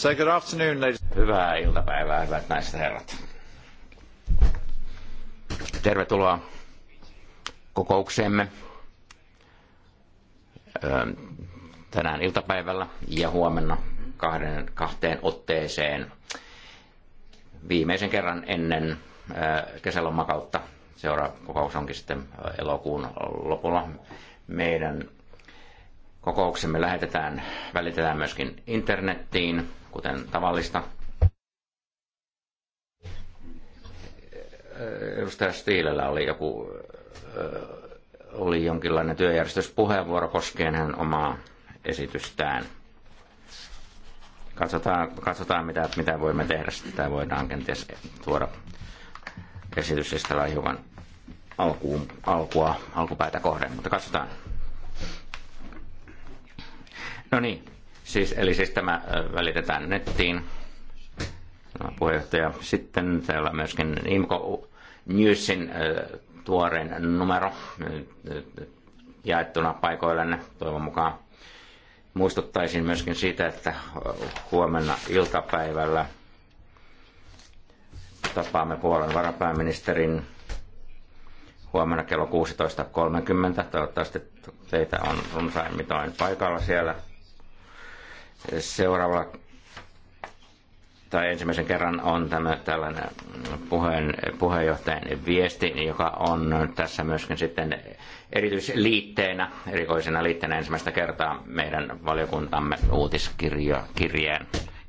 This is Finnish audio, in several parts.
So good afternoon, ladies. Hyvää iltapäivää, hyvät naiset ja herrat. Tervetuloa kokoukseemme ähm, tänään iltapäivällä ja huomenna kahden, kahteen otteeseen viimeisen kerran ennen äh, kesälomakautta. Seuraava kokous onkin sitten äh, elokuun lopulla. Meidän kokouksemme lähetetään, välitetään myöskin internettiin kuten tavallista. Edustaja Stiilellä oli joku, oli jonkinlainen työjärjestyspuheenvuoro koskien hän omaa esitystään. Katsotaan, katsotaan mitä, mitä voimme tehdä. Sitä voidaan kenties tuoda esityslistalla hiukan alkuun, alkua, alkupäätä kohden, mutta katsotaan. No niin, Siis, eli siis tämä välitetään nettiin. Puheenjohtaja. Sitten täällä myöskin Imko Newsin tuoreen numero jaettuna paikoillenne toivon mukaan. Muistuttaisin myöskin siitä, että huomenna iltapäivällä tapaamme Puolan varapääministerin huomenna kello 16.30. Toivottavasti teitä on runsain mitoin paikalla siellä – Seuraavalla tai ensimmäisen kerran on tämä tällainen puheen, puheenjohtajan viesti, joka on tässä myöskin sitten erityisliitteenä, erikoisena liitteenä ensimmäistä kertaa meidän valiokuntamme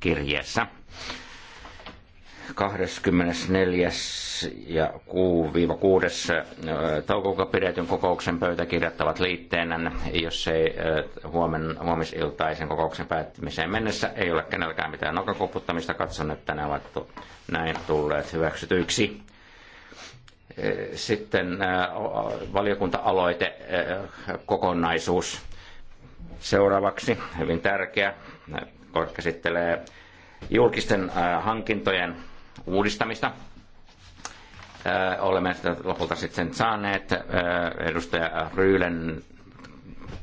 kirjeessä. 24. ja 6 toukokuuta pidetyn kokouksen pöytäkirjat ovat liitteenä, jos ei huomen, huomisiltaisen kokouksen päättymiseen mennessä ei ole kenelläkään mitään nokakoputtamista. Katson, että ne ovat näin tulleet hyväksytyiksi. Sitten valiokunta-aloite kokonaisuus seuraavaksi, hyvin tärkeä, käsittelee julkisten hankintojen uudistamista. Olemme sitä lopulta sitten saaneet edustaja Ryylen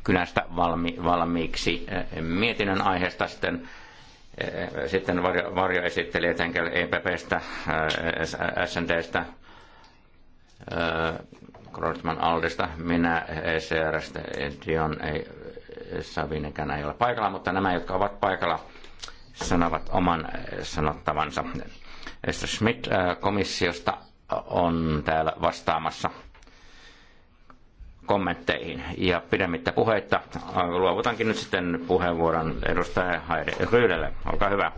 kynästä valmi, valmiiksi mietinnön aiheesta sitten sitten varjo, esitteli etenkin EPPstä, SNDstä, Kreutzmann Aldista, minä ECRstä, Dion ei, Savinekään ei ole paikalla, mutta nämä, jotka ovat paikalla, sanovat oman sanottavansa. Schmidt äh, komissiosta äh, on täällä vastaamassa kommentteihin. Ja pidemmittä puheita äh, luovutankin nyt sitten puheenvuoron edustaja Heidi Ryydelle. Olkaa hyvä.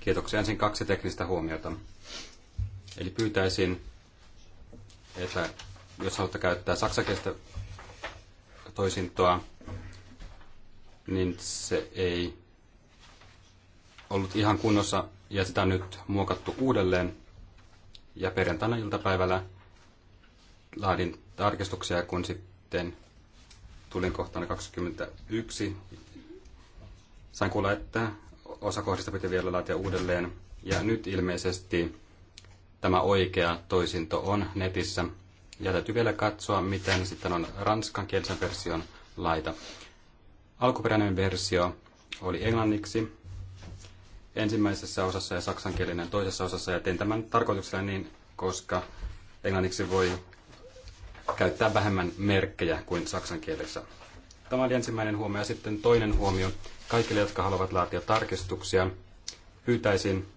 Kiitoksia. Ensin kaksi teknistä huomiota. Eli pyytäisin, että jos haluatte käyttää saksakielistä toisintoa, niin se ei ollut ihan kunnossa ja sitä nyt muokattu uudelleen. Ja perjantaina iltapäivällä laadin tarkistuksia, kun sitten tulin kohtaan 21. Sain kuulla, että osa kohdista piti vielä laatia uudelleen. Ja nyt ilmeisesti tämä oikea toisinto on netissä. Ja täytyy vielä katsoa, miten sitten on kielisen version laita. Alkuperäinen versio oli englanniksi ensimmäisessä osassa ja saksankielinen toisessa osassa. Ja tein tämän tarkoituksella niin, koska englanniksi voi käyttää vähemmän merkkejä kuin saksankielessä. Tämä oli ensimmäinen huomio. Ja sitten toinen huomio. Kaikille, jotka haluavat laatia tarkistuksia, pyytäisin,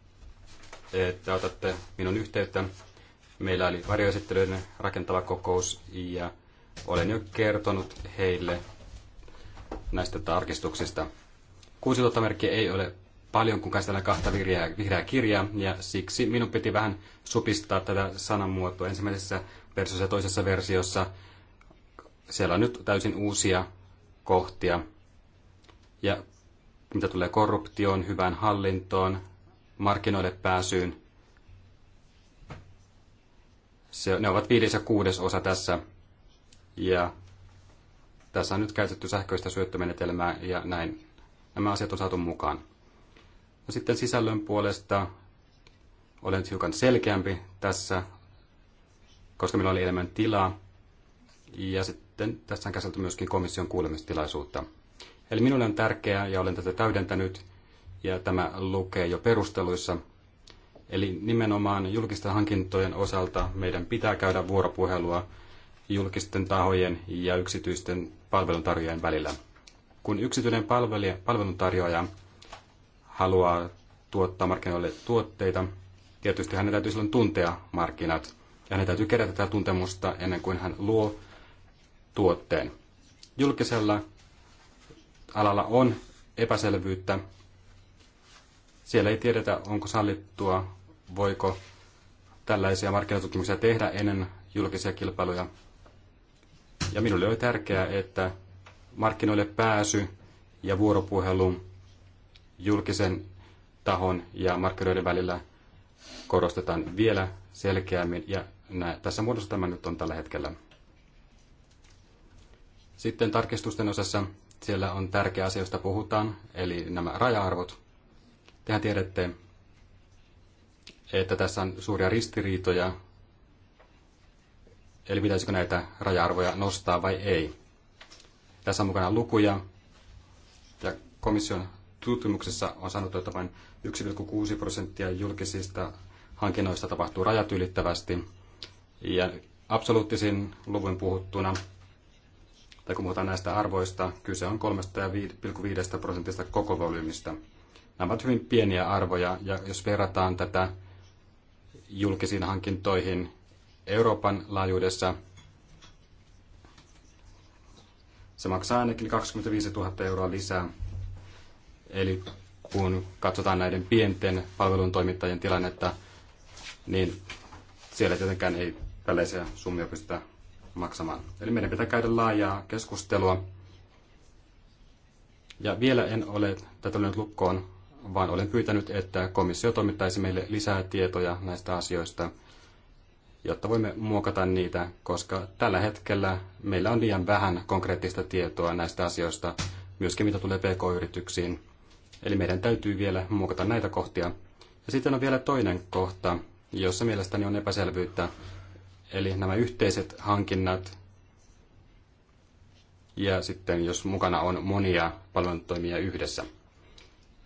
että otatte minun yhteyttä. Meillä oli varjoesittelyiden rakentava kokous ja olen jo kertonut heille näistä tarkistuksista. Kuusi merkkiä ei ole paljon, kun käsitellään kahta vihreää, vihreää kirjaa, ja siksi minun piti vähän supistaa tätä sanamuotoa ensimmäisessä versiossa ja toisessa versiossa. Siellä on nyt täysin uusia kohtia. Ja mitä tulee korruptioon, hyvään hallintoon, markkinoille pääsyyn, se, ne ovat viides ja kuudes osa tässä. Ja tässä on nyt käytetty sähköistä syöttömenetelmää ja näin nämä asiat on saatu mukaan. No sitten sisällön puolesta olen hiukan selkeämpi tässä, koska meillä oli enemmän tilaa. Ja sitten tässä on käsitelty myöskin komission kuulemistilaisuutta. Eli minulle on tärkeää, ja olen tätä täydentänyt, ja tämä lukee jo perusteluissa. Eli nimenomaan julkisten hankintojen osalta meidän pitää käydä vuoropuhelua julkisten tahojen ja yksityisten palveluntarjoajien välillä. Kun yksityinen palveluntarjoaja haluaa tuottaa markkinoille tuotteita, tietysti hänen täytyy silloin tuntea markkinat. Ja hänen täytyy kerätä tätä tuntemusta ennen kuin hän luo tuotteen. Julkisella alalla on epäselvyyttä. Siellä ei tiedetä, onko sallittua, voiko tällaisia markkinatutkimuksia tehdä ennen julkisia kilpailuja. Ja minulle oli tärkeää, että markkinoille pääsy ja vuoropuhelu julkisen tahon ja markkinoiden välillä korostetaan vielä selkeämmin, ja nä, tässä muodossa tämä nyt on tällä hetkellä. Sitten tarkistusten osassa siellä on tärkeä asia, josta puhutaan, eli nämä raja-arvot. Tehän tiedätte, että tässä on suuria ristiriitoja, eli pitäisikö näitä raja-arvoja nostaa vai ei. Tässä on mukana lukuja, ja komission tutkimuksessa on sanottu, että vain 1,6 prosenttia julkisista hankinnoista tapahtuu rajat ylittävästi. Ja absoluuttisin luvun puhuttuna, tai kun puhutaan näistä arvoista, kyse on 3,5 prosentista koko volyymista. Nämä ovat hyvin pieniä arvoja, ja jos verrataan tätä julkisiin hankintoihin Euroopan laajuudessa, se maksaa ainakin 25 000 euroa lisää Eli kun katsotaan näiden pienten palveluntoimittajien tilannetta, niin siellä tietenkään ei tällaisia summia pystytä maksamaan. Eli meidän pitää käydä laajaa keskustelua. Ja vielä en ole tätä lyönyt lukkoon, vaan olen pyytänyt, että komissio toimittaisi meille lisää tietoja näistä asioista, jotta voimme muokata niitä, koska tällä hetkellä meillä on liian vähän konkreettista tietoa näistä asioista, myöskin mitä tulee pk-yrityksiin Eli meidän täytyy vielä muokata näitä kohtia. Ja sitten on vielä toinen kohta, jossa mielestäni on epäselvyyttä, eli nämä yhteiset hankinnat. Ja sitten jos mukana on monia palveluntoimia yhdessä.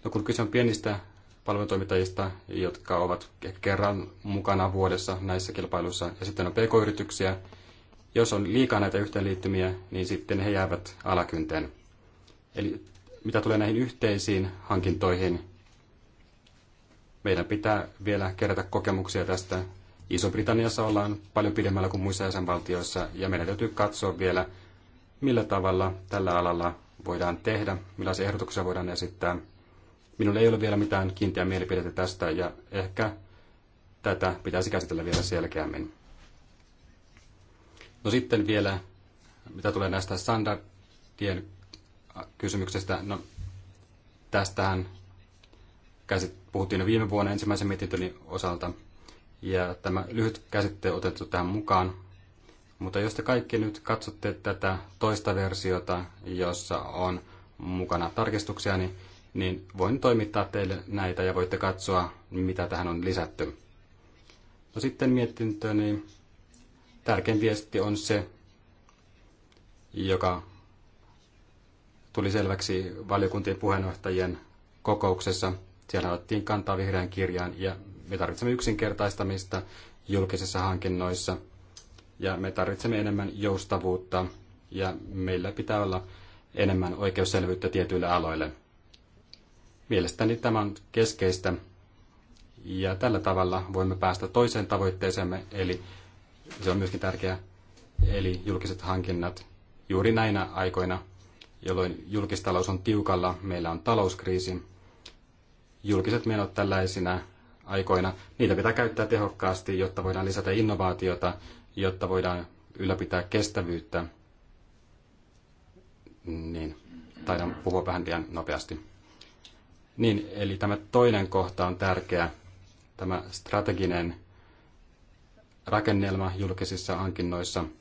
No kun kyse on pienistä palveluntoimittajista, jotka ovat kerran mukana vuodessa näissä kilpailuissa, ja sitten on pk-yrityksiä, jos on liikaa näitä yhteenliittymiä, niin sitten he jäävät alakynteen. Eli mitä tulee näihin yhteisiin hankintoihin, meidän pitää vielä kerätä kokemuksia tästä. Iso-Britanniassa ollaan paljon pidemmällä kuin muissa jäsenvaltioissa, ja meidän täytyy katsoa vielä, millä tavalla tällä alalla voidaan tehdä, millaisia ehdotuksia voidaan esittää. Minulla ei ole vielä mitään kiinteää mielipidettä tästä, ja ehkä tätä pitäisi käsitellä vielä selkeämmin. No sitten vielä, mitä tulee näistä standardien kysymyksestä. No, tästähän käsit- puhuttiin jo viime vuonna ensimmäisen mietintöni osalta, ja tämä lyhyt käsitte otettu tähän mukaan. Mutta jos te kaikki nyt katsotte tätä toista versiota, jossa on mukana tarkistuksia, niin, niin voin toimittaa teille näitä ja voitte katsoa, mitä tähän on lisätty. No sitten mietintöni. Tärkein viesti on se, joka tuli selväksi valiokuntien puheenjohtajien kokouksessa. Siellä otettiin kantaa vihreän kirjaan ja me tarvitsemme yksinkertaistamista julkisissa hankinnoissa ja me tarvitsemme enemmän joustavuutta ja meillä pitää olla enemmän oikeusselvyyttä tietyille aloille. Mielestäni tämä on keskeistä ja tällä tavalla voimme päästä toiseen tavoitteeseemme, eli se on myöskin tärkeää, eli julkiset hankinnat juuri näinä aikoina jolloin julkistalous on tiukalla, meillä on talouskriisi. Julkiset menot tällaisina aikoina, niitä pitää käyttää tehokkaasti, jotta voidaan lisätä innovaatiota, jotta voidaan ylläpitää kestävyyttä. Niin, taidan puhua vähän liian nopeasti. Niin, eli tämä toinen kohta on tärkeä, tämä strateginen rakennelma julkisissa hankinnoissa –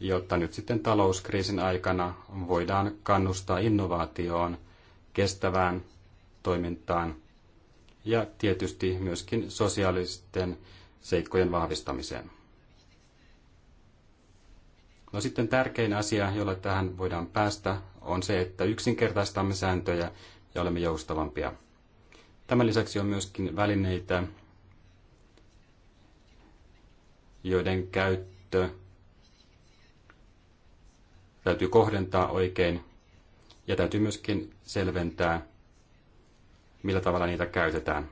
jotta nyt sitten talouskriisin aikana voidaan kannustaa innovaatioon, kestävään toimintaan ja tietysti myöskin sosiaalisten seikkojen vahvistamiseen. No sitten tärkein asia, jolla tähän voidaan päästä, on se, että yksinkertaistamme sääntöjä ja olemme joustavampia. Tämän lisäksi on myöskin välineitä, joiden käyttö täytyy kohdentaa oikein ja täytyy myöskin selventää, millä tavalla niitä käytetään.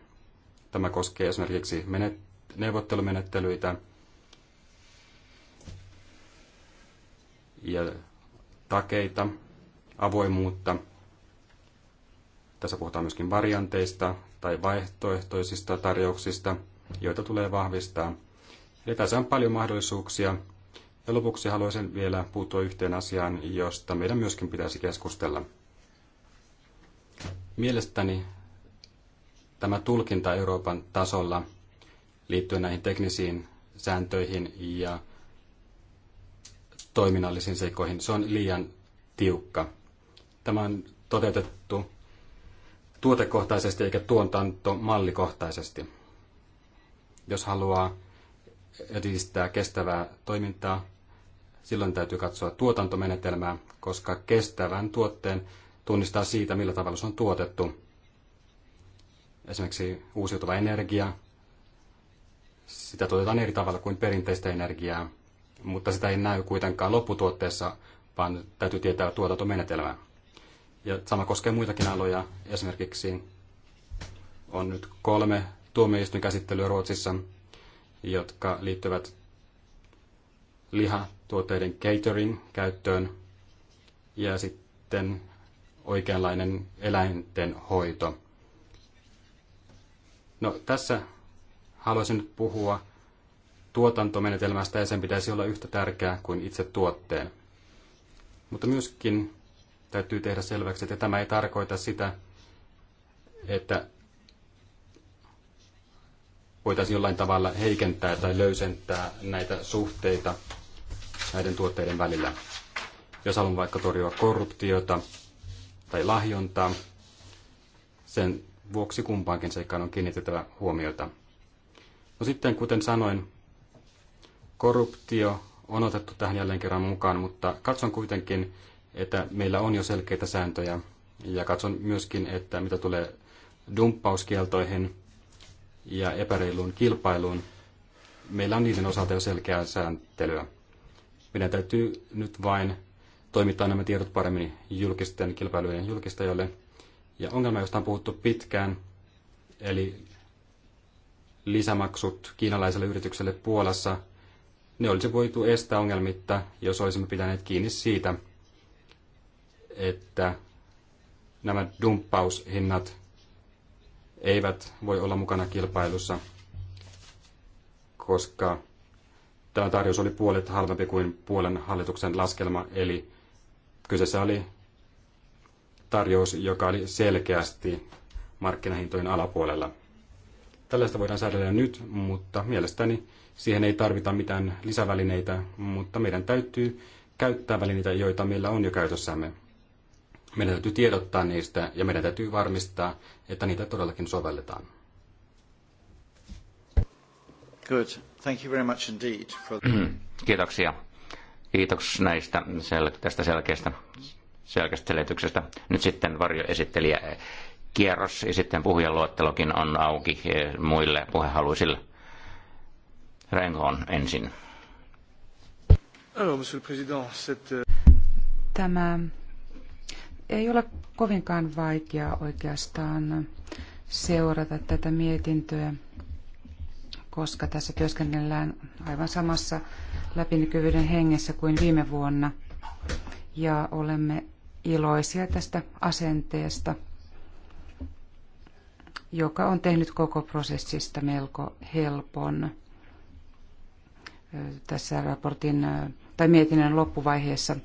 Tämä koskee esimerkiksi menet- neuvottelumenettelyitä ja takeita, avoimuutta. Tässä puhutaan myöskin varianteista tai vaihtoehtoisista tarjouksista, joita tulee vahvistaa. Eli tässä on paljon mahdollisuuksia ja lopuksi haluaisin vielä puuttua yhteen asiaan, josta meidän myöskin pitäisi keskustella. Mielestäni tämä tulkinta Euroopan tasolla liittyen näihin teknisiin sääntöihin ja toiminnallisiin seikkoihin, se on liian tiukka. Tämä on toteutettu tuotekohtaisesti eikä tuontanto mallikohtaisesti. Jos haluaa edistää kestävää toimintaa, silloin täytyy katsoa tuotantomenetelmää, koska kestävän tuotteen tunnistaa siitä, millä tavalla se on tuotettu. Esimerkiksi uusiutuva energia, sitä tuotetaan eri tavalla kuin perinteistä energiaa, mutta sitä ei näy kuitenkaan lopputuotteessa, vaan täytyy tietää tuotantomenetelmää. Ja sama koskee muitakin aloja. Esimerkiksi on nyt kolme tuomioistuinkäsittelyä Ruotsissa, jotka liittyvät lihatuotteiden catering käyttöön ja sitten oikeanlainen eläinten hoito. No, tässä haluaisin nyt puhua tuotantomenetelmästä ja sen pitäisi olla yhtä tärkeää kuin itse tuotteen. Mutta myöskin täytyy tehdä selväksi, että tämä ei tarkoita sitä, että voitaisiin jollain tavalla heikentää tai löysentää näitä suhteita näiden tuotteiden välillä. Jos haluan vaikka torjua korruptiota tai lahjontaa, sen vuoksi kumpaankin seikkaan on kiinnitettävä huomiota. No sitten, kuten sanoin, korruptio on otettu tähän jälleen kerran mukaan, mutta katson kuitenkin, että meillä on jo selkeitä sääntöjä. Ja katson myöskin, että mitä tulee dumppauskieltoihin ja epäreiluun kilpailuun, meillä on niiden osalta jo selkeää sääntelyä. Meidän täytyy nyt vain toimittaa nämä tiedot paremmin julkisten kilpailujen julkistajille. Ja ongelma, josta on puhuttu pitkään, eli lisämaksut kiinalaiselle yritykselle Puolassa, ne olisi voitu estää ongelmitta, jos olisimme pitäneet kiinni siitä, että nämä dumppaushinnat eivät voi olla mukana kilpailussa, koska tämä tarjous oli puolet halvempi kuin puolen hallituksen laskelma, eli kyseessä oli tarjous, joka oli selkeästi markkinahintojen alapuolella. Tällaista voidaan säädellä nyt, mutta mielestäni siihen ei tarvita mitään lisävälineitä, mutta meidän täytyy käyttää välineitä, joita meillä on jo käytössämme. Meidän täytyy tiedottaa niistä ja meidän täytyy varmistaa, että niitä todellakin sovelletaan. Good. Thank you very much indeed for... Mm-hmm. Kiitoksia. Kiitos näistä sel- tästä selkeästä, selkeästä selityksestä. Nyt sitten varjoesittelijä eh, kierros ja sitten puhujan luottelo,kin on auki eh, muille puhehaluisille. Rengon ensin. Euh, Tämä ei ole kovinkaan vaikea oikeastaan seurata tätä mietintöä koska tässä työskennellään aivan samassa läpinäkyvyyden hengessä kuin viime vuonna. Ja olemme iloisia tästä asenteesta, joka on tehnyt koko prosessista melko helpon. Tässä raportin tai mietinnön loppuvaiheessa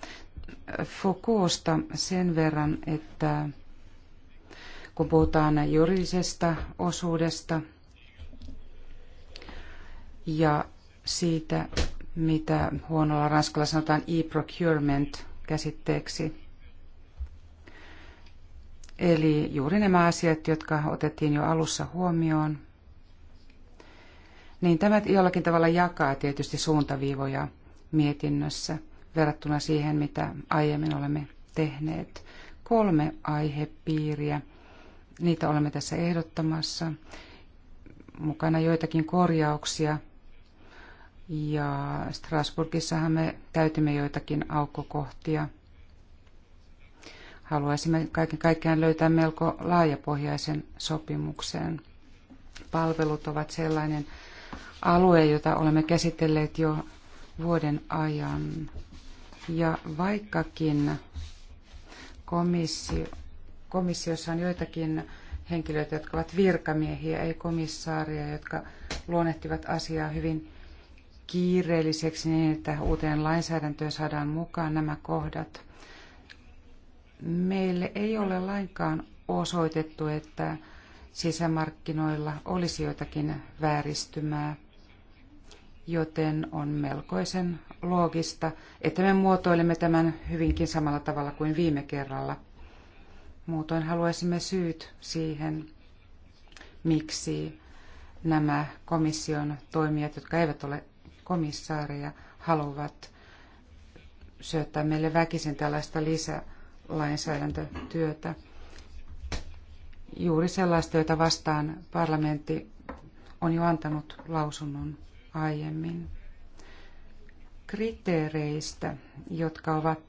Foucaulta sen verran, että kun puhutaan juridisesta osuudesta, ja siitä, mitä huonolla ranskalla sanotaan e-procurement käsitteeksi. Eli juuri nämä asiat, jotka otettiin jo alussa huomioon, niin tämä jollakin tavalla jakaa tietysti suuntaviivoja mietinnössä verrattuna siihen, mitä aiemmin olemme tehneet. Kolme aihepiiriä, niitä olemme tässä ehdottamassa. Mukana joitakin korjauksia – ja Strasburgissahan me täytimme joitakin aukkokohtia. Haluaisimme kaiken kaikkiaan löytää melko laajapohjaisen sopimukseen. Palvelut ovat sellainen alue, jota olemme käsitelleet jo vuoden ajan. Ja vaikkakin komissio, komissiossa on joitakin henkilöitä, jotka ovat virkamiehiä, ei komissaaria, jotka luonnehtivat asiaa hyvin kiireelliseksi niin, että uuteen lainsäädäntöön saadaan mukaan nämä kohdat. Meille ei ole lainkaan osoitettu, että sisämarkkinoilla olisi jotakin vääristymää, joten on melkoisen loogista, että me muotoilemme tämän hyvinkin samalla tavalla kuin viime kerralla. Muutoin haluaisimme syyt siihen, miksi nämä komission toimijat, jotka eivät ole komissaareja haluavat syöttää meille väkisin tällaista lisälainsäädäntötyötä. Juuri sellaista, jota vastaan parlamentti on jo antanut lausunnon aiemmin kriteereistä, jotka ovat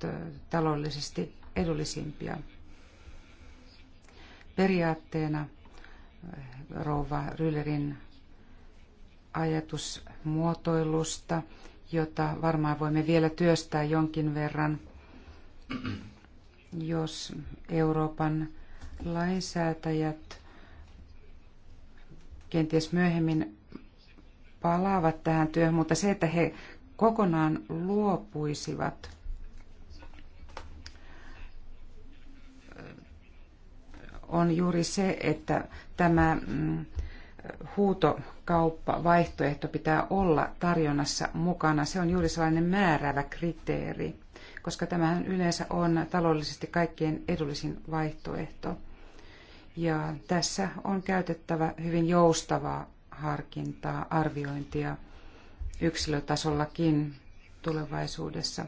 taloudellisesti edullisimpia. Periaatteena rouva Ryllerin ajatus muotoilusta, jota varmaan voimme vielä työstää jonkin verran, jos Euroopan lainsäätäjät kenties myöhemmin palaavat tähän työhön, mutta se, että he kokonaan luopuisivat on juuri se, että tämä mm, huuto kauppavaihtoehto pitää olla tarjonnassa mukana. Se on juuri sellainen määräävä kriteeri, koska tämähän yleensä on taloudellisesti kaikkein edullisin vaihtoehto. Ja tässä on käytettävä hyvin joustavaa harkintaa, arviointia yksilötasollakin tulevaisuudessa.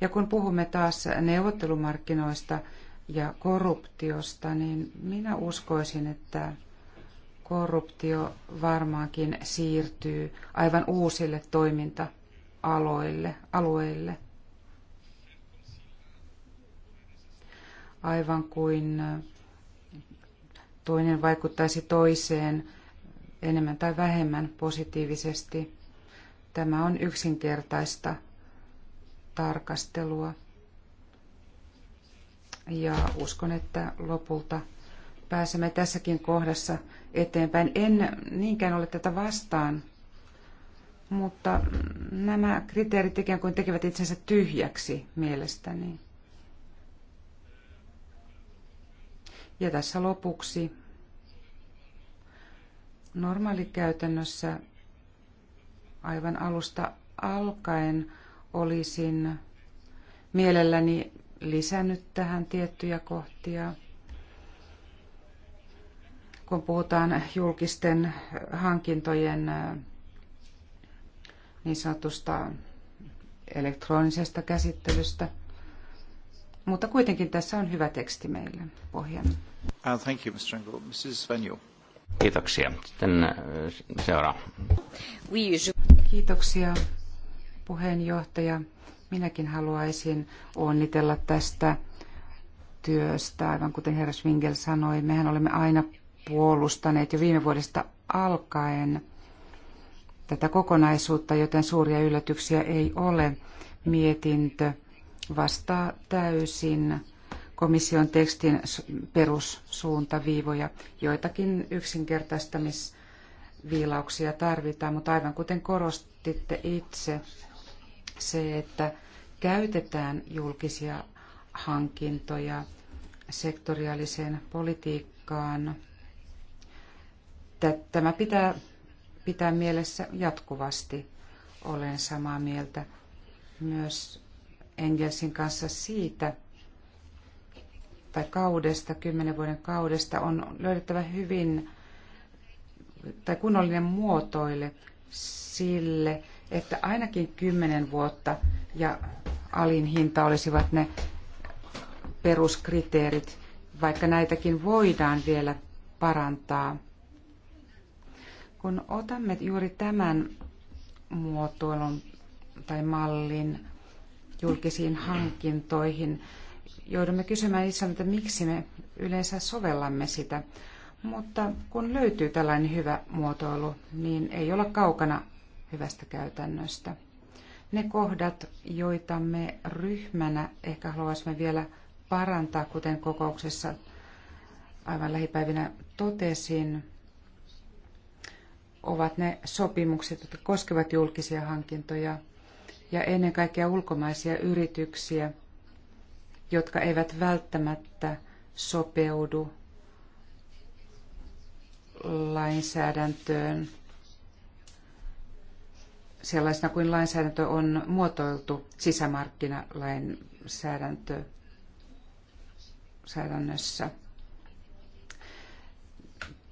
Ja kun puhumme taas neuvottelumarkkinoista ja korruptiosta, niin minä uskoisin, että korruptio varmaankin siirtyy aivan uusille toiminta-aloille, alueille. Aivan kuin toinen vaikuttaisi toiseen enemmän tai vähemmän positiivisesti. Tämä on yksinkertaista tarkastelua. Ja uskon, että lopulta pääsemme tässäkin kohdassa eteenpäin. En niinkään ole tätä vastaan, mutta nämä kriteerit ikään kuin tekevät itsensä tyhjäksi mielestäni. Ja tässä lopuksi normaalikäytännössä aivan alusta alkaen olisin mielelläni lisännyt tähän tiettyjä kohtia – kun puhutaan julkisten hankintojen niin sanotusta elektronisesta käsittelystä. Mutta kuitenkin tässä on hyvä teksti meille pohjana. Uh, thank you, Mr. Engel. Mrs. Venue. Kiitoksia. Sitten Kiitoksia puheenjohtaja. Minäkin haluaisin onnitella tästä työstä, aivan kuten herra Swingel sanoi. Mehän olemme aina puolustaneet jo viime vuodesta alkaen tätä kokonaisuutta, joten suuria yllätyksiä ei ole. Mietintö vastaa täysin komission tekstin perussuuntaviivoja. Joitakin yksinkertaistamisviilauksia tarvitaan, mutta aivan kuten korostitte itse, se, että käytetään julkisia hankintoja sektoriaaliseen politiikkaan – että tämä pitää pitää mielessä jatkuvasti. Olen samaa mieltä myös Engelsin kanssa siitä, tai kaudesta, kymmenen vuoden kaudesta, on löydettävä hyvin tai kunnollinen muotoille sille, että ainakin kymmenen vuotta ja alin hinta olisivat ne peruskriteerit, vaikka näitäkin voidaan vielä parantaa kun otamme juuri tämän muotoilun tai mallin julkisiin hankintoihin, joudumme kysymään itseltämme, että miksi me yleensä sovellamme sitä. Mutta kun löytyy tällainen hyvä muotoilu, niin ei olla kaukana hyvästä käytännöstä. Ne kohdat, joita me ryhmänä ehkä haluaisimme vielä parantaa, kuten kokouksessa aivan lähipäivinä totesin, ovat ne sopimukset, jotka koskevat julkisia hankintoja ja ennen kaikkea ulkomaisia yrityksiä, jotka eivät välttämättä sopeudu lainsäädäntöön sellaisena kuin lainsäädäntö on muotoiltu sisämarkkinalainsäädännössä.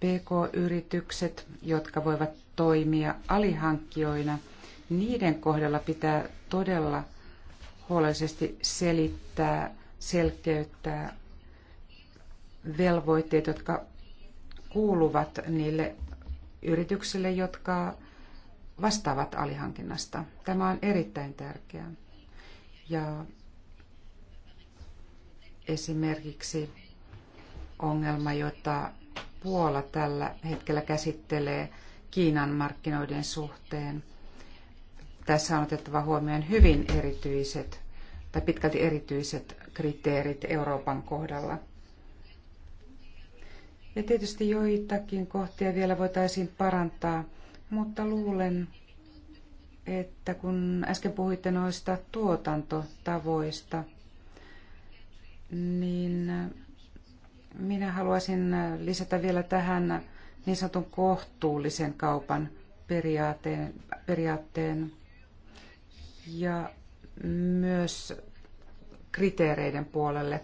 PK-yritykset, jotka voivat toimia alihankkijoina, niiden kohdalla pitää todella huolellisesti selittää, selkeyttää velvoitteet, jotka kuuluvat niille yrityksille, jotka vastaavat alihankinnasta. Tämä on erittäin tärkeää. Ja esimerkiksi ongelma, jota Puola tällä hetkellä käsittelee Kiinan markkinoiden suhteen. Tässä on otettava huomioon hyvin erityiset tai pitkälti erityiset kriteerit Euroopan kohdalla. Ja tietysti joitakin kohtia vielä voitaisiin parantaa, mutta luulen, että kun äsken puhuitte noista tuotantotavoista, niin minä haluaisin äh, lisätä vielä tähän niin sanotun kohtuullisen kaupan periaatteen, periaatteen ja myös kriteereiden puolelle.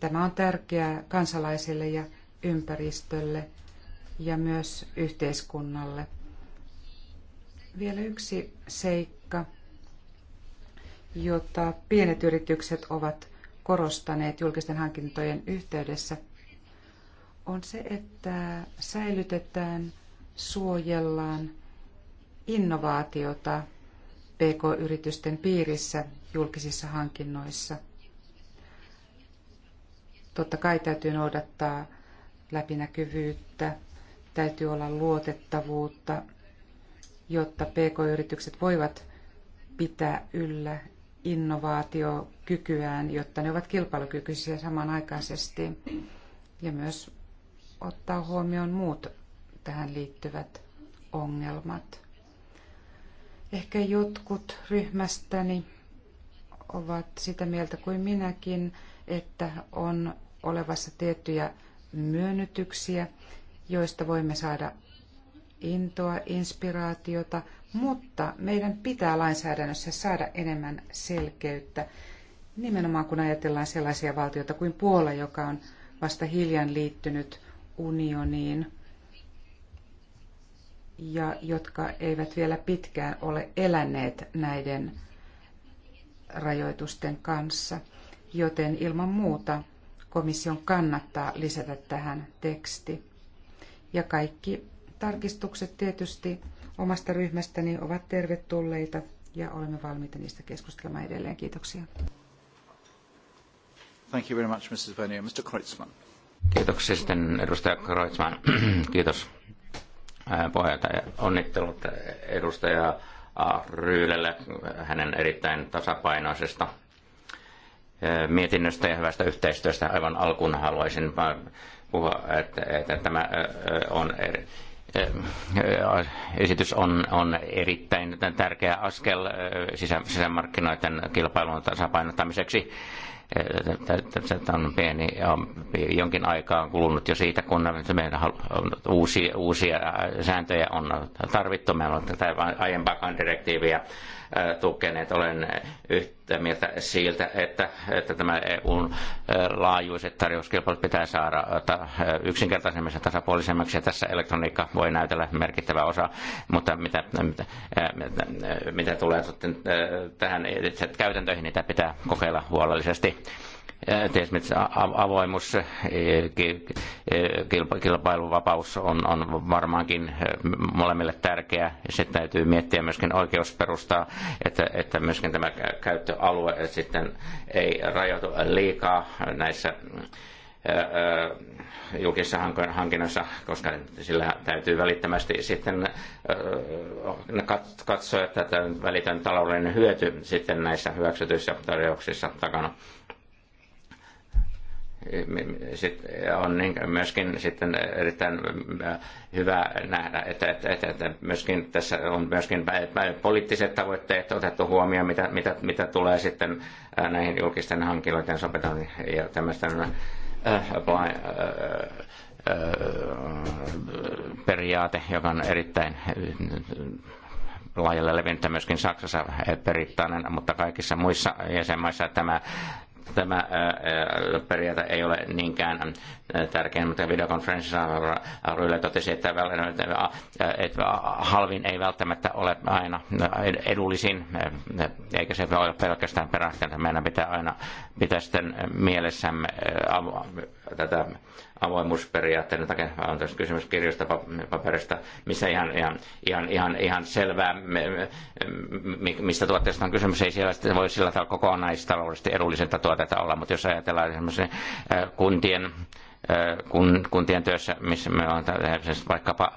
Tämä on tärkeää kansalaisille ja ympäristölle ja myös yhteiskunnalle. Vielä yksi seikka, jota pienet yritykset ovat korostaneet julkisten hankintojen yhteydessä, on se, että säilytetään, suojellaan innovaatiota PK-yritysten piirissä julkisissa hankinnoissa. Totta kai täytyy noudattaa läpinäkyvyyttä, täytyy olla luotettavuutta, jotta PK-yritykset voivat pitää yllä innovaatiokykyään, jotta ne ovat kilpailukykyisiä samanaikaisesti ja myös ottaa huomioon muut tähän liittyvät ongelmat. Ehkä jotkut ryhmästäni ovat sitä mieltä kuin minäkin, että on olevassa tiettyjä myönnytyksiä, joista voimme saada intoa, inspiraatiota, mutta meidän pitää lainsäädännössä saada enemmän selkeyttä, nimenomaan kun ajatellaan sellaisia valtioita kuin Puola, joka on vasta hiljan liittynyt unioniin ja jotka eivät vielä pitkään ole eläneet näiden rajoitusten kanssa, joten ilman muuta komission kannattaa lisätä tähän teksti. Ja kaikki tarkistukset tietysti omasta ryhmästäni ovat tervetulleita ja olemme valmiita niistä keskustelemaan edelleen. Kiitoksia. Thank you very much, Mrs. Venier. Mr. Kreutzmann. Kiitoksia sitten edustaja Kreutzmann. Kiitos puheenjohtaja. Onnittelut edustaja Ryylelle hänen erittäin tasapainoisesta mietinnöstä ja hyvästä yhteistyöstä. Aivan alkuun haluaisin puhua, että, että tämä on eri esitys on, on erittäin tärkeä askel sisä, sisämarkkinoiden kilpailun tasapainottamiseksi. Tämä on pieni, jonkin aikaa on kulunut jo siitä, kun meidän uusia, uusia sääntöjä on tarvittu. Meillä on tätä aiempaakaan direktiiviä tukeneet. Olen yhtä mieltä siitä, että, että tämä EUn laajuiset tarjouskilpailut pitää saada yksinkertaisemmaksi ja tasapuolisemmaksi. Ja tässä elektroniikka voi näytellä merkittävä osa, mutta mitä, mitä, mitä tulee sitten tähän itse käytäntöihin, niitä pitää kokeilla huolellisesti esimerkiksi avoimuus, kilpailuvapaus on, on varmaankin molemmille tärkeä. Sitten täytyy miettiä myöskin oikeusperustaa, että, että myöskin tämä käyttöalue sitten ei rajoitu liikaa näissä julkisissa hankinnoissa, koska sillä täytyy välittömästi sitten katsoa, että tämä välitön taloudellinen hyöty sitten näissä hyväksytyissä tarjouksissa takana sit on niin myöskin sitten erittäin äh, hyvä nähdä, että, että, että, että myöskin tässä on myöskin poliittiset tavoitteet otettu huomioon, mitä, mitä, mitä tulee sitten äh, näihin julkisten hankintojen sopetaan ja tämmöisten äh, äh, äh, periaate, joka on erittäin laajalle levinnyt myöskin Saksassa perittainen, mutta kaikissa muissa jäsenmaissa tämä tämä periaate ei ole niinkään tärkeä, mutta videokonferenssissa Rylle totesi, että halvin ei välttämättä ole aina edullisin, eikä se ole pelkästään perähtänyt. Meidän pitää aina pitää sitten mielessämme tätä avoimuusperiaatteiden takia, äh, on tässä kysymys kirjoista paperista, missä ihan, ihan, ihan, ihan, ihan selvää, mistä tuotteesta on kysymys. Ei siellä voi sillä tavalla kokonaistaloudellisesti edullisinta tuotetta olla, mutta jos ajatellaan esimerkiksi äh, kuntien äh, kun, kuntien työssä, missä me on siis vaikkapa,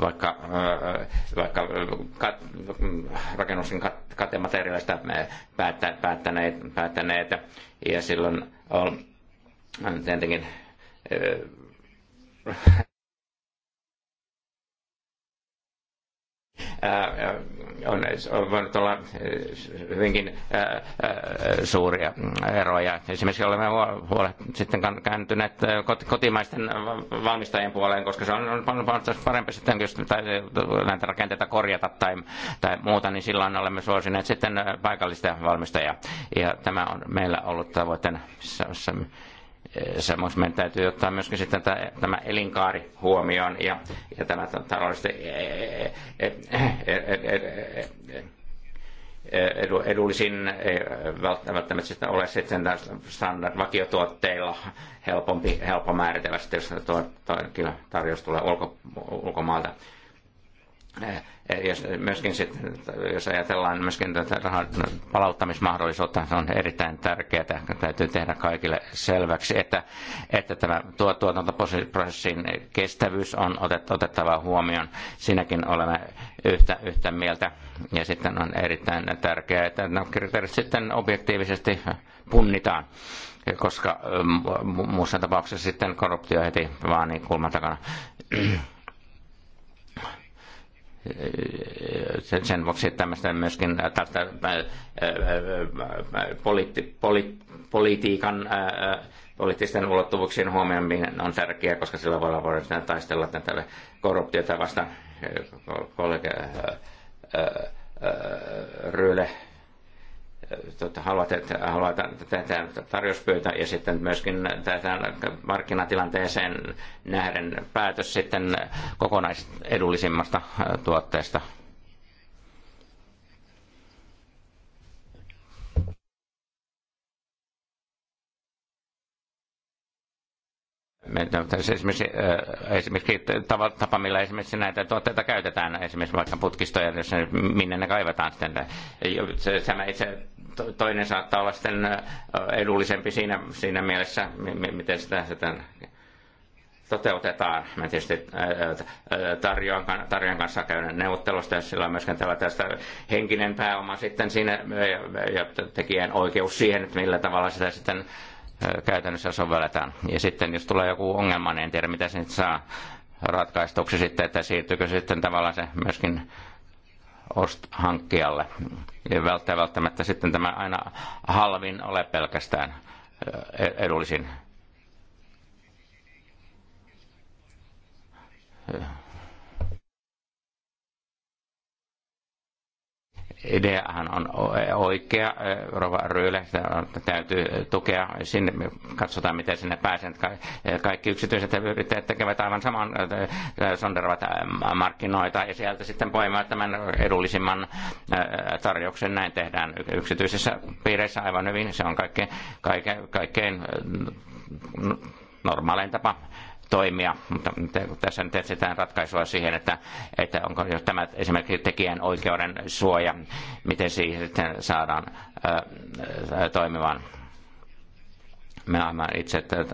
vaikka, ää, vaikka kat, rakennuksen kat, katemateriaalista päättä, päättäneet, päättäneet, ja silloin on tietenkin on, on voinut olla hyvinkin suuria eroja. Esimerkiksi olemme huolet sitten kääntyneet kotimaisten valmistajien puoleen, koska se on, on parempi sitten, jos näitä rakenteita korjata tai, tai muuta, niin silloin olemme suosineet sitten paikallista valmistajia. Ja tämä on meillä ollut tavoitteena Samoin meidän täytyy ottaa myöskin sitten tämä elinkaari huomioon ja, ja tämä taloudellisesti edullisin ei välttämättä sitten ole sitten standard vakiotuotteilla helpompi, helppo määritellä sitten, jos tuo, tuo, kyllä tarjous tulee ulko, ulkomaalta jos, myöskin sit, jos ajatellaan myöskin tätä rahan palauttamismahdollisuutta, se on erittäin tärkeää. Täytyy tehdä kaikille selväksi, että, että tämä tuo, tuotantoprosessin kestävyys on otet, otettava huomioon. Siinäkin olemme yhtä, yhtä mieltä. Ja sitten on erittäin tärkeää, että nämä no, kriteerit sitten objektiivisesti punnitaan koska muussa tapauksessa sitten korruptio heti vaan niin kulman takana sen vuoksi tämmöistä myöskin äh, tästä äh, äh, poliitti, poli, politiikan poliittisten ulottuvuuksien huomioiminen on tärkeää, koska sillä voi olla taistella tätä korruptiota vastaan kollega Ryyle tota, haluat, haluat tätä tarjouspyytä ja sitten myöskin tätä markkinatilanteeseen nähden päätös sitten kokonaisedullisimmasta tuotteesta No, esimerkiksi, äh, esimerkiksi tapa, millä esimerkiksi näitä tuotteita käytetään, esimerkiksi vaikka putkistoja, jos minne ne kaivataan sitten. Tämä itse toinen saattaa olla sitten äh, edullisempi siinä, siinä mielessä, miten sitä, sitä toteutetaan. Mä tietysti äh, tarjoan, tarjoan kanssa käyn neuvottelusta, ja sillä on myöskin tällä tästä henkinen pääoma sitten siinä ja tekijän oikeus siihen, että millä tavalla sitä sitten käytännössä sovelletaan. Ja sitten jos tulee joku ongelma, niin en tiedä mitä se saa ratkaistuksi sitten, että siirtyykö sitten tavallaan se myöskin hankkijalle. Ja välttämättä sitten tämä aina halvin ole pelkästään e-, edullisin. ideahan on oikea. Rova Ryyle täytyy tukea sinne. Katsotaan, miten sinne pääsen. Kaikki yksityiset yrittäjät tekevät aivan saman, sonderovat markkinoita ja sieltä sitten poimivat tämän edullisimman tarjouksen. Näin tehdään yksityisissä piireissä aivan hyvin. Se on kaikkein, kaikkein, kaikkein normaalein tapa toimia, mutta tässä nyt etsitään ratkaisua siihen, että, että onko jos tämä esimerkiksi tekijän oikeuden suoja, miten siihen sitten saadaan ää, toimimaan. Me olemme itse että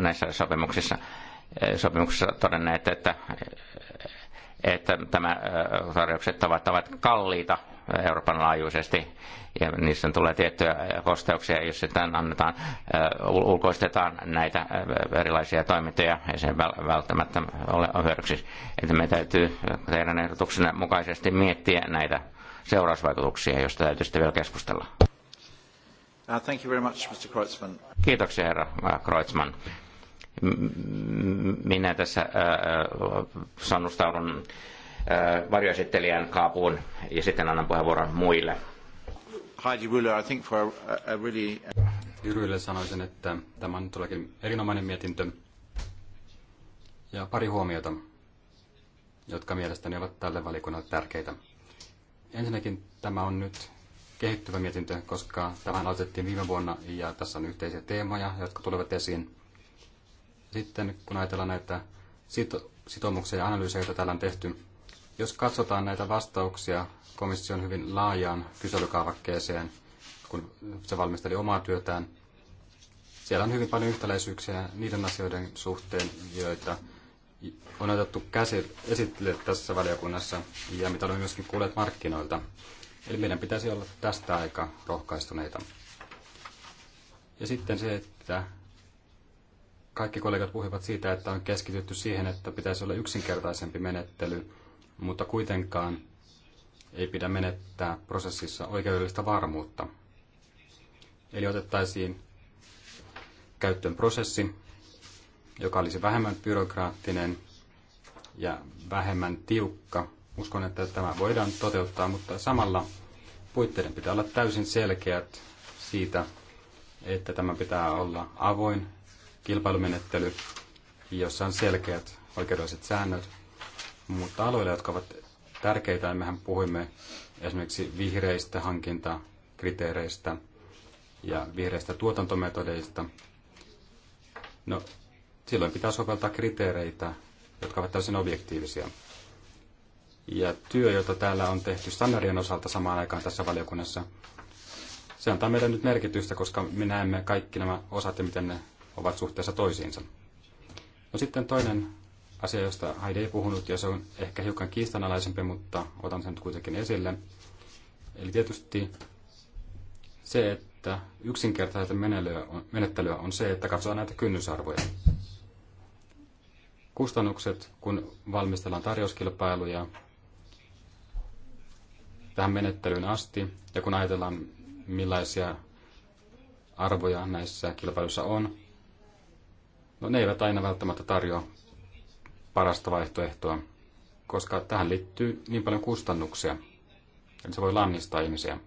näissä sopimuksissa, sopimuksissa todenneet, että, että tämä tarjoukset ovat, ovat kalliita Euroopan laajuisesti. Ja niissä tulee tiettyjä kosteuksia, jos sitten annetaan, ulkoistetaan näitä erilaisia toimintoja, ei se välttämättä ole hyödyksi. Että me täytyy teidän ehdotuksenne mukaisesti miettiä näitä seurausvaikutuksia, joista täytyy sitten vielä keskustella. Uh, thank you very much, Mr. Kreutzmann. Kiitoksia, herra uh, Kreutzmann minä tässä äh, sannustaudun varjoesittelijän kaapuun ja sitten annan puheenvuoron muille. Heidi Ruler, I think for a, a really... Uh, Rylle sanoisin, että tämä on todellakin erinomainen mietintö. Ja pari huomiota, jotka mielestäni ovat tälle valikunnalle tärkeitä. Ensinnäkin tämä on nyt kehittyvä mietintö, koska tähän aloitettiin viime vuonna ja tässä on yhteisiä teemoja, jotka tulevat esiin. Sitten kun ajatellaan näitä sitoumuksia ja analyysejä, joita täällä on tehty, jos katsotaan näitä vastauksia komission hyvin laajaan kyselykaavakkeeseen, kun se valmisteli omaa työtään, siellä on hyvin paljon yhtäläisyyksiä niiden asioiden suhteen, joita on otettu esille tässä valiokunnassa ja mitä olemme myöskin kuulleet markkinoilta. Eli meidän pitäisi olla tästä aika rohkaistuneita. Ja sitten se, että kaikki kollegat puhuvat siitä, että on keskitytty siihen, että pitäisi olla yksinkertaisempi menettely mutta kuitenkaan ei pidä menettää prosessissa oikeudellista varmuutta. Eli otettaisiin käyttöön prosessi, joka olisi vähemmän byrokraattinen ja vähemmän tiukka. Uskon, että tämä voidaan toteuttaa, mutta samalla puitteiden pitää olla täysin selkeät siitä, että tämä pitää olla avoin kilpailumenettely, jossa on selkeät oikeudelliset säännöt mutta aloilla, jotka ovat tärkeitä, mehän puhuimme esimerkiksi vihreistä hankintakriteereistä ja vihreistä tuotantometodeista. No, silloin pitää soveltaa kriteereitä, jotka ovat täysin objektiivisia. Ja työ, jota täällä on tehty standardien osalta samaan aikaan tässä valiokunnassa, se antaa meidän nyt merkitystä, koska me näemme kaikki nämä osat ja miten ne ovat suhteessa toisiinsa. No sitten toinen asia, josta Heidi ei puhunut, ja se on ehkä hiukan kiistanalaisempi, mutta otan sen nyt kuitenkin esille. Eli tietysti se, että yksinkertaista menettelyä on se, että katsotaan näitä kynnysarvoja. Kustannukset, kun valmistellaan tarjouskilpailuja tähän menettelyyn asti, ja kun ajatellaan, millaisia arvoja näissä kilpailuissa on, no ne eivät aina välttämättä tarjoa parasta vaihtoehtoa, koska tähän liittyy niin paljon kustannuksia, eli se voi lannistaa ihmisiä.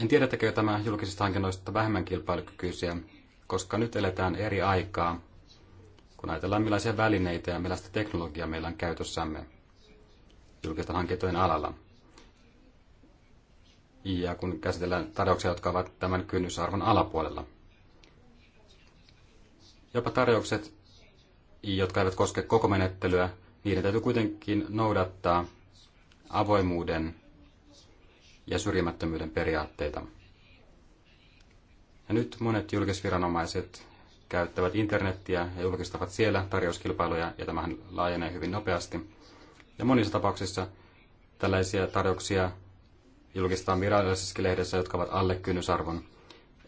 En tiedä, tekee tämä julkisista hankinnoista vähemmän kilpailukykyisiä, koska nyt eletään eri aikaa, kun ajatellaan millaisia välineitä ja millaista teknologiaa meillä on käytössämme julkisten hankintojen alalla. Ja kun käsitellään tarjouksia, jotka ovat tämän kynnysarvon alapuolella. Jopa tarjoukset, jotka eivät koske koko menettelyä, niiden täytyy kuitenkin noudattaa avoimuuden ja syrjimättömyyden periaatteita. Ja nyt monet julkisviranomaiset käyttävät internettiä ja julkistavat siellä tarjouskilpailuja, ja tämähän laajenee hyvin nopeasti. Ja monissa tapauksissa tällaisia tarjouksia julkistetaan virallisessa lehdessä, jotka ovat alle kynnysarvon.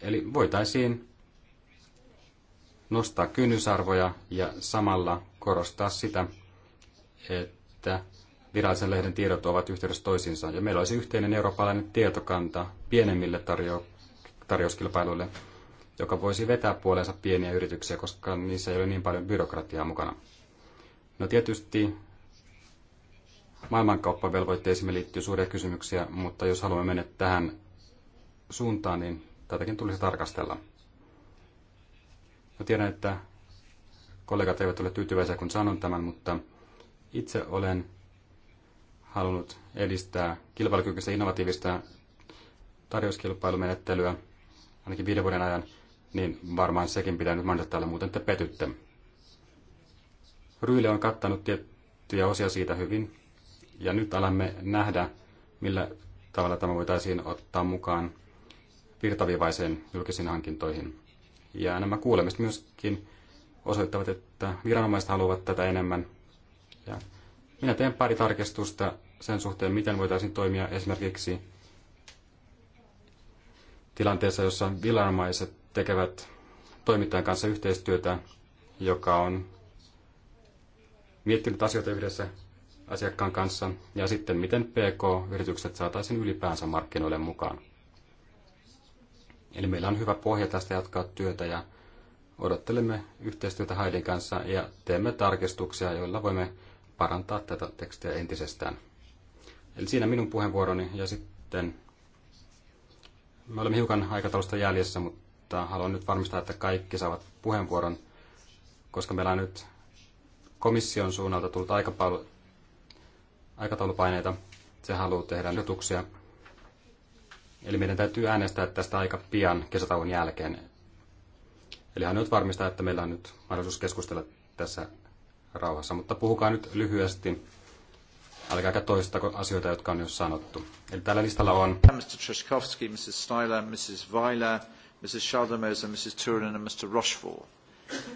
Eli voitaisiin nostaa kynnysarvoja ja samalla korostaa sitä, että virallisen lehden tiedot ovat yhteydessä toisiinsa. Ja meillä olisi yhteinen eurooppalainen tietokanta pienemmille tarjo- tarjouskilpailuille, joka voisi vetää puoleensa pieniä yrityksiä, koska niissä ei ole niin paljon byrokratiaa mukana. No tietysti maailmankauppavelvoitteisiin liittyy suuria kysymyksiä, mutta jos haluamme mennä tähän suuntaan, niin tätäkin tulisi tarkastella. Mä tiedän, että kollegat eivät ole tyytyväisiä, kun sanon tämän, mutta itse olen halunnut edistää kilpailukykyistä innovatiivista tarjouskilpailumenettelyä ainakin viiden vuoden ajan, niin varmaan sekin pitää nyt mainita täällä, muuten te petytte. Ryyle on kattanut tiettyjä osia siitä hyvin, ja nyt alamme nähdä, millä tavalla tämä voitaisiin ottaa mukaan virtaviivaiseen julkisiin hankintoihin. Ja nämä kuulemiset myöskin osoittavat, että viranomaiset haluavat tätä enemmän. Ja minä teen pari tarkistusta sen suhteen, miten voitaisiin toimia esimerkiksi tilanteessa, jossa viranomaiset tekevät toimittajan kanssa yhteistyötä, joka on miettinyt asioita yhdessä asiakkaan kanssa, ja sitten miten PK-yritykset saataisiin ylipäänsä markkinoille mukaan. Eli meillä on hyvä pohja tästä jatkaa työtä ja odottelemme yhteistyötä Haidin kanssa ja teemme tarkistuksia, joilla voimme parantaa tätä tekstiä entisestään. Eli siinä minun puheenvuoroni ja sitten me olemme hiukan aikataulusta jäljessä, mutta haluan nyt varmistaa, että kaikki saavat puheenvuoron, koska meillä on nyt komission suunnalta tullut aika aikataulupaineita. Se haluaa tehdä ehdotuksia Eli meidän täytyy äänestää tästä aika pian kesätauon jälkeen. Eli hän nyt varmistaa, että meillä on nyt mahdollisuus keskustella tässä rauhassa. Mutta puhukaa nyt lyhyesti. Älkääkä toista asioita, jotka on jo sanottu. Eli tällä listalla on... Mr. Trishkovski, Mrs. Styler, Mrs. Weiler, Mrs. Schaldemose, Mrs. Turin ja Mr. Rochefort.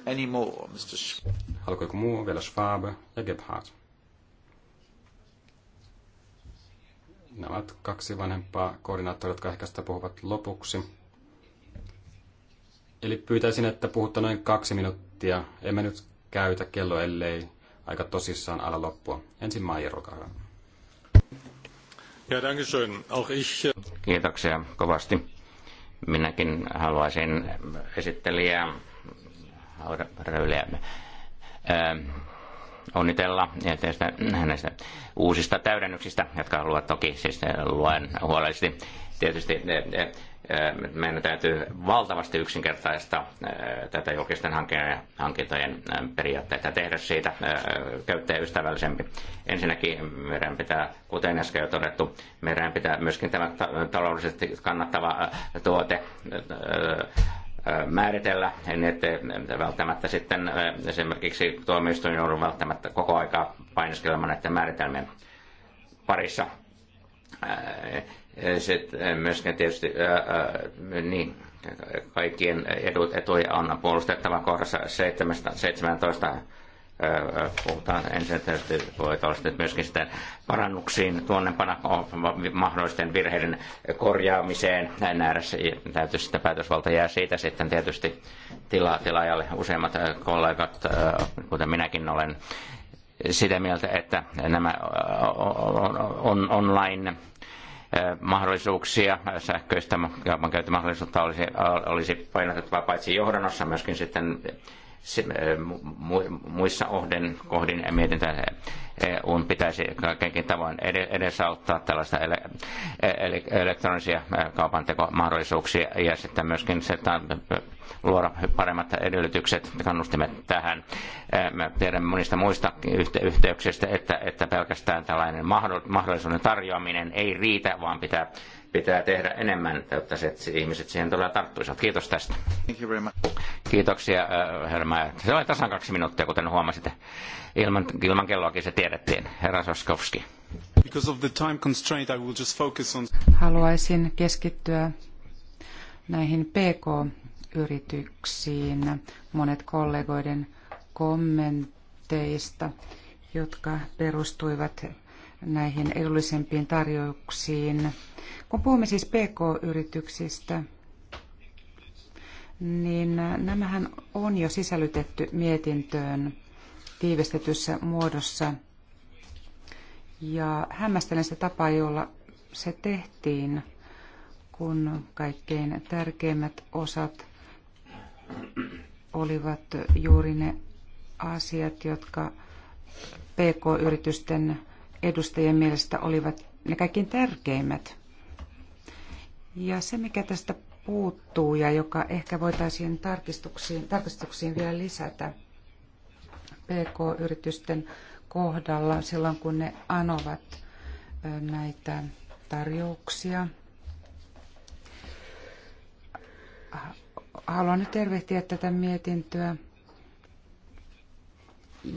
Any more, Mr. Sch- Haluatko joku muu? Vielä Schwab ja Gebhardt. Nämä ovat kaksi vanhempaa koordinaattoria, jotka ehkä sitä puhuvat lopuksi. Eli pyytäisin, että puhutte noin kaksi minuuttia. Emme nyt käytä kello, ellei aika tosissaan ala loppua. Ensin Maija Ja, danke schön. Auch ich... Äh, Kiitoksia kovasti. Minäkin haluaisin esittelijää Röyliä äh, onnitella teistä näistä uusista täydennyksistä, jotka luot toki siis eh, luen huolellisesti. Tietysti eh, eh, meidän täytyy valtavasti yksinkertaista tätä julkisten hankintojen periaatteita tehdä siitä käyttäjäystävällisempi. Ensinnäkin meidän pitää, kuten äsken jo todettu, meidän pitää myöskin tämä taloudellisesti kannattava tuote määritellä, niin ettei välttämättä sitten esimerkiksi tuomioistuin joudu välttämättä koko aikaa painiskelemaan näiden määritelmien parissa. Sitten myöskin tietysti niin, kaikkien edut, etuja on puolustettava kohdassa 17 puhutaan ensin tietysti voi myöskin sitä parannuksiin, tuonnepana mahdollisten virheiden korjaamiseen näin ääressä. Täytyy sitten päätösvalta jää siitä sitten tietysti tila, tilaajalle. Useimmat kollegat, kuten minäkin olen, sitä mieltä, että nämä on, online mahdollisuuksia, sähköistä mahdollisuutta olisi, olisi painotettava paitsi johdannossa myöskin sitten muissa ohden, kohdin mietintään EUn pitäisi kaikenkin tavoin edesauttaa tällaista ele, e-, ele, elektronisia kaupantekomahdollisuuksia ja sitten myöskin se, että luoda paremmat edellytykset kannustimet tähän. Mä tiedän monista muista yhteyksistä, että, että pelkästään tällainen mahdollisuuden tarjoaminen ei riitä, vaan pitää pitää tehdä enemmän, jotta se, ihmiset siihen todella tarttuisivat. Kiitos tästä. Kiitoksia, äh, Hermä. Se oli tasan kaksi minuuttia, kuten huomasitte. Ilman, ilman kelloakin se tiedettiin. Herra Soskovski. On... Haluaisin keskittyä näihin PK-yrityksiin. Monet kollegoiden kommenteista, jotka perustuivat näihin edullisempiin tarjouksiin. Kun puhumme siis PK-yrityksistä, niin nämähän on jo sisällytetty mietintöön tiivistetyssä muodossa. Ja hämmästelen sitä tapaa, jolla se tehtiin, kun kaikkein tärkeimmät osat olivat juuri ne asiat, jotka PK-yritysten edustajien mielestä olivat ne kaikkein tärkeimmät. Ja se, mikä tästä puuttuu ja joka ehkä voitaisiin tarkistuksiin, tarkistuksiin vielä lisätä PK-yritysten kohdalla silloin, kun ne anovat näitä tarjouksia. Haluan nyt tervehtiä tätä mietintöä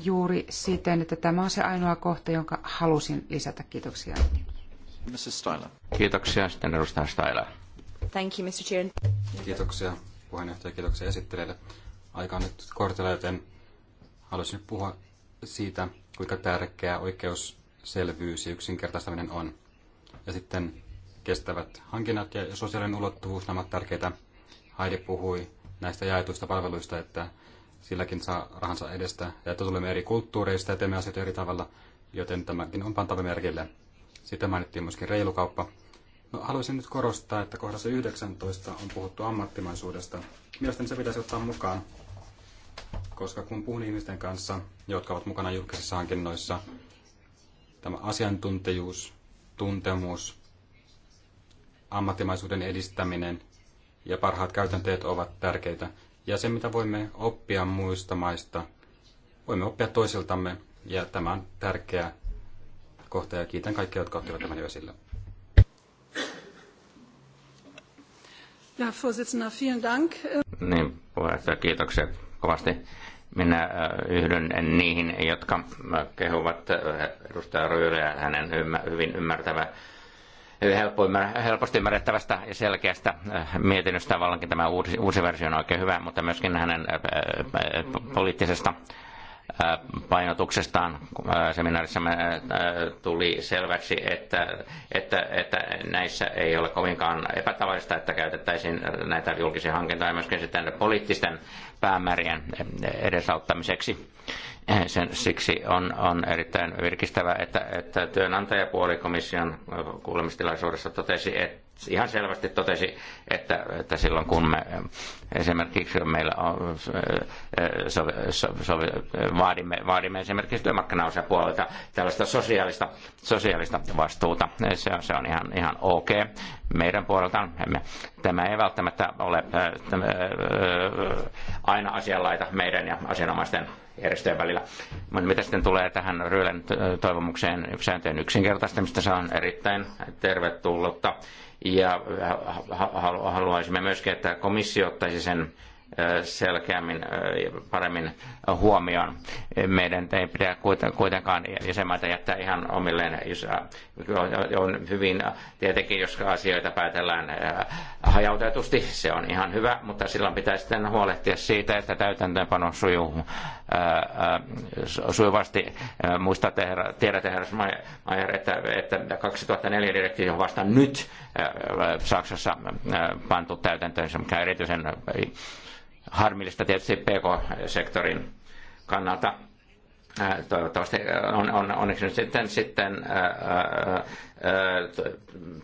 juuri siten, että tämä on se ainoa kohta, jonka halusin lisätä. Kiitoksia. Mrs. Styler. Kiitoksia. Sitten edustaja Styler. Thank you, Mr. Chair. Kiitoksia puheenjohtaja, kiitoksia esittelijälle. Aika on nyt kortilla, joten haluaisin nyt puhua siitä, kuinka tärkeää oikeusselvyys ja yksinkertaistaminen on. Ja sitten kestävät hankinnat ja sosiaalinen ulottuvuus, nämä ovat tärkeitä. Heidi puhui näistä jaetuista palveluista, että silläkin saa rahansa edestä, ja että tulemme eri kulttuureista ja teemme asioita eri tavalla, joten tämäkin on pantava merkille. Sitten mainittiin myöskin reilukauppa. No, haluaisin nyt korostaa, että kohdassa 19 on puhuttu ammattimaisuudesta. Mielestäni se pitäisi ottaa mukaan, koska kun puhun ihmisten kanssa, jotka ovat mukana julkisissa hankinnoissa, tämä asiantuntijuus, tuntemus, ammattimaisuuden edistäminen ja parhaat käytänteet ovat tärkeitä. Ja se, mitä voimme oppia muista maista, voimme oppia toisiltamme, ja tämä on tärkeä kohta, ja kiitän kaikkia, jotka ottivat tämän jo esille. Ja, vielen Dank. Niin, puheenjohtaja, kiitoksia kovasti. Minä äh, yhdyn niihin, jotka äh, kehuvat äh, edustaja Ryyliä hänen hyvin ymmärtävä helposti ymmärrettävästä ja selkeästä äh, mietinnöstä. Vallankin tämä uusi, uusi versio on oikein hyvä, mutta myöskin hänen äh, äh, poliittisesta painotuksestaan seminaarissa tuli selväksi, että, että, että näissä ei ole kovinkaan epätavallista, että käytettäisiin näitä julkisia hankintoja myöskin sitten poliittisten päämäärien edesauttamiseksi Eh, sen, siksi on, on erittäin virkistävä, että, että työnantajapuoli komission eh, kuulemistilaisuudessa totesi, että ihan selvästi totesi, että, että silloin kun me eh, esimerkiksi meillä on, so, so, so, vaadimme, vaadimme esimerkiksi työmarkkinaosapuolelta tällaista sosiaalista, sosiaalista vastuuta, se, on, se on ihan, ihan ok meidän puoleltaan. Me, tämä ei välttämättä ole ää, ää, aina asianlaita meidän ja asianomaisten järjestöjen välillä. Mitä sitten tulee tähän Ryölän toivomukseen sääntöjen yksinkertaistamista, se on erittäin tervetullutta. Ja haluaisimme myöskin, että komissio ottaisi sen selkeämmin paremmin huomioon. Meidän ei pidä kuitenkaan jäsenmaita jättää ihan omilleen. Jos on hyvin, tietenkin jos asioita päätellään hajautetusti, se on ihan hyvä, mutta silloin pitää sitten huolehtia siitä, että täytäntöönpano sujuu sujuvasti. muista herra, tiedätte, herra Mayer, että, että 2004 direktiivi on vasta nyt Saksassa pantu täytäntöön, mikä erityisen Harmillista tietysti PK-sektorin kannalta toivottavasti on, on, onneksi nyt sitten, sitten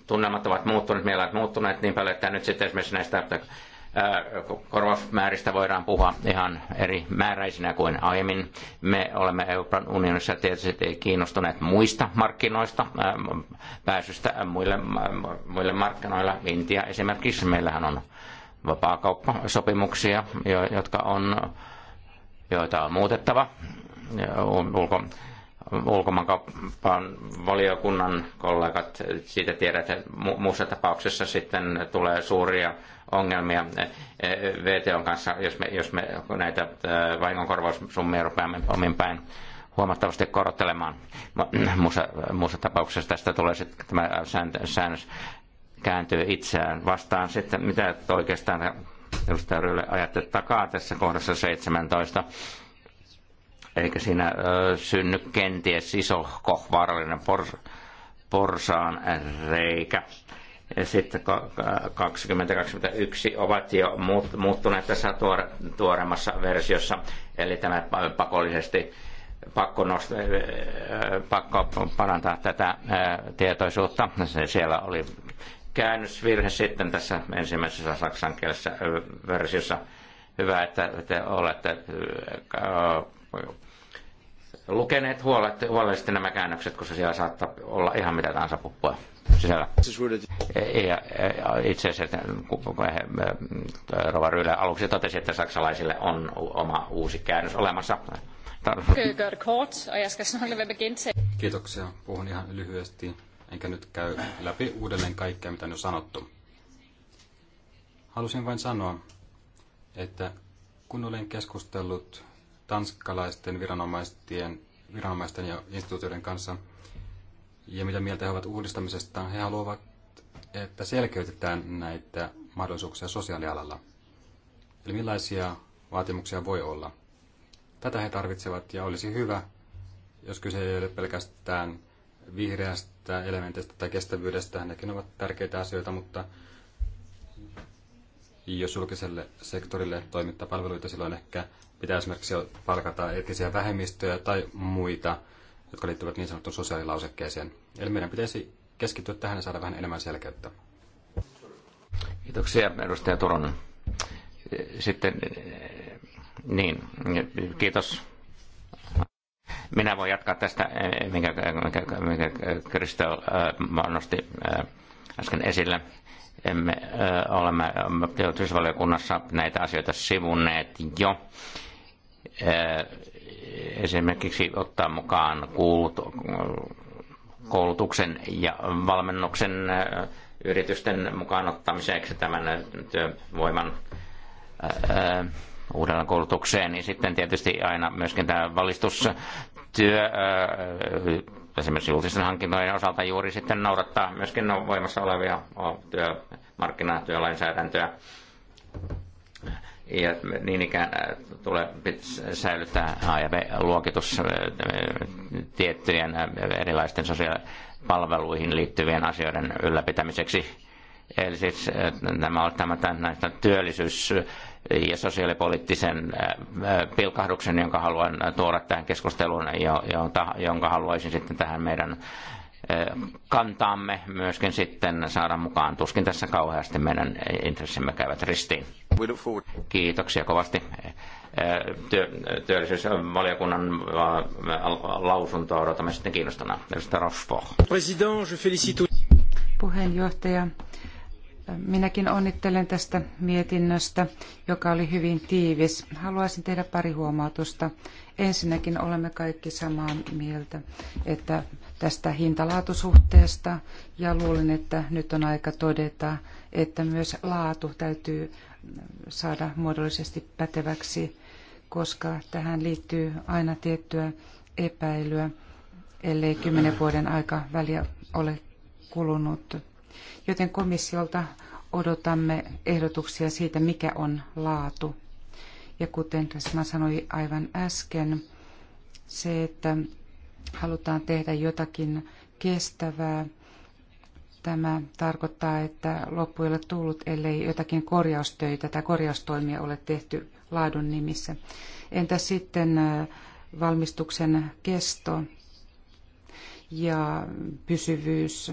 tunnelmat ovat muuttuneet, meillä ovat muuttuneet niin paljon, että nyt sitten esimerkiksi näistä ää, korvausmääristä voidaan puhua ihan eri määräisinä kuin aiemmin. Me olemme Euroopan unionissa tietysti kiinnostuneet muista markkinoista, pääsystä muille, muille markkinoilla. Intia esimerkiksi, meillähän on vapaakauppasopimuksia, jotka on, joita on muutettava ulko, ulkomaankauppaan valiokunnan kollegat siitä tiedät, että muussa tapauksessa sitten tulee suuria ongelmia e, e, VTOn kanssa, jos me, jos me näitä e, vahingonkorvaussummia rupeamme omin päin huomattavasti korottelemaan. Muussa, muussa tapauksessa tästä tulee sitten tämä säännös kääntyy itseään vastaan sitten, mitä oikeastaan edustaja Rylle ajatte takaa tässä kohdassa 17. Eikä siinä ö, synny kenties iso kohvaarallinen pors, porsaan reikä. Ja sitten 2021 ovat jo muuttuneet tässä tuore, tuoremmassa versiossa, eli tämä pakollisesti pakko, nost- pakko parantaa tätä tietoisuutta. Se siellä oli käännösvirhe sitten tässä ensimmäisessä saksankielisessä versiossa. Hyvä, että te olette lukeneet huolet, huolellisesti nämä käännökset, koska siellä saattaa olla ihan mitä tahansa puppua sisällä. Ja, itse asiassa Rova Ryle aluksi totesi, että saksalaisille on oma uusi käännös olemassa. Kiitoksia. Puhun ihan lyhyesti enkä nyt käy läpi uudelleen kaikkea, mitä on jo sanottu. Halusin vain sanoa, että kun olen keskustellut tanskalaisten viranomaisten, viranomaisten ja instituutioiden kanssa ja mitä mieltä he ovat uudistamisesta, he haluavat, että selkeytetään näitä mahdollisuuksia sosiaalialalla. Eli millaisia vaatimuksia voi olla. Tätä he tarvitsevat ja olisi hyvä, jos kyse ei ole pelkästään vihreästä elementistä tai kestävyydestä, nekin ovat tärkeitä asioita, mutta jos julkiselle sektorille toimittaa palveluita, silloin ehkä pitää esimerkiksi palkata etnisiä vähemmistöjä tai muita, jotka liittyvät niin sanottuun sosiaalilausekkeeseen. Eli meidän pitäisi keskittyä tähän ja saada vähän enemmän selkeyttä. Kiitoksia, edustaja Turunen. Sitten, niin, kiitos minä voin jatkaa tästä, eh, eh, minkä, minkä, minkä äh, eh, nosti äsken esille. äh, olemme teotusvaliokunnassa näitä asioita sivunneet jo esimerkiksi ottaa mukaan koulutuksen ja valmennuksen yritysten mukaan ottamiseksi tämän työvoiman uudelleen koulutukseen, niin sitten tietysti aina myöskin tämä valistus työ esimerkiksi julkisten hankintojen osalta juuri sitten noudattaa myöskin no voimassa olevia työ, markkinatyölainsäädäntöä. Ja niin ikään tulee säilyttää A- ja B-luokitus tiettyjen erilaisten sosiaalipalveluihin liittyvien asioiden ylläpitämiseksi. Eli siis nämä tämä näistä työllisyys ja sosiaalipoliittisen äh, äh, pilkahduksen, jonka haluan tuoda tähän keskusteluun, jonka haluaisin sitten tähän meidän äh, kantaamme myöskin sitten saada mukaan. Tuskin tässä kauheasti meidän intressimme käyvät ristiin. Kiitoksia kovasti. Työ, työllisyysvaliokunnan lausuntoa odotamme sitten kiinnostuna. Edustaja Rochefort. Puheenjohtaja, Minäkin onnittelen tästä mietinnöstä, joka oli hyvin tiivis. Haluaisin tehdä pari huomautusta. Ensinnäkin olemme kaikki samaa mieltä, että tästä hintalaatusuhteesta ja luulen, että nyt on aika todeta, että myös laatu täytyy saada muodollisesti päteväksi, koska tähän liittyy aina tiettyä epäilyä, ellei kymmenen vuoden aika väliä ole kulunut joten komissiolta odotamme ehdotuksia siitä, mikä on laatu. Ja kuten Resma sanoi aivan äsken, se, että halutaan tehdä jotakin kestävää, tämä tarkoittaa, että loppu ei ole tullut, ellei jotakin korjaustöitä tai korjaustoimia ole tehty laadun nimissä. Entä sitten äh, valmistuksen kesto ja pysyvyys?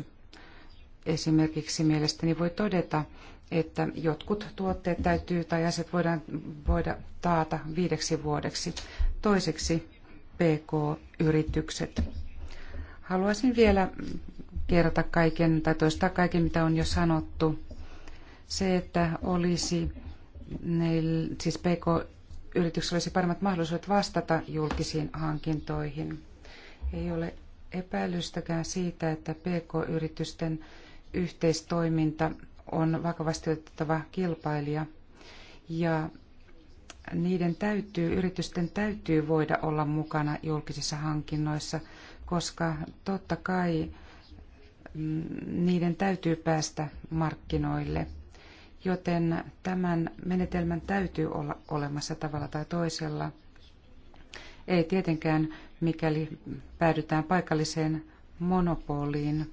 esimerkiksi mielestäni voi todeta, että jotkut tuotteet täytyy tai asiat voidaan voida taata viideksi vuodeksi. Toiseksi PK-yritykset. Haluaisin vielä kerrata kaiken tai toistaa kaiken, mitä on jo sanottu. Se, että olisi neil, siis PK-yrityksellä olisi paremmat mahdollisuudet vastata julkisiin hankintoihin. Ei ole epäilystäkään siitä, että PK-yritysten yhteistoiminta on vakavasti otettava kilpailija ja niiden täytyy, yritysten täytyy voida olla mukana julkisissa hankinnoissa, koska totta kai mm, niiden täytyy päästä markkinoille. Joten tämän menetelmän täytyy olla olemassa tavalla tai toisella. Ei tietenkään, mikäli päädytään paikalliseen monopoliin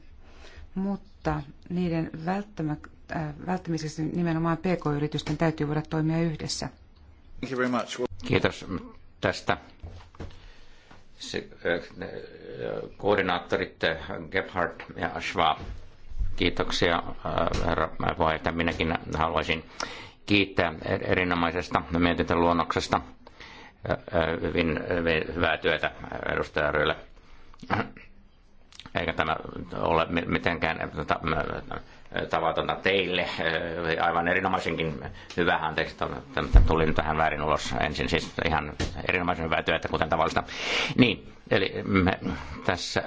mutta niiden äh, välttämiseksi nimenomaan PK-yritysten täytyy voida toimia yhdessä. Kiitos tästä. Äh, äh, koordinaattorit Gebhardt ja Schwab. Kiitoksia, herra puheenjohtaja. Minäkin haluaisin kiittää er-, erinomaisesta mietintöluonnoksesta. Hyvin, hyvin hyvää työtä edustaja eikä tämä ole mitenkään äh, tota, äh, tavatonta teille. Äh, aivan erinomaisenkin hyvä, anteeksi, tuli nyt vähän väärin ulos ensin. Siis ihan erinomaisen hyvää työtä, kuten tavallista. Niin, eli me tässä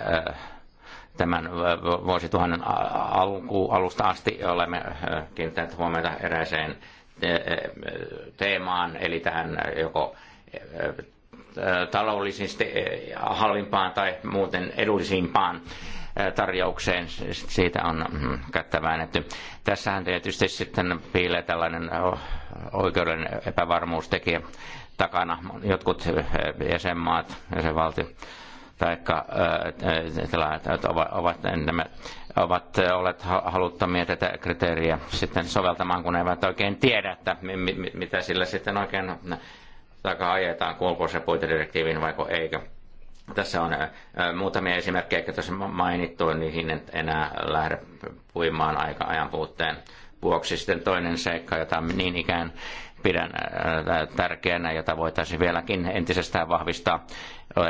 tämän vuosituhannen alku, alusta asti olemme kiinnittäneet huomiota eräiseen teemaan, eli tähän joko taloudellisesti halvimpaan tai muuten edullisimpaan tarjoukseen. Siitä on mm, kättä väännetty. Tässähän tietysti sitten piilee tällainen oikeuden epävarmuustekijä takana. Jotkut jäsenmaat, jäsenvaltio, tai ovat, nämä, ovat olleet haluttomia tätä kriteeriä sitten soveltamaan, kun eivät oikein tiedä, että mitä sillä sitten oikein takaa ajetaan, kuuluuko se puitedirektiiviin vai eikö. Tässä on äh, muutamia esimerkkejä, jotka tässä mainittu, niihin en enää lähde puimaan aika ajan puutteen vuoksi. Sitten toinen seikka, jota niin ikään pidän äh, tärkeänä, jota voitaisiin vieläkin entisestään vahvistaa,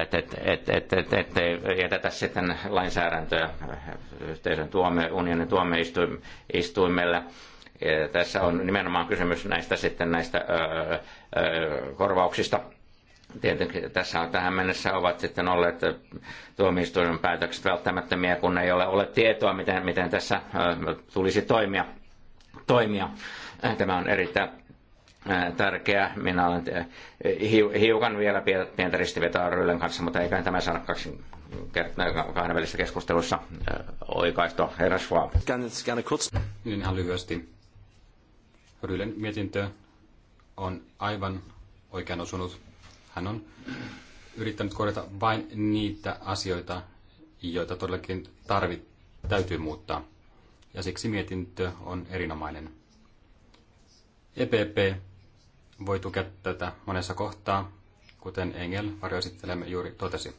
että et, et, et, et, et jätetä sitten lainsäädäntöä yhteisön tuomio, unionin tuomioistuimelle. Tuomioistuim, tässä on nimenomaan kysymys näistä sitten näistä korvauksista. Tietenkin tässä on tähän mennessä ovat sitten olleet tuomioistuimen päätökset välttämättömiä, kun ei ole, ole tietoa, miten, miten tässä tulisi toimia. toimia. Tämä on erittäin tärkeä. Minä olen hiukan vielä pientä ristivetoa Ryllen kanssa, mutta eikä tämä saada kaksi kahdenvälisessä keskustelussa oikaistua. Herra Schwab. Niin ihan lyhyesti. Rylen mietintö on aivan oikean osunut. Hän on yrittänyt korjata vain niitä asioita, joita todellakin tarvit, täytyy muuttaa. Ja siksi mietintö on erinomainen. EPP voi tukea tätä monessa kohtaa, kuten Engel varjoesittelemme juuri totesi.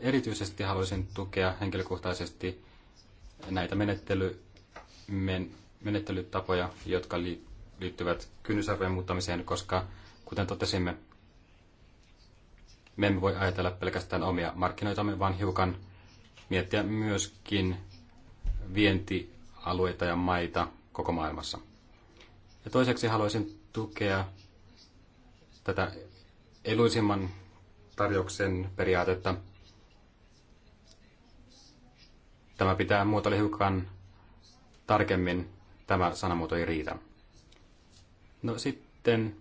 Erityisesti haluaisin tukea henkilökohtaisesti näitä menettely, men, menettelytapoja, jotka liittyvät liittyvät kynnysarvojen muuttamiseen, koska kuten totesimme, me emme voi ajatella pelkästään omia markkinoitamme, vaan hiukan miettiä myöskin vientialueita ja maita koko maailmassa. Ja toiseksi haluaisin tukea tätä eluisimman tarjouksen periaatetta. Tämä pitää muotoilla hiukan tarkemmin. Tämä sanamuoto ei riitä. No sitten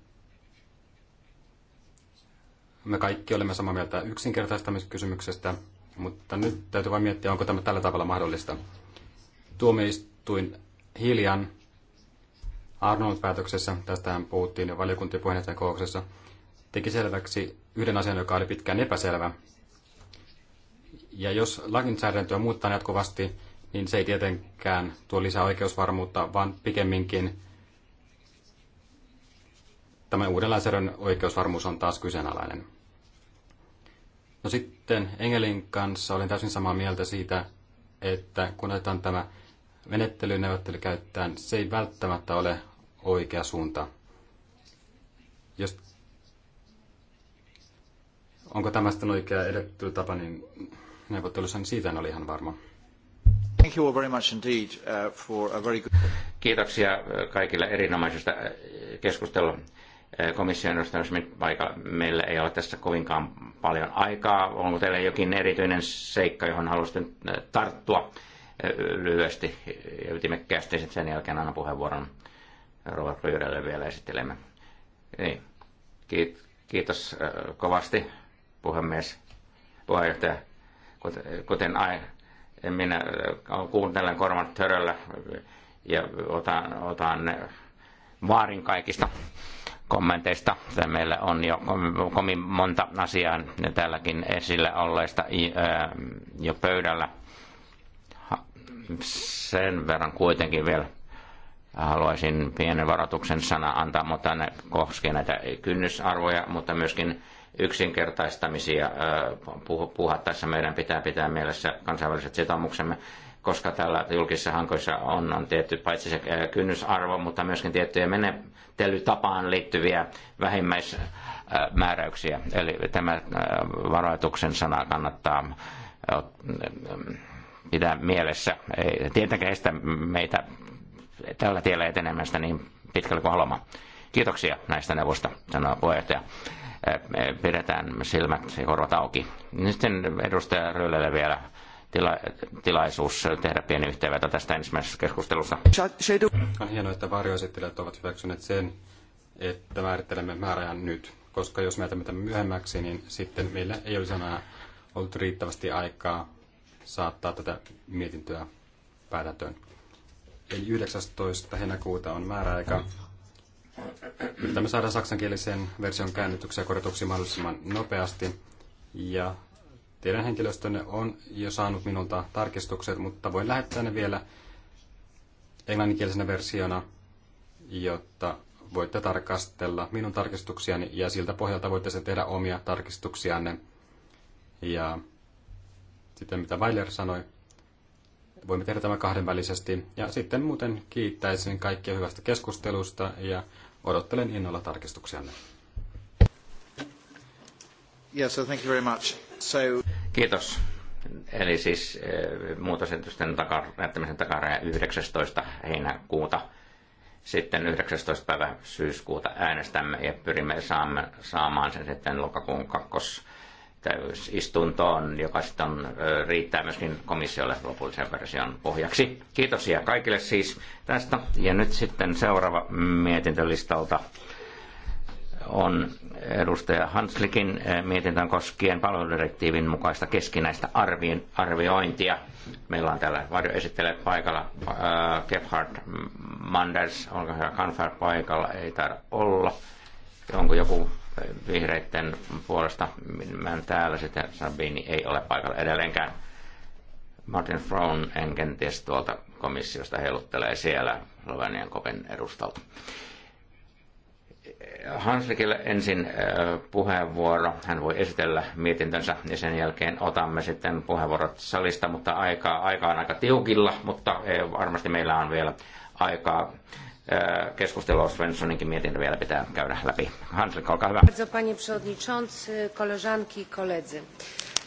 me kaikki olemme samaa mieltä yksinkertaistamiskysymyksestä, mutta nyt täytyy vain miettiä, onko tämä tällä tavalla mahdollista. Tuomioistuin hiljan Arnold-päätöksessä, tästähän puhuttiin jo valiokuntien puheenjohtajan kokouksessa, teki selväksi yhden asian, joka oli pitkään epäselvä. Ja jos lakinsäädäntöä muuttaa jatkuvasti, niin se ei tietenkään tuo lisää oikeusvarmuutta, vaan pikemminkin tämä uuden lainsäädännön oikeusvarmuus on taas kyseenalainen. No sitten Engelin kanssa olin täysin samaa mieltä siitä, että kun otetaan tämä menettelyneuvottelu käyttäen, se ei välttämättä ole oikea suunta. Jos onko tämä sitten oikea edettelytapa, niin neuvottelussa niin siitä en ole ihan varma. Thank you all very much indeed uh, for a very good... Kiitoksia uh, kaikille erinomaisesta uh, keskustelua. Eh, komission edustajana Schmidt paikalla. Meillä ei ole tässä kovinkaan paljon aikaa. Onko teillä jokin erityinen seikka, johon haluaisitte eh, tarttua eh, lyhyesti ja ytimekkäästi? sen jälkeen annan puheenvuoron Robert Lyydelle vielä esittelemme. Niin. Kiitos kovasti, puhemies, puheenjohtaja. Kuten aina, minä kuuntelen korvan töröllä ja otan, otan vaarin kaikista kommenteista. Meillä on jo komi monta asiaa tälläkin esillä olleista jo pöydällä. Sen verran kuitenkin vielä haluaisin pienen varoituksen sana antaa, mutta ne koskee näitä kynnysarvoja, mutta myöskin yksinkertaistamisia puhua tässä. Meidän pitää pitää mielessä kansainväliset sitoumuksemme, koska tällä julkisissa hankoissa on, on tietty paitsi se kynnysarvo, mutta myöskin tiettyjä menettelytapaan liittyviä vähimmäismääräyksiä. Eli tämä äh, varoituksen sana kannattaa äh, äh, pitää mielessä. Ei tietenkään estä meitä tällä tiellä etenemästä niin pitkälle kuin haluamme. Kiitoksia näistä neuvosta, sanoo puheenjohtaja. Pidetään silmät ja korvat auki. Nyt edustaja Ryllelle vielä tila, tilaisuus tehdä pieni yhteenveto tästä ensimmäisessä keskustelussa. On hienoa, että varjoesittelijät ovat hyväksyneet sen, että määrittelemme määräajan nyt, koska jos me jätämme tämän myöhemmäksi, niin sitten meillä ei olisi enää ollut riittävästi aikaa saattaa tätä mietintöä päätäntöön. Eli 19. heinäkuuta on määräaika. Yritämme saada saksankielisen version käännytyksiä korjatuksi mahdollisimman nopeasti ja Teidän henkilöstönne on jo saanut minulta tarkistukset, mutta voin lähettää ne vielä englanninkielisenä versiona, jotta voitte tarkastella minun tarkistuksiani ja siltä pohjalta voitte se tehdä omia tarkistuksianne. Ja sitten mitä Weiler sanoi, voimme tehdä tämän kahdenvälisesti. Ja sitten muuten kiittäisin kaikkia hyvästä keskustelusta ja odottelen innolla tarkistuksianne. Yeah, so thank you very much. So... Kiitos. Eli siis eh, muutosentysten takar, takaraja 19. heinäkuuta. Sitten 19. päivä syyskuuta äänestämme ja pyrimme saamme, saamaan sen sitten lokakuun kakkos täysistuntoon, joka sitten on, eh, riittää myöskin komissiolle lopullisen version pohjaksi. Kiitos ja kaikille siis tästä. Ja nyt sitten seuraava mietintölistalta on edustaja Hanslikin eh, mietintään koskien palveludirektiivin mukaista keskinäistä arvien, arviointia. Meillä on täällä varjoesittelijä paikalla äh, Gebhard Manders, onko hyvä, Kanfer paikalla, ei taida olla. Onko joku vihreiden puolesta? Mä en täällä sitten Sabini ei ole paikalla edelleenkään. Martin Frown en kenties tuolta komissiosta heiluttelee siellä Slovenian kopen edustalta. Hanslikille ensin äh, puheenvuoro. Hän voi esitellä mietintönsä ja sen jälkeen otamme sitten puheenvuorot salista, mutta aika, aika on aika tiukilla, mutta äh, varmasti meillä on vielä aikaa äh, keskustelua Svenssoninkin mietintö vielä pitää käydä läpi. Hanslik, olkaa hyvä. Bardzo panie przewodniczący, koleżanki koledzy.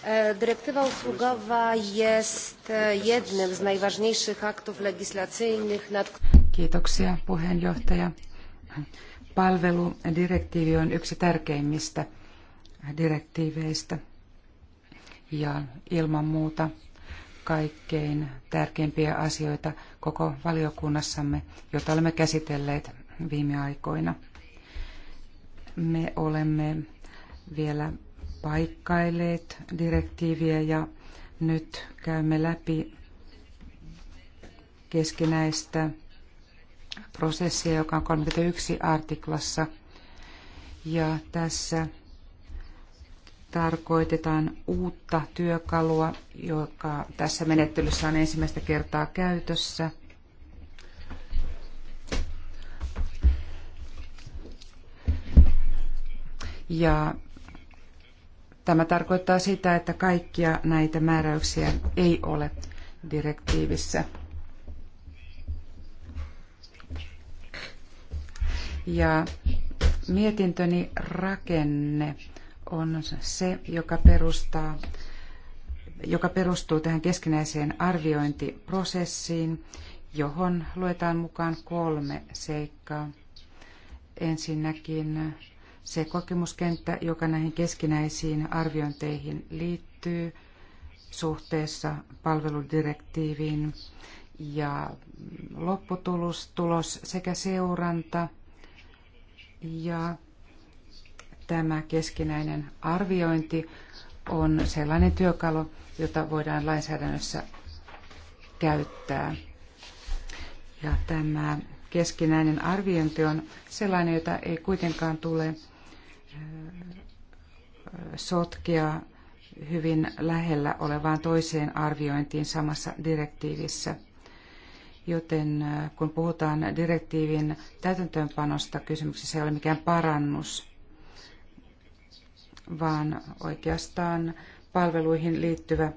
E, dyrektywa usługowa jest e, jednym z najważniejszych aktów legislacyjnych nad... Kiitoksia puheenjohtaja. Palveludirektiivi on yksi tärkeimmistä direktiiveistä ja ilman muuta kaikkein tärkeimpiä asioita koko valiokunnassamme, jota olemme käsitelleet viime aikoina. Me olemme vielä paikkailleet direktiiviä ja nyt käymme läpi keskinäistä prosessia, joka on 31 artiklassa. Ja tässä tarkoitetaan uutta työkalua, joka tässä menettelyssä on ensimmäistä kertaa käytössä. Ja tämä tarkoittaa sitä, että kaikkia näitä määräyksiä ei ole direktiivissä. Ja mietintöni rakenne on se, joka, perustaa, joka perustuu tähän keskinäiseen arviointiprosessiin, johon luetaan mukaan kolme seikkaa. Ensinnäkin se kokemuskenttä, joka näihin keskinäisiin arviointeihin liittyy suhteessa palveludirektiiviin ja lopputulos sekä seuranta – ja tämä keskinäinen arviointi on sellainen työkalu, jota voidaan lainsäädännössä käyttää. Ja tämä keskinäinen arviointi on sellainen, jota ei kuitenkaan tule sotkea hyvin lähellä olevaan toiseen arviointiin samassa direktiivissä – joten äh, kun puhutaan direktiivin täytäntöönpanosta, kysymyksessä ei ole mikään parannus, vaan oikeastaan palveluihin liittyvä,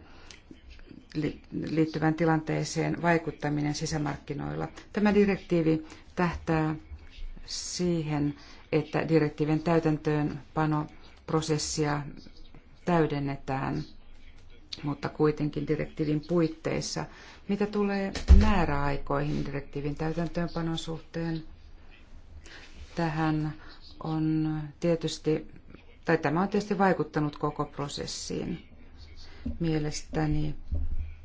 liittyvän tilanteeseen vaikuttaminen sisämarkkinoilla. Tämä direktiivi tähtää siihen, että direktiivin täytäntöönpanoprosessia täydennetään, mutta kuitenkin direktiivin puitteissa mitä tulee määräaikoihin direktiivin täytäntöönpanon suhteen, tähän on tietysti, tai tämä on tietysti vaikuttanut koko prosessiin. Mielestäni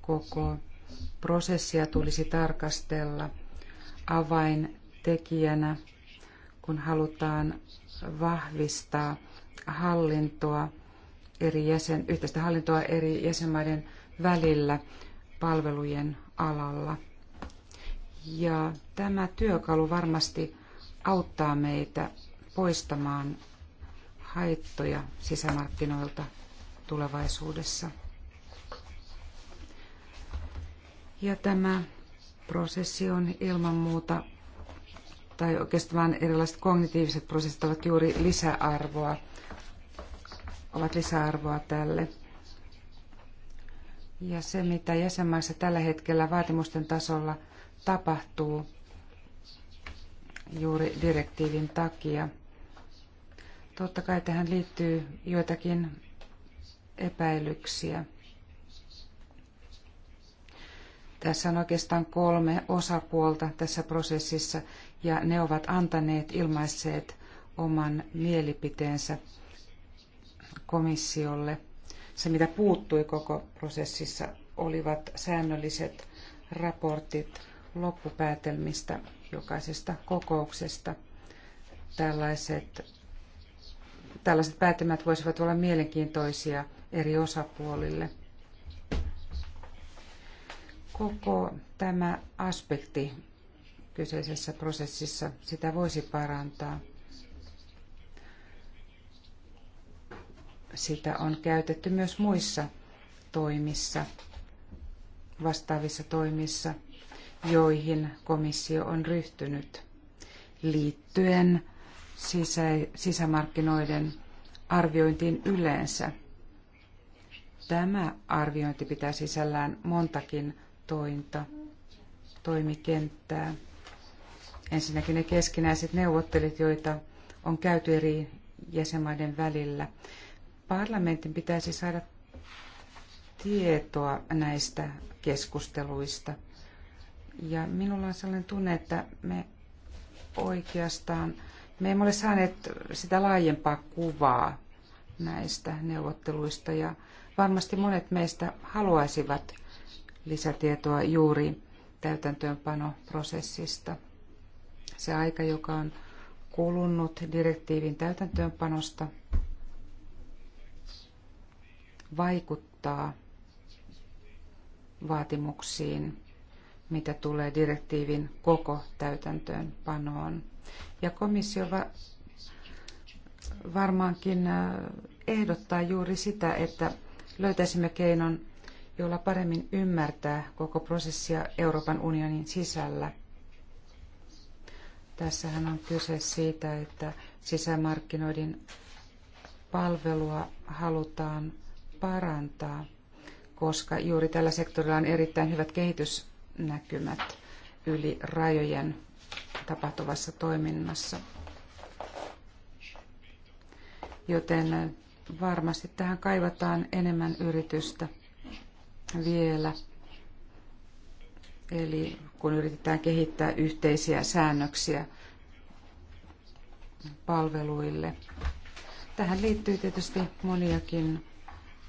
koko prosessia tulisi tarkastella avaintekijänä, kun halutaan vahvistaa hallintoa eri jäsen, yhteistä hallintoa eri jäsenmaiden välillä palvelujen alalla. Ja tämä työkalu varmasti auttaa meitä poistamaan haittoja sisämarkkinoilta tulevaisuudessa. Ja tämä prosessi on ilman muuta, tai oikeastaan erilaiset kognitiiviset prosessit ovat juuri lisäarvoa, ovat lisäarvoa tälle ja se, mitä jäsenmaissa tällä hetkellä vaatimusten tasolla tapahtuu juuri direktiivin takia. Totta kai tähän liittyy joitakin epäilyksiä. Tässä on oikeastaan kolme osapuolta tässä prosessissa ja ne ovat antaneet, ilmaisseet oman mielipiteensä komissiolle – se, mitä puuttui koko prosessissa, olivat säännölliset raportit loppupäätelmistä jokaisesta kokouksesta. Tällaiset, tällaiset päätelmät voisivat olla mielenkiintoisia eri osapuolille. Koko tämä aspekti kyseisessä prosessissa, sitä voisi parantaa – sitä on käytetty myös muissa toimissa, vastaavissa toimissa, joihin komissio on ryhtynyt liittyen sisä, sisämarkkinoiden arviointiin yleensä. Tämä arviointi pitää sisällään montakin tointa, toimikenttää. Ensinnäkin ne keskinäiset neuvottelut, joita on käyty eri jäsenmaiden välillä Parlamentin pitäisi saada tietoa näistä keskusteluista. Ja minulla on sellainen tunne, että me oikeastaan, me emme ole saaneet sitä laajempaa kuvaa näistä neuvotteluista ja varmasti monet meistä haluaisivat lisätietoa juuri täytäntöönpanoprosessista. Se aika, joka on kulunut direktiivin täytäntöönpanosta, vaikuttaa vaatimuksiin, mitä tulee direktiivin koko täytäntöönpanoon. Ja komissio varmaankin äh, ehdottaa juuri sitä, että löytäisimme keinon, jolla paremmin ymmärtää koko prosessia Euroopan unionin sisällä. Tässähän on kyse siitä, että sisämarkkinoiden palvelua halutaan parantaa, koska juuri tällä sektorilla on erittäin hyvät kehitysnäkymät yli rajojen tapahtuvassa toiminnassa. Joten varmasti tähän kaivataan enemmän yritystä vielä. Eli kun yritetään kehittää yhteisiä säännöksiä palveluille. Tähän liittyy tietysti moniakin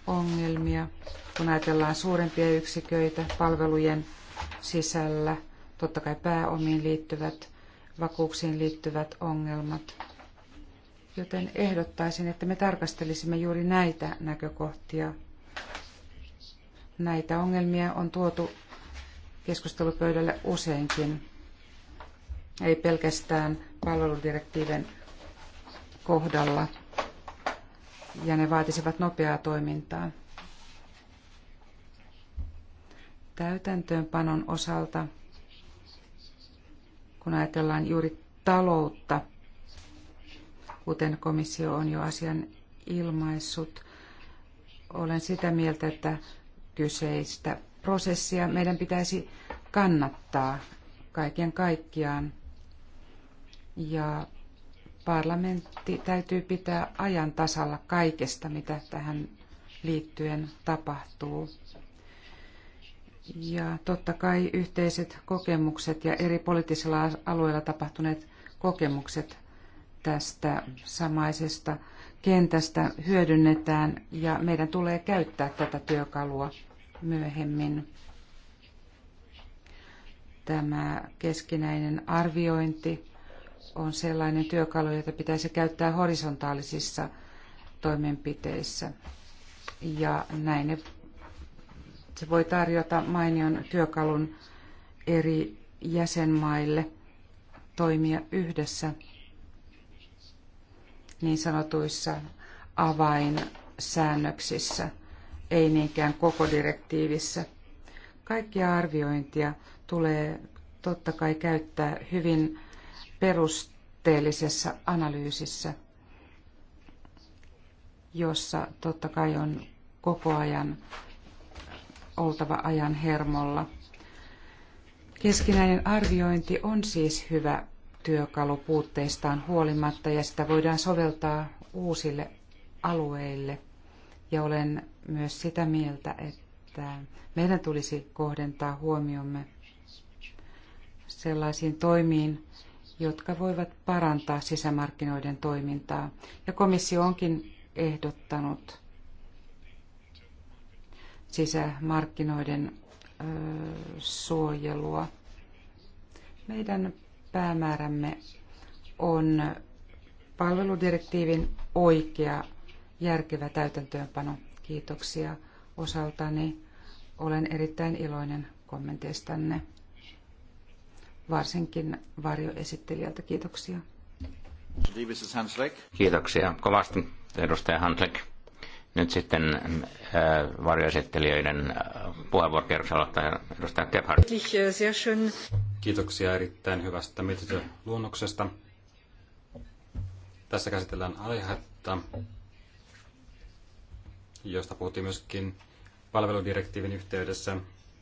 ongelmia, kun ajatellaan suurempia yksiköitä palvelujen sisällä. Totta kai pääomiin liittyvät, vakuuksiin liittyvät ongelmat. Joten ehdottaisin, että me tarkastelisimme juuri näitä näkökohtia. Näitä ongelmia on tuotu keskustelupöydälle useinkin, ei pelkästään palveludirektiivin kohdalla ja ne vaatisivat nopeaa toimintaa. Täytäntöönpanon osalta, kun ajatellaan juuri taloutta, kuten komissio on jo asian ilmaissut, olen sitä mieltä, että kyseistä prosessia meidän pitäisi kannattaa kaiken kaikkiaan. Ja parlamentti täytyy pitää ajan tasalla kaikesta, mitä tähän liittyen tapahtuu. Ja totta kai yhteiset kokemukset ja eri poliittisilla alueilla tapahtuneet kokemukset tästä samaisesta kentästä hyödynnetään ja meidän tulee käyttää tätä työkalua myöhemmin. Tämä keskinäinen arviointi on sellainen työkalu, jota pitäisi käyttää horisontaalisissa toimenpiteissä. Ja näin se voi tarjota mainion työkalun eri jäsenmaille toimia yhdessä niin sanotuissa avainsäännöksissä, ei niinkään koko direktiivissä. Kaikkia arviointia tulee totta kai käyttää hyvin perusteellisessa analyysissä, jossa totta kai on koko ajan oltava ajan hermolla. Keskinäinen arviointi on siis hyvä työkalu puutteistaan huolimatta ja sitä voidaan soveltaa uusille alueille. Ja olen myös sitä mieltä, että meidän tulisi kohdentaa huomiomme sellaisiin toimiin, jotka voivat parantaa sisämarkkinoiden toimintaa. Ja komissio onkin ehdottanut sisämarkkinoiden suojelua. Meidän päämäärämme on palveludirektiivin oikea järkevä täytäntöönpano. Kiitoksia osaltani. Olen erittäin iloinen kommenteistanne varsinkin varjoesittelijältä. Kiitoksia. Kiitoksia kovasti, edustaja Hanslik. Nyt sitten äh, varjoesittelijöiden äh, puheenvuorokierroksella edustaja Gebhardt. Kiitoksia erittäin hyvästä mietintöluonnoksesta. Tässä käsitellään aihetta, josta puhuttiin myöskin palveludirektiivin yhteydessä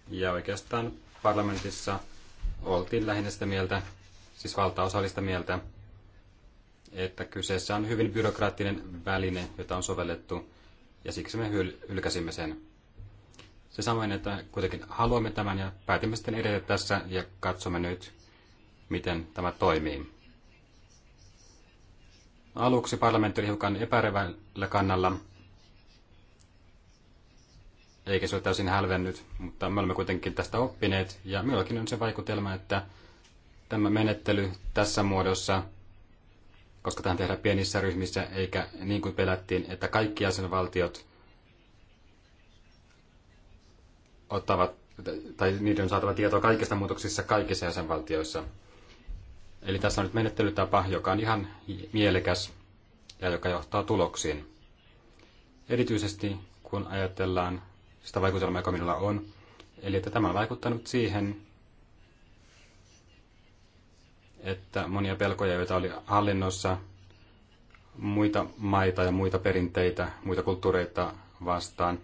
ja oikeastaan parlamentissa – oltiin lähinnä sitä mieltä, siis valtaosallista mieltä, että kyseessä on hyvin byrokraattinen väline, jota on sovellettu, ja siksi me hyl- hylkäsimme sen. Se samoin, että kuitenkin haluamme tämän ja päätimme sitten edetä tässä ja katsomme nyt, miten tämä toimii. Aluksi parlamentti oli hiukan epärevällä kannalla, eikä se ole täysin hälvennyt, mutta me olemme kuitenkin tästä oppineet, ja minullakin on se vaikutelma, että tämä menettely tässä muodossa, koska tähän tehdään pienissä ryhmissä, eikä niin kuin pelättiin, että kaikki jäsenvaltiot ottavat, tai niiden on saatava tietoa kaikista muutoksissa kaikissa jäsenvaltioissa. Eli tässä on nyt menettelytapa, joka on ihan mielekäs ja joka johtaa tuloksiin. Erityisesti kun ajatellaan sitä vaikutelmaa, joka minulla on. Eli että tämä on vaikuttanut siihen, että monia pelkoja, joita oli hallinnossa, muita maita ja muita perinteitä, muita kulttuureita vastaan,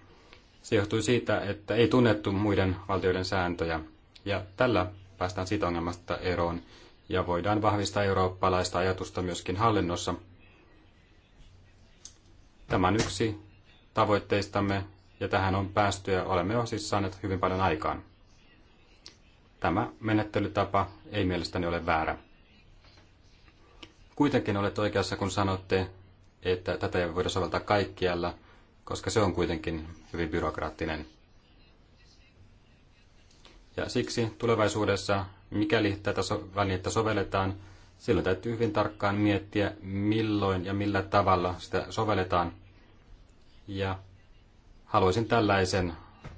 se johtui siitä, että ei tunnettu muiden valtioiden sääntöjä. Ja tällä päästään siitä ongelmasta eroon ja voidaan vahvistaa eurooppalaista ajatusta myöskin hallinnossa. Tämän yksi tavoitteistamme ja tähän on päästy ja olemme jo siis saaneet hyvin paljon aikaan. Tämä menettelytapa ei mielestäni ole väärä. Kuitenkin olet oikeassa, kun sanotte, että tätä ei voida soveltaa kaikkialla, koska se on kuitenkin hyvin byrokraattinen. Ja siksi tulevaisuudessa, mikäli tätä so- välinettä sovelletaan, silloin täytyy hyvin tarkkaan miettiä, milloin ja millä tavalla sitä sovelletaan. Ja Haluaisin tällaisen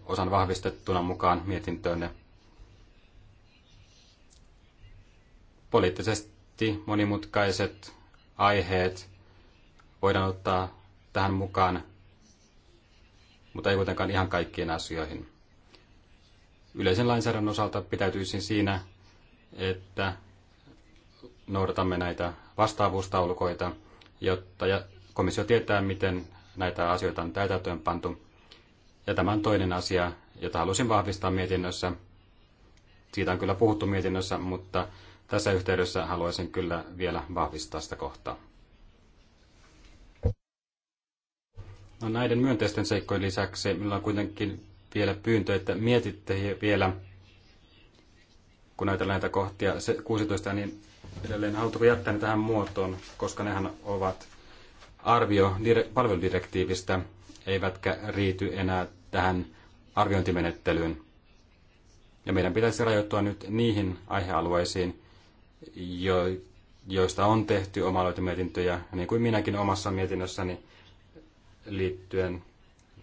osan vahvistettuna mukaan mietintöönne. Poliittisesti monimutkaiset aiheet voidaan ottaa tähän mukaan, mutta ei kuitenkaan ihan kaikkiin asioihin. Yleisen lainsäädännön osalta pitäytyisin siinä, että noudatamme näitä vastaavuustaulukoita, jotta komissio tietää, miten näitä asioita on täytäntöön pantu ja tämä on toinen asia, jota halusin vahvistaa mietinnössä. Siitä on kyllä puhuttu mietinnössä, mutta tässä yhteydessä haluaisin kyllä vielä vahvistaa sitä kohtaa. No, näiden myönteisten seikkojen lisäksi minulla on kuitenkin vielä pyyntö, että mietitte vielä, kun ajatellaan näitä kohtia, se 16, niin edelleen haluatteko jättää ne tähän muotoon, koska nehän ovat arvio palveludirektiivistä, eivätkä riity enää tähän arviointimenettelyyn. Ja meidän pitäisi rajoittua nyt niihin aihealueisiin, jo, joista on tehty oma mietintöjä, niin kuin minäkin omassa mietinnössäni liittyen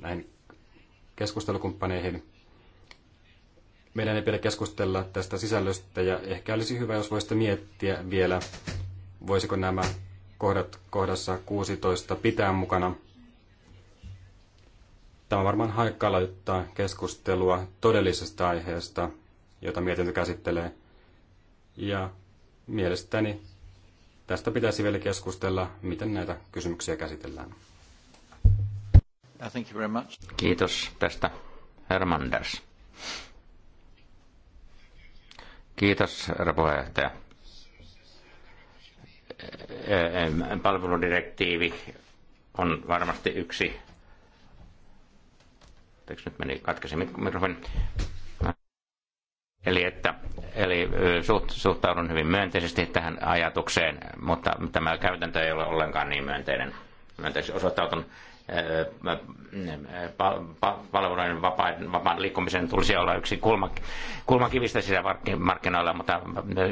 näihin keskustelukumppaneihin. Meidän ei pidä keskustella tästä sisällöstä ja ehkä olisi hyvä, jos voisitte miettiä vielä, voisiko nämä kohdat kohdassa 16 pitää mukana – Tämä on varmaan haikkailla keskustelua todellisesta aiheesta, jota mietintö käsittelee. Ja mielestäni tästä pitäisi vielä keskustella, miten näitä kysymyksiä käsitellään. Thank you very much. Kiitos tästä, Hermanders. Kiitos, herra puheenjohtaja. E-, e-, palveludirektiivi on varmasti yksi Anteeksi, nyt meni katkesi mikrofoni. Eli, että, eli suht, suhtaudun hyvin myönteisesti tähän ajatukseen, mutta tämä käytäntö ei ole ollenkaan niin myönteinen. Myönteisesti osoittautun palveluiden vapaan, vapaan liikkumisen tulisi olla yksi kulma, kulmakivistä sisämarkkinoilla, mutta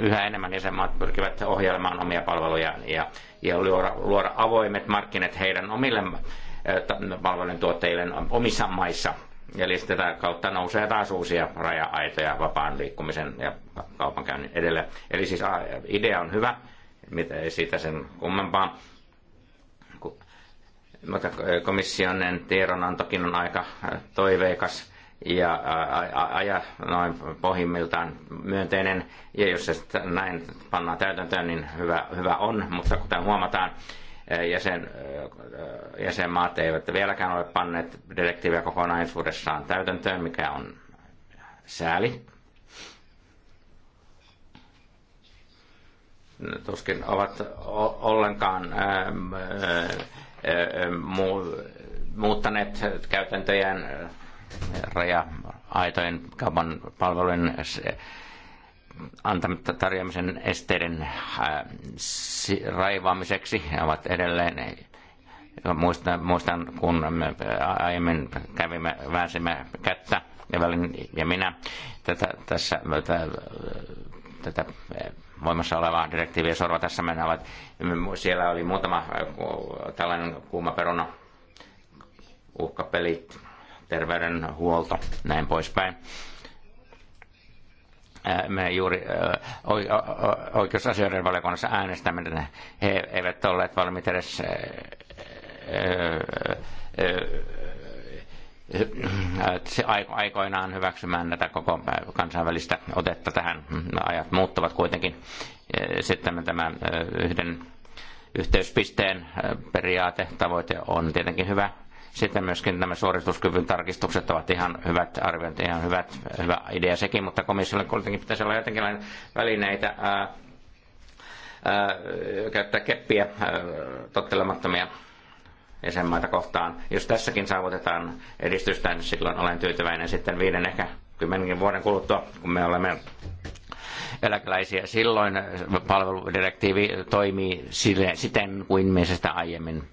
yhä enemmän jäsenmaat pyrkivät ohjelmaan omia palveluja ja, ja luoda, luoda avoimet markkinat heidän omille palvelujen tuotteille omissa maissa – Eli sitä kautta nousee taas uusia raja-aitoja vapaan liikkumisen ja kaupankäynnin edelle. Eli siis idea on hyvä, mitä ei siitä sen kummempaa. Mutta komissionen tiedonantokin on aika toiveikas ja aja noin pohjimmiltaan myönteinen. Ja jos se näin pannaan täytäntöön, niin hyvä, hyvä on. Mutta kuten huomataan, jäsen, jäsenmaat eivät vieläkään ole panneet direktiiviä kokonaisuudessaan täytäntöön, mikä on sääli. Tuskin ovat ollenkaan muuttaneet käytäntöjen raja-aitojen kaupan palvelujen antamatta tarjoamisen esteiden äh, raivaamiseksi ovat edelleen muistan, muistan kun me aiemmin kävimme, väänsimme kättä, Evelin ja minä, tätä, tässä, tätä, tätä voimassa olevaa direktiiviä sorva tässä mennä, siellä oli muutama tällainen kuuma peruna, uhkapelit, terveydenhuolto, näin poispäin Äh, me juuri äh, oikeusasioiden valiokunnassa äänestämme, he eivät olleet valmiit edes äh, aikoinaan hyväksymään tätä koko kansainvälistä otetta tähän. Ajat muuttuvat kuitenkin. Sitten tämä yhden yhteyspisteen periaate, tavoite on tietenkin hyvä, sitten myöskin nämä suorituskyvyn tarkistukset ovat ihan hyvät arviointi, ihan hyvät, hyvä idea sekin, mutta komissiolle kuitenkin pitäisi olla jotenkinlainen välineitä ää, ää, käyttää keppiä ää, tottelemattomia jäsenmaita kohtaan. Jos tässäkin saavutetaan edistystä, niin silloin olen tyytyväinen sitten viiden ehkä kymmenen vuoden kuluttua, kun me olemme eläkeläisiä. Silloin palveludirektiivi toimii siten kuin me sitä aiemmin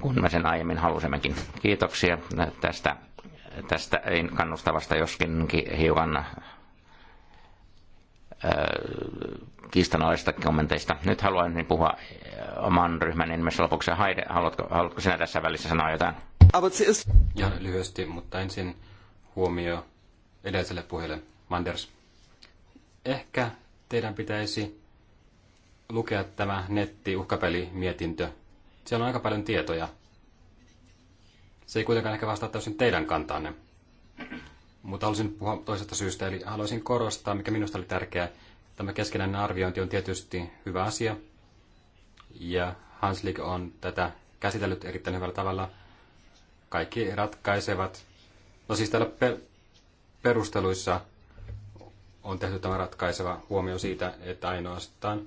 kun mä sen aiemmin halusimmekin. Kiitoksia tästä, tästä kannustavasta, joskin hiukan kiistanalaisista kommenteista. Nyt haluan niin puhua oman ryhmän nimessä lopuksi. Haide, haluatko, haluatko sinä tässä välissä sanoa jotain? Ja lyhyesti, mutta ensin huomio edelliselle puheelle. Manders, ehkä teidän pitäisi lukea tämä netti mietintö. Siellä on aika paljon tietoja. Se ei kuitenkaan ehkä vastaa täysin teidän kantaanne. Mutta halusin puhua toisesta syystä, eli haluaisin korostaa, mikä minusta oli tärkeää. Tämä keskinäinen arviointi on tietysti hyvä asia, ja Hanslik on tätä käsitellyt erittäin hyvällä tavalla. Kaikki ratkaisevat. No siis täällä pe- perusteluissa on tehty tämä ratkaiseva huomio siitä, että ainoastaan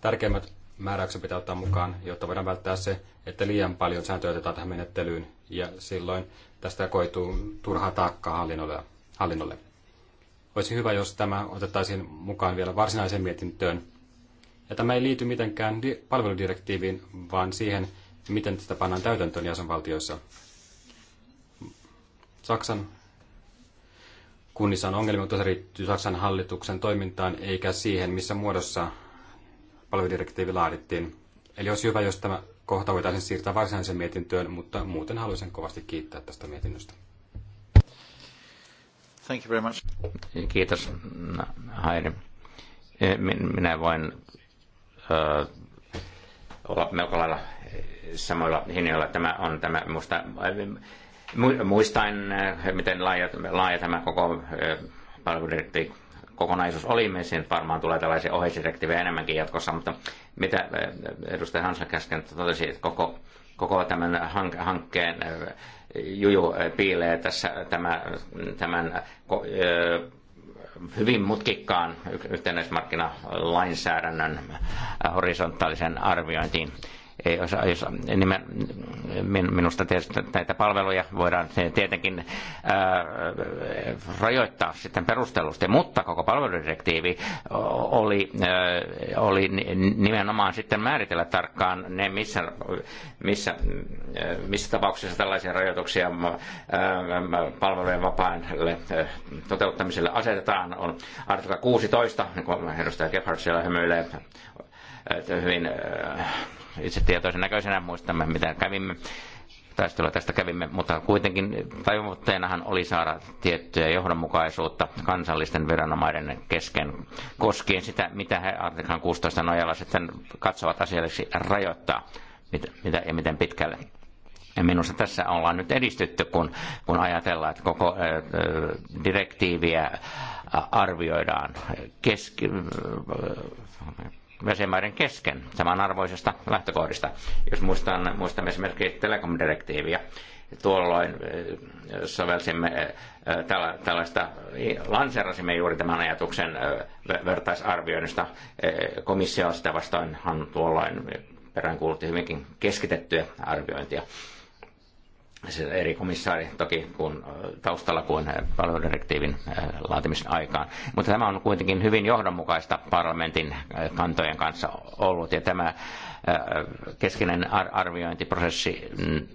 tärkeimmät määräyksen pitää ottaa mukaan, jotta voidaan välttää se, että liian paljon sääntöjä otetaan tähän menettelyyn ja silloin tästä koituu turhaa taakkaa hallinnolle. hallinnolle. Olisi hyvä, jos tämä otettaisiin mukaan vielä varsinaiseen mietintöön. Ja tämä ei liity mitenkään palveludirektiiviin, vaan siihen, miten tätä pannaan täytäntöön jäsenvaltioissa. Saksan kunnissa on ongelmia, mutta se riittyy Saksan hallituksen toimintaan, eikä siihen, missä muodossa palveludirektiivi laadittiin. Eli olisi hyvä, jos tämä kohta voitaisiin siirtää varsinaiseen mietintöön, mutta muuten haluaisin kovasti kiittää tästä mietinnöstä. Thank you very much. Kiitos, Hairi. Eh, minä voin äh, olla melko lailla eh, samoilla hinnoilla. Tämä on tämä musta, eh, muistain, miten laaja, laaja tämä koko äh, palveludirektiivi kokonaisuus oli, me siinä varmaan tulee tällaisia ohjeisdirektiivejä enemmänkin jatkossa, mutta mitä edustaja Hansa käsken totesi, että koko, koko tämän hankkeen juju piilee tässä tämän, tämän hyvin mutkikkaan yhtenäismarkkinalainsäädännön horisontaalisen arviointiin ei osa, jos, nimen, minusta tietysti näitä palveluja voidaan tietenkin ää, rajoittaa sitten perustellusti, mutta koko palveludirektiivi oli, ää, oli nimenomaan sitten määritellä tarkkaan ne, missä, missä, missä tapauksessa tällaisia rajoituksia ää, palvelujen vapaalle toteuttamiselle asetetaan. On artikla 16, niin kuin edustaja Gebhardt siellä hymyilee, hyvin ää, itse tietoisen näköisenä muistamme, mitä kävimme taistelua tästä kävimme, mutta kuitenkin tavoitteenahan oli saada tiettyä johdonmukaisuutta kansallisten viranomaiden kesken koskien sitä, mitä he artiklan 16 nojalla sitten katsovat asialliseksi rajoittaa mitä, ja miten pitkälle. Ja minusta tässä ollaan nyt edistytty, kun, kun ajatellaan, että koko ö, direktiiviä arvioidaan keski, jäsenmaiden kesken samanarvoisista lähtökohdista. Jos muistan, muistamme esimerkiksi telekomdirektiiviä, tuolloin eh, sovelsimme eh, eh, tällaista, niin lanserasimme juuri tämän ajatuksen vertaisarvioinnista. Komissio sitä vastoinhan tuolloin peräänkuulutti hyvinkin keskitettyä arviointia siis eri komissaari toki kun, taustalla kuin palveludirektiivin laatimisen aikaan. Mutta tämä on kuitenkin hyvin johdonmukaista parlamentin kantojen kanssa ollut ja tämä keskeinen arviointiprosessi mm,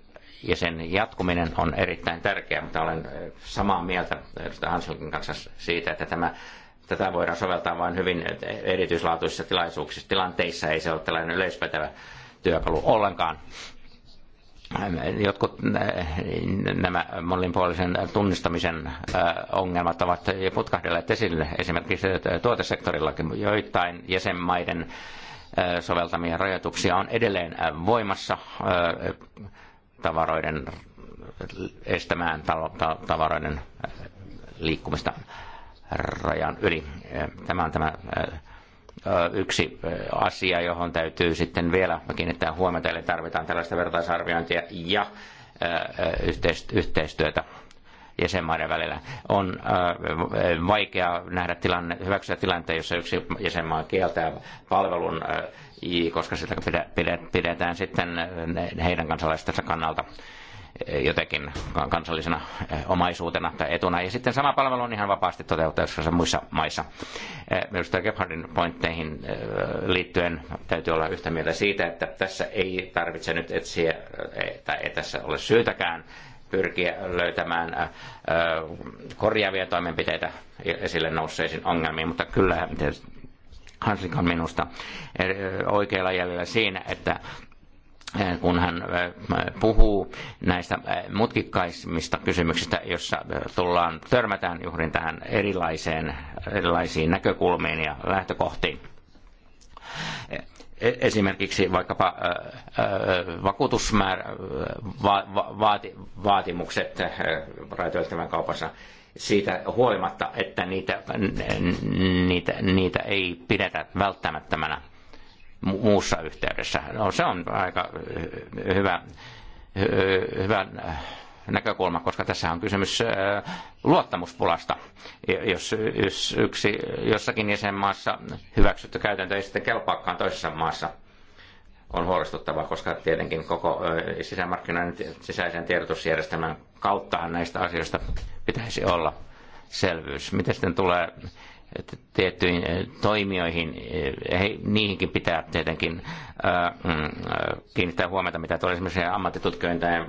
ja sen jatkuminen on erittäin tärkeää, mutta olen samaa mieltä edustaja Hanselkin kanssa siitä, että tämä tätä voidaan soveltaa vain hyvin erityislaatuisissa tilaisuuksissa. Tilanteissa ei se ole tällainen yleispätevä työkalu ollenkaan jotkut eh, nämä moninpuolisen tunnistamisen eh, ongelmat ovat putkahdelleet esille esimerkiksi tuotesektorillakin. Joitain jäsenmaiden eh, soveltamia rajoituksia on edelleen voimassa tavaroiden estämään tavaroiden liikkumista rajan yli. Tämä on tämä yksi asia, johon täytyy sitten vielä kiinnittää huomiota, eli tarvitaan tällaista vertaisarviointia ja yhteistyötä jäsenmaiden välillä. On vaikea nähdä tilanne, hyväksyä tilanteen, jossa yksi jäsenmaa kieltää palvelun, koska sitä pidetään sitten heidän kansalaistensa kannalta jotenkin kansallisena eh, omaisuutena tai etuna. Ja sitten sama palvelu on ihan vapaasti toteutettavissa muissa maissa. Minusta eh, Gebhardin pointteihin eh, liittyen täytyy olla yhtä mieltä siitä, että tässä ei tarvitse nyt etsiä, tai ei tässä ole syytäkään pyrkiä löytämään korjaavia toimenpiteitä esille nousseisiin ongelmiin, mutta kyllä Hanslik on minusta oikealla jäljellä siinä, että kun hän puhuu näistä mutkikkaimmista kysymyksistä, jossa tullaan, törmätään juuri tähän erilaiseen, erilaisiin näkökulmiin ja lähtökohtiin. E, esimerkiksi vaikkapa vakuutusvaatimukset rajoitettavan kaupassa siitä huolimatta, että niitä, niitä, niitä ei pidetä välttämättömänä muussa yhteydessä. No, se on aika eh, hyvä, eh, hyvä eh, näkökulma, koska tässä on kysymys luottamuspulasta. Jos yksi jossakin jäsenmaassa hyväksytty käytäntö ei sitten kelpaakaan toisessa maassa, on huolestuttavaa, koska tietenkin koko sisämarkkinoiden sisäisen tiedotusjärjestelmän kautta näistä asioista pitäisi olla selvyys. Miten sitten tulee tiettyihin eh, toimijoihin, eh, niihinkin pitää tietenkin mm, kiinnittää huomiota, mitä tulee esimerkiksi ammattitutkijoiden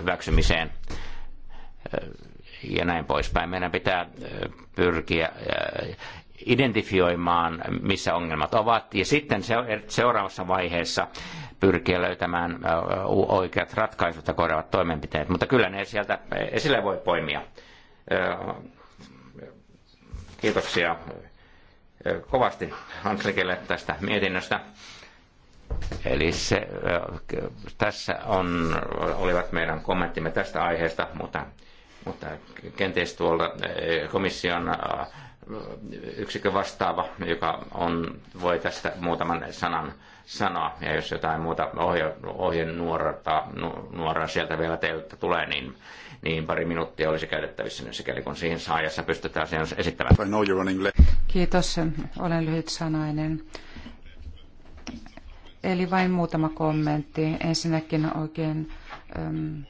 hyväksymiseen ja näin poispäin. Meidän pitää pyrkiä identifioimaan, missä ongelmat ovat, ja sitten er, seuraavassa vaiheessa pyrkiä löytämään oikeat ratkaisut ja korjaavat toimenpiteet. Mutta kyllä ne sieltä esille voi poimia Kiitoksia kovasti Hanslikille tästä mietinnöstä. Eli se, tässä on, olivat meidän kommenttimme tästä aiheesta, mutta, mutta kenties tuolla komission yksikön vastaava, joka on, voi tästä muutaman sanan sanoa. Ja jos jotain muuta ohje, ohjenuoraa nu, sieltä vielä teiltä tulee, niin niin pari minuuttia olisi käytettävissä, sikäli kun siihen ajassa pystytään sen esittämään. Kiitos, olen lyhyt sanainen. Eli vain muutama kommentti. Ensinnäkin oikein äm,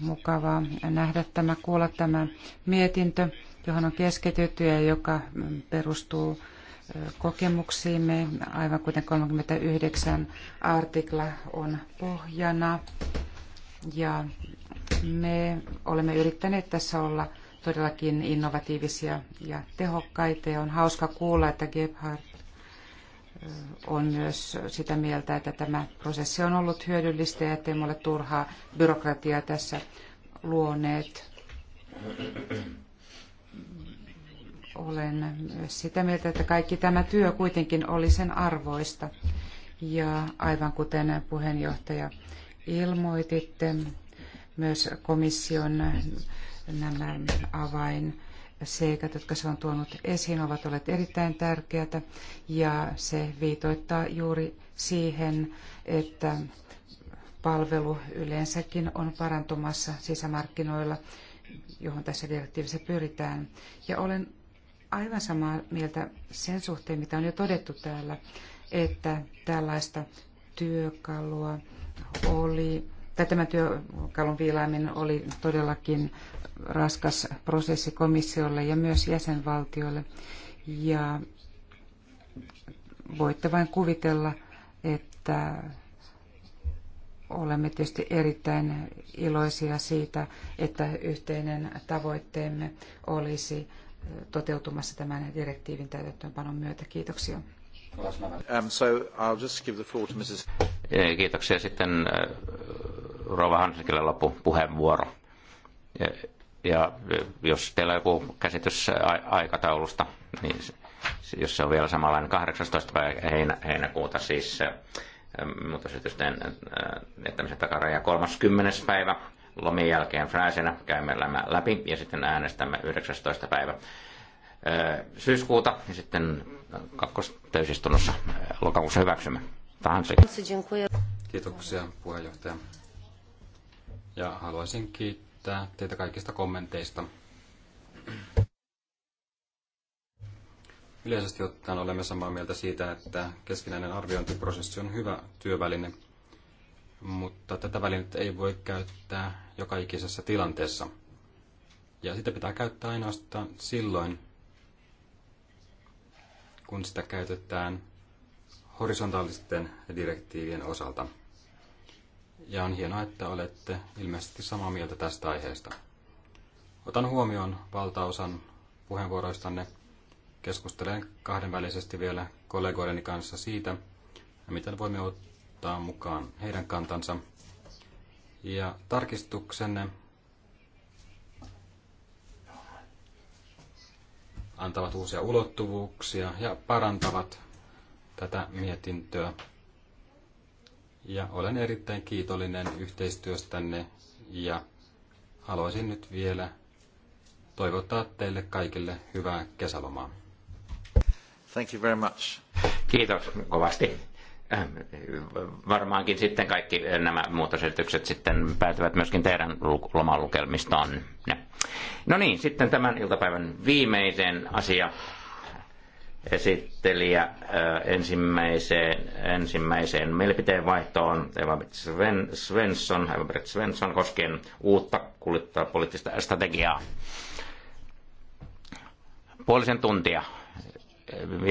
mukavaa nähdä tämä, kuulla tämä mietintö, johon on keskitytty ja joka perustuu kokemuksiimme, aivan kuten 39 artikla on pohjana. Ja me olemme yrittäneet tässä olla todellakin innovatiivisia ja tehokkaita. Ja on hauska kuulla, että Gebhardt on myös sitä mieltä, että tämä prosessi on ollut hyödyllistä ja ettei ole turhaa byrokratiaa tässä luoneet. Olen myös sitä mieltä, että kaikki tämä työ kuitenkin oli sen arvoista. Ja aivan kuten puheenjohtaja ilmoititte, myös komission nämä avain seikat, jotka se on tuonut esiin, ovat olleet erittäin tärkeitä ja se viitoittaa juuri siihen, että palvelu yleensäkin on parantumassa sisämarkkinoilla, johon tässä direktiivissä pyritään. Ja olen aivan samaa mieltä sen suhteen, mitä on jo todettu täällä, että tällaista työkalua oli tämä työkalun viilaaminen oli todellakin raskas prosessi komissiolle ja myös jäsenvaltioille. Ja voitte vain kuvitella, että olemme tietysti erittäin iloisia siitä, että yhteinen tavoitteemme olisi toteutumassa tämän direktiivin täytäntöönpanon myötä. Kiitoksia. Um, Kiitoksia sitten Rova Hansikille puheenvuoro. Ja, ja jos teillä on joku käsitys aikataulusta, niin jos se on vielä samanlainen 18. Heinä, heinäkuuta siis ähm, muutosesitysten äh, jättämisen takaraja 30. päivä lomien jälkeen fräisenä käymme läpi ja sitten äänestämme 19. päivä äh, syyskuuta ja sitten kakkostäysistunnossa äh, lokakuussa hyväksymme. Tahansi. Kiitoksia puheenjohtaja ja haluaisin kiittää teitä kaikista kommenteista. Yleisesti ottaen olemme samaa mieltä siitä, että keskinäinen arviointiprosessi on hyvä työväline, mutta tätä välinettä ei voi käyttää joka ikisessä tilanteessa. Ja sitä pitää käyttää ainoastaan silloin, kun sitä käytetään horisontaalisten direktiivien osalta – ja on hienoa, että olette ilmeisesti samaa mieltä tästä aiheesta. Otan huomioon valtaosan puheenvuoroistanne. Keskustelen kahdenvälisesti vielä kollegoideni kanssa siitä, miten voimme ottaa mukaan heidän kantansa. Ja tarkistuksenne antavat uusia ulottuvuuksia ja parantavat tätä mietintöä ja olen erittäin kiitollinen yhteistyöstänne ja haluaisin nyt vielä toivottaa teille kaikille hyvää kesälomaa. Thank you very much. Kiitos kovasti. Varmaankin sitten kaikki nämä muutosesitykset sitten päätyvät myöskin teidän lomalukelmistaan. No niin, sitten tämän iltapäivän viimeisen asia esittelijä ensimmäiseen, ensimmäiseen vaihtoon, Eva-Britt Sven, Svensson, Eva Svensson koskien uutta kuljettaa poliittista strategiaa. Puolisen tuntia,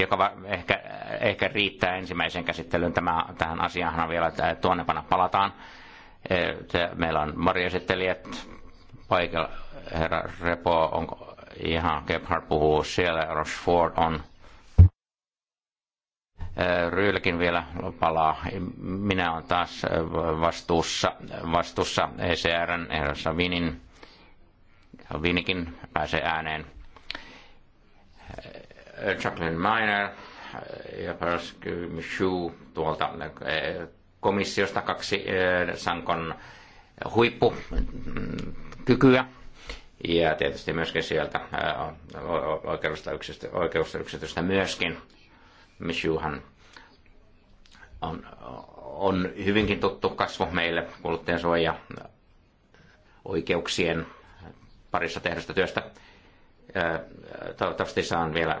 joka ehkä, ehkä riittää ensimmäisen käsittelyyn. Tämä, tähän asiaan vielä tuonnepana palataan. Meillä on esittelijät paikalla. Herra Repo, onko ihan Gebhard puhuu siellä, Rochefort on Äh, Ryylkin vielä palaa. Minä olen taas äh, vastuussa, vastuussa ECRn ehdossa Vinin. Vinikin pääsee ääneen. Äh, Jacqueline Miner ja Persky Michu tuolta komissiosta kaksi Sankon huippukykyä. Mm, ja tietysti myöskin sieltä oikeusta oikeusta yksityistä myöskin Mishuhan on, on hyvinkin tuttu kasvo meille kuluttajansuoja oikeuksien parissa tehdystä työstä. Toivottavasti saan vielä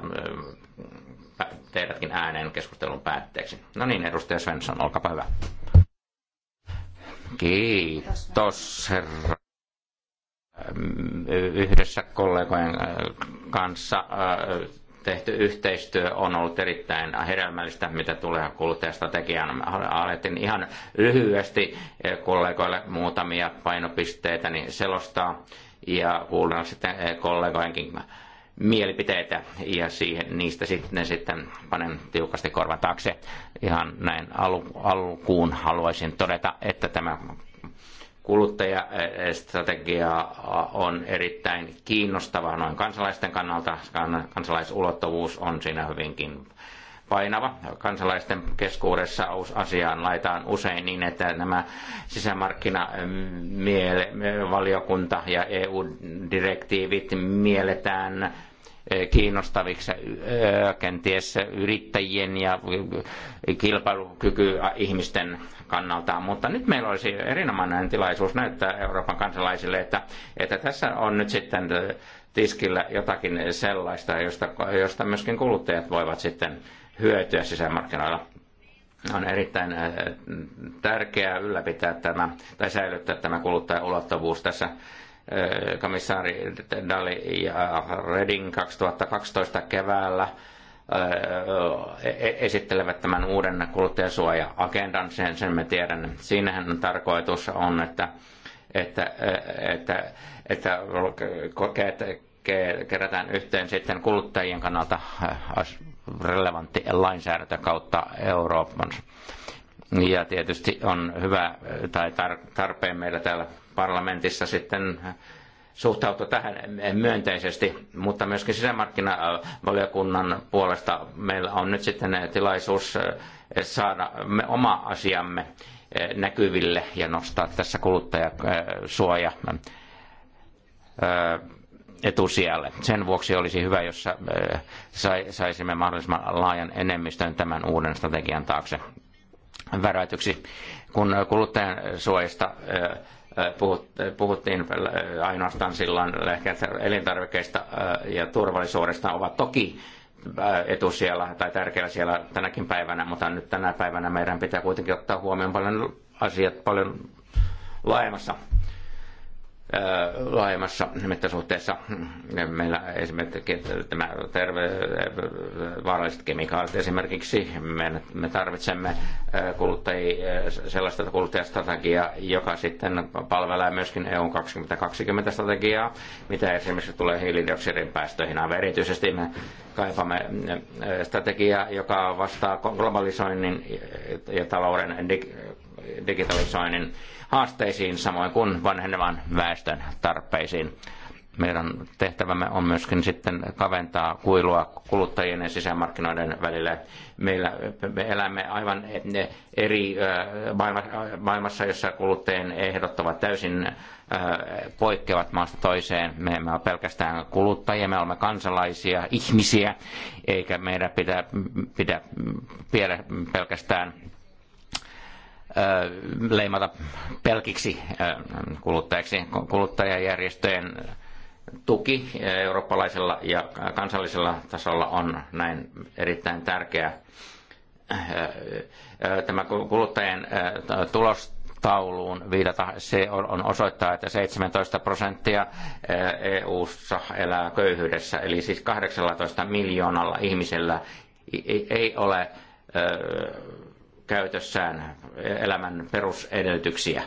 teidätkin ääneen keskustelun päätteeksi. No niin, edustaja Svensson, olkaa hyvä. Kiitos, herra. Yhdessä kollegojen kanssa tehty yhteistyö on ollut erittäin hedelmällistä, mitä tulee kuluttajastrategiaan. Alettiin ihan lyhyesti eh, kollegoille muutamia painopisteitä niin selostaa ja kuulemme sitten eh, kollegojenkin mielipiteitä ja siihen, niistä sitten, sitten panen tiukasti korvan taakse. Ihan näin alkuun haluaisin todeta, että tämä kuluttajastrategia on erittäin kiinnostava noin kansalaisten kannalta. Kansalaisulottuvuus on siinä hyvinkin painava. Kansalaisten keskuudessa asiaan laitaan usein niin, että nämä sisämarkkinavaliokunta ja EU-direktiivit mielletään kiinnostaviksi kenties yrittäjien ja kilpailukyky ihmisten kannalta. Mutta nyt meillä olisi erinomainen tilaisuus näyttää Euroopan kansalaisille, että, että tässä on nyt sitten tiskillä jotakin sellaista, josta, josta myöskin kuluttajat voivat sitten hyötyä sisämarkkinoilla on erittäin tärkeää ylläpitää tämä tai säilyttää tämä kuluttajaulottuvuus tässä Äh, komissaari Dali ja Reding 2012 keväällä äh, e-, e-, esittelevät tämän uuden kuluttajasuoja-agendan, sen, sen me tiedän. Siinähän tarkoitus on, että, että, että, että että kerätään yhteen sitten kuluttajien kannalta äh, relevantti lainsäädäntö kautta Euroopan. Ja tietysti on hyvä tai tarpeen meillä täällä parlamentissa sitten suhtautui tähän myönteisesti, mutta myöskin sisämarkkinavaliokunnan puolesta meillä on nyt sitten tilaisuus eh, saada me oma asiamme eh, näkyville ja nostaa tässä kuluttajasuoja eh, etusijalle. Sen vuoksi olisi hyvä, jos saisimme mahdollisimman laajan enemmistön tämän uuden strategian taakse väräytyksi. Kun kuluttajan suojasta puhuttiin ainoastaan silloin elintarvikeista ja turvallisuudesta ovat toki etusijalla tai tärkeällä siellä tänäkin päivänä, mutta nyt tänä päivänä meidän pitää kuitenkin ottaa huomioon paljon asiat paljon laajemmassa laajemmassa mittasuhteessa meillä esimerkiksi tämä terve, vaaralliset kemikaalit esimerkiksi, me, me tarvitsemme kuluttaji, sellaista kuluttajastrategiaa, joka sitten palvelee myöskin EU 2020 strategiaa, mitä esimerkiksi tulee hiilidioksidin päästöihin, aivan erityisesti me kaipaamme strategiaa, joka vastaa globalisoinnin ja talouden digitalisoinnin haasteisiin samoin kuin vanhenevan väestön tarpeisiin. Meidän tehtävämme on myöskin sitten kaventaa kuilua kuluttajien ja sisämarkkinoiden välillä. Meillä me elämme aivan eri maailmassa, jossa kuluttajien ehdot ovat täysin poikkeavat maasta toiseen. Me emme ole pelkästään kuluttajia, me olemme kansalaisia, ihmisiä, eikä meidän pidä, pidä pelkästään leimata pelkiksi kuluttajiksi. Kuluttajajärjestöjen tuki eurooppalaisella ja kansallisella tasolla on näin erittäin tärkeä. Tämä kuluttajien tulostauluun viitata se on osoittaa, että 17 prosenttia EU-ssa elää köyhyydessä, eli siis 18 miljoonalla ihmisellä ei ole käytössään elämän perusedellytyksiä.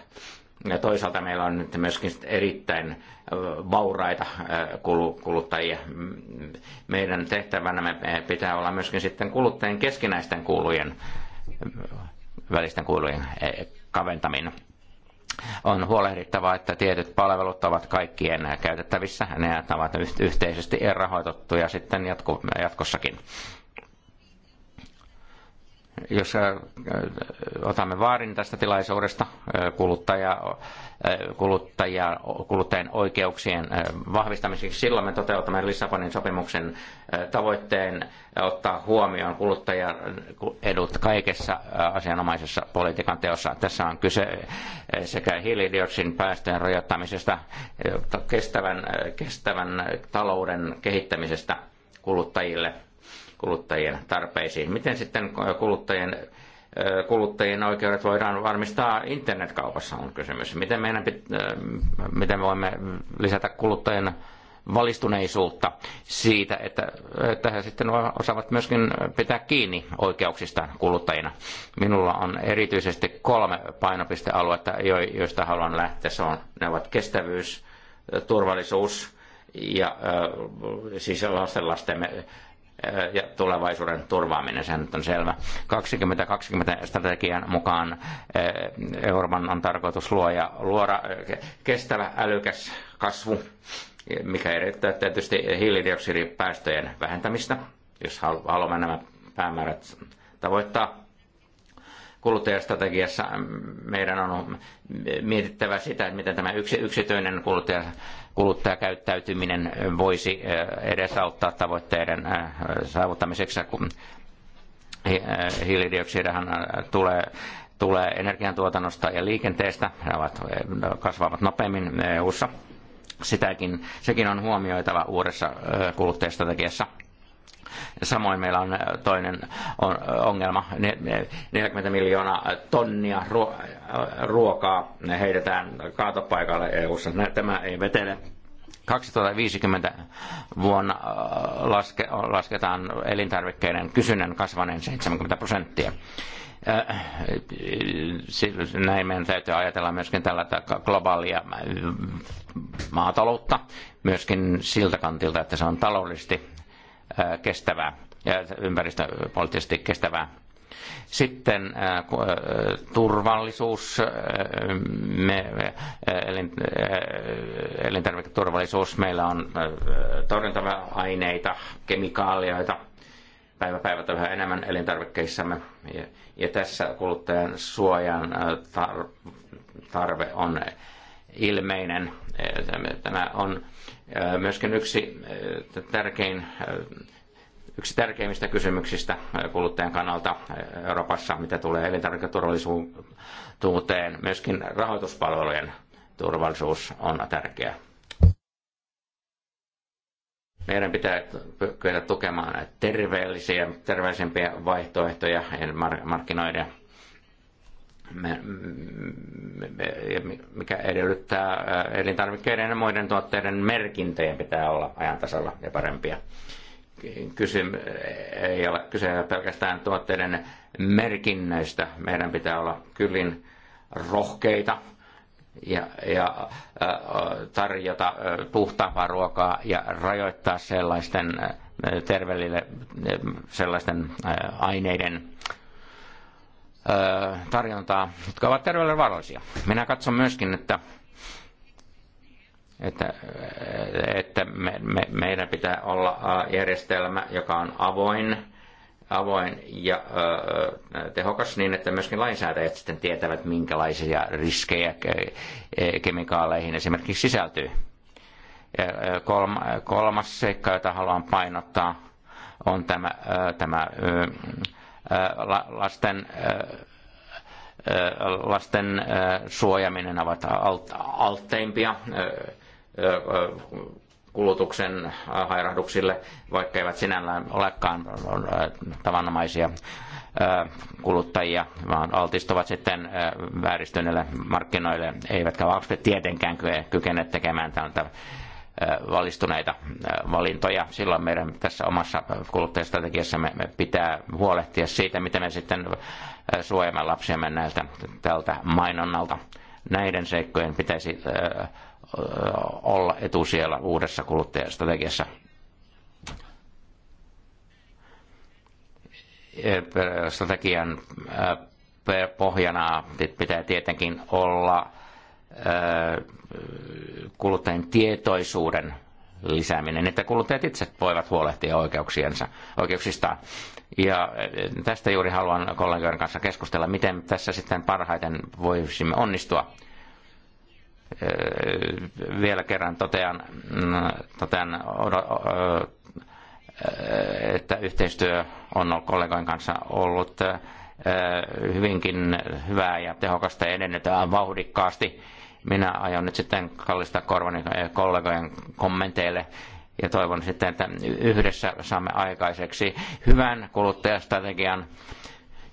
Ja toisaalta meillä on nyt myöskin erittäin vauraita kuluttajia. Meidän tehtävänämme pitää olla myöskin sitten kuluttajien keskinäisten kuulujen välisten kuulujen e, kaventaminen. On huolehdittava, että tietyt palvelut ovat kaikkien käytettävissä. Ne ovat yhteisesti rahoitettuja sitten jatkossakin jos äh, otamme vaarin tästä tilaisuudesta äh, kuluttaja, äh, kuluttaja, kuluttajien oikeuksien vahvistamiseksi, silloin me toteutamme Lissabonin sopimuksen tavoitteen ottaa huomioon kuluttajan edut kaikessa asianomaisessa politiikan teossa. Tässä on kyse sekä hiilidioksin päästöjen rajoittamisesta, kestävän, kestävän talouden kehittämisestä kuluttajille – kuluttajien tarpeisiin. Miten sitten kuluttajien, kuluttajien oikeudet voidaan varmistaa internetkaupassa on kysymys. Miten, meidän pit- miten me voimme lisätä kuluttajien valistuneisuutta siitä, että, että he sitten osaavat myöskin pitää kiinni oikeuksistaan kuluttajina. Minulla on erityisesti kolme painopistealuetta, joista haluan lähteä. Se on, ne ovat kestävyys, turvallisuus ja siis lasten lastemme ja tulevaisuuden turvaaminen, se nyt on selvä. 2020 strategian mukaan eh, Euroopan on tarkoitus luoda, luoda eh, kestävä älykäs kasvu, mikä edellyttää tietysti hiilidioksidipäästöjen vähentämistä, jos haluamme nämä päämäärät tavoittaa. Kuluttajastrategiassa mm, meidän on mietittävä sitä, miten tämä yksityinen kuluttaja kuluttajakäyttäytyminen voisi eh, edesauttaa tavoitteiden eh, saavuttamiseksi, kun eh, hiilidioksidahan tulee tulee energiantuotannosta ja liikenteestä, ne ovat, kasvavat nopeammin EU-ssa. Sitäkin, sekin on huomioitava uudessa kuluttajastrategiassa. Samoin meillä on toinen ongelma, 40 miljoonaa tonnia ruokaa ne heitetään kaatopaikalle EU-ssa. Tämä ei vetele. 2050 vuonna laske, lasketaan elintarvikkeiden kysynnän kasvaneen 70 prosenttia. Näin meidän täytyy ajatella myöskin tällä globaalia maataloutta, myöskin siltä kantilta, että se on taloudellisesti kestävää ja ympäristöpoliittisesti kestävää sitten äh, äh, turvallisuus, äh, me, elintarviketurvallisuus, meillä on torjuntava-aineita, kemikaalioita, päivä päivältä yhä enemmän elintarvikkeissamme. Ja, ja tässä kuluttajan suojan tar, tarve on ilmeinen. Tämä on myöskin yksi tärkein yksi tärkeimmistä kysymyksistä äh, kuluttajan kannalta äh, Euroopassa, mitä tulee elintarviketurvallisuuteen. Myöskin rahoituspalvelujen turvallisuus on tärkeä. Meidän pitää kyetä tukemaan terveellisiä, terveellisempiä vaihtoehtoja markkinoiden me, me, mikä edellyttää äh, elintarvikkeiden ja muiden tuotteiden merkintöjen pitää olla ajan tasalla ja parempia kysymys ei ole kyse pelkästään tuotteiden merkinnöistä. Meidän pitää olla kyllin rohkeita ja, ja tarjota puhtaampaa ruokaa ja rajoittaa sellaisten terveellille sellaisten aineiden tarjontaa, jotka ovat terveelle vaarallisia. Minä katson myöskin, että että, että me, me, meidän pitää olla järjestelmä, joka on avoin, avoin ja ö, tehokas niin, että myöskin lainsäätäjät sitten tietävät, minkälaisia riskejä e, kemikaaleihin esimerkiksi sisältyy. Kolmas seikka, jota haluan painottaa, on tämä, tämä lasten lasten suojaminen ovat alt, altteimpia kulutuksen hairahduksille, vaikka eivät sinällään olekaan tavanomaisia kuluttajia, vaan altistuvat sitten vääristyneille markkinoille, eivätkä lapset tietenkään kykene tekemään täältä valistuneita valintoja. Silloin meidän tässä omassa kuluttajastrategiassamme pitää huolehtia siitä, miten me sitten suojamme lapsiamme näiltä, tältä mainonnalta. Näiden seikkojen pitäisi olla etusijalla uudessa kuluttajastrategiassa. E, strategian pohjana pitää tietenkin olla kuluttajien tietoisuuden lisääminen, että kuluttajat itse voivat huolehtia oikeuksiensa, oikeuksistaan. Ja tästä juuri haluan kollegoiden kanssa keskustella, miten tässä sitten parhaiten voisimme onnistua vielä kerran totean, mm, totean että yhteistyö on kollegojen kanssa ollut hyvinkin hyvää ja tehokasta ja edennyt vauhdikkaasti. Minä aion nyt sitten kallista korvani kollegojen kommenteille ja toivon sitten, että yhdessä saamme aikaiseksi hyvän kuluttajastrategian,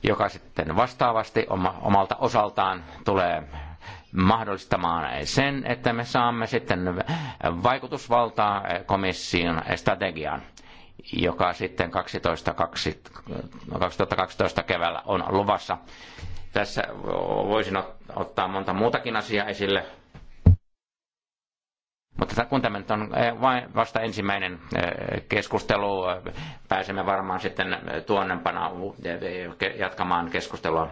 joka sitten vastaavasti omalta osaltaan tulee mahdollistamaan sen, että me saamme sitten vaikutusvaltaa komission strategiaan joka sitten 12, 2012 keväällä on luvassa. Tässä voisin ottaa monta muutakin asiaa esille, mutta kun tämä nyt on eh, vain vasta ensimmäinen eh, keskustelu, eh, pääsemme varmaan sitten tuonnempana jatkamaan keskustelua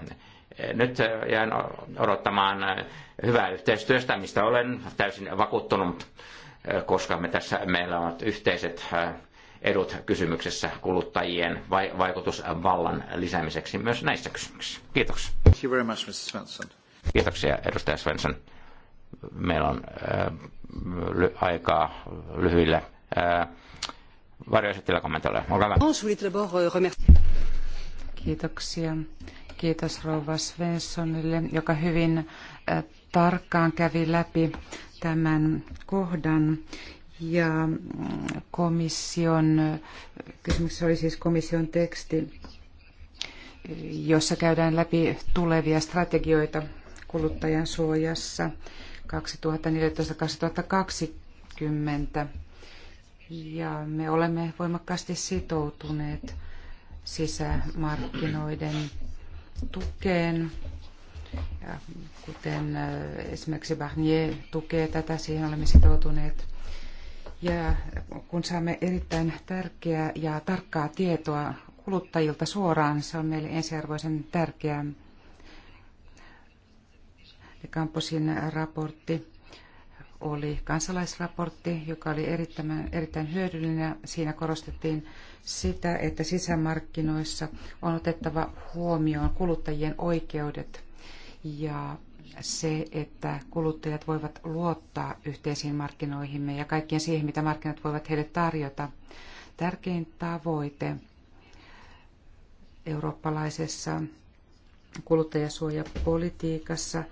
nyt äh, jään odottamaan äh, hyvää yhteistyöstä, mistä olen täysin vakuuttunut, äh, koska me tässä meillä on yhteiset edut kysymyksessä kuluttajien vaikutusvallan lisäämiseksi myös näissä kysymyksissä. Kiitoksia. Thank you very much, Mr. Svensson. Kiitoksia, edustaja Svensson. Meillä on äh, aikaa lyhyille äh, varjoisettilla kommentoilla. Olkaa hyvä. Kiitoksia. Kiitos rouva Svenssonille, joka hyvin äh, tarkkaan kävi läpi tämän kohdan. Ja mm, komission, kysymys oli siis komission teksti, jossa käydään läpi tulevia strategioita kuluttajan suojassa 2014-2020. Ja me olemme voimakkaasti sitoutuneet sisämarkkinoiden tukeen, ja kuten äh, esimerkiksi Barnier tukee tätä, siihen olemme sitoutuneet. Ja kun saamme erittäin tärkeää ja tarkkaa tietoa kuluttajilta suoraan, se on meille ensiarvoisen tärkeää. Kamposin raportti oli kansalaisraportti, joka oli erittäin, erittäin hyödyllinen ja siinä korostettiin sitä, että sisämarkkinoissa on otettava huomioon kuluttajien oikeudet ja se, että kuluttajat voivat luottaa yhteisiin markkinoihimme ja kaikkien siihen, mitä markkinat voivat heille tarjota. Tärkein tavoite eurooppalaisessa kuluttajasuojapolitiikassa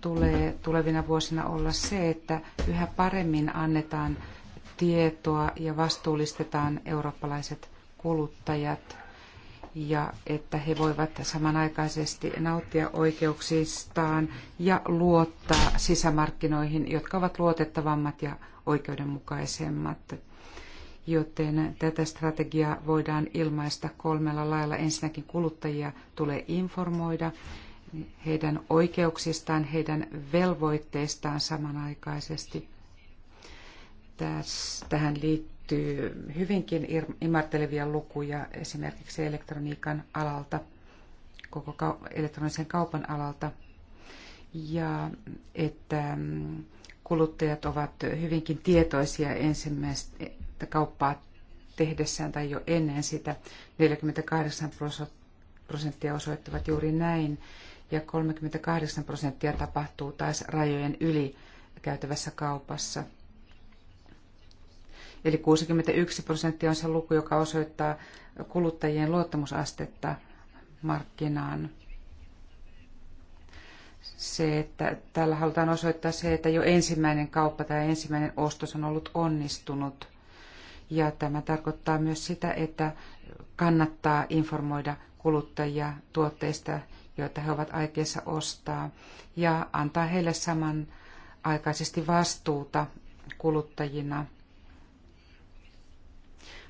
tulee tulevina vuosina olla se, että yhä paremmin annetaan tietoa ja vastuullistetaan eurooppalaiset kuluttajat ja että he voivat samanaikaisesti nauttia oikeuksistaan ja luottaa sisämarkkinoihin, jotka ovat luotettavammat ja oikeudenmukaisemmat joten tätä strategiaa voidaan ilmaista kolmella lailla. Ensinnäkin kuluttajia tulee informoida heidän oikeuksistaan, heidän velvoitteistaan samanaikaisesti. Tähän liittyy hyvinkin imartelevia lukuja esimerkiksi elektroniikan alalta, koko elektronisen kaupan alalta, ja että mm, kuluttajat ovat hyvinkin tietoisia ensimmäistä kauppaa tehdessään tai jo ennen sitä. 48 prosenttia osoittavat juuri näin ja 38 prosenttia tapahtuu taas rajojen yli käytävässä kaupassa. Eli 61 prosenttia on se luku, joka osoittaa kuluttajien luottamusastetta markkinaan. Se, että tällä halutaan osoittaa se, että jo ensimmäinen kauppa tai ensimmäinen ostos on ollut onnistunut – ja tämä tarkoittaa myös sitä, että kannattaa informoida kuluttajia tuotteista, joita he ovat aikeissa ostaa, ja antaa heille samanaikaisesti vastuuta kuluttajina.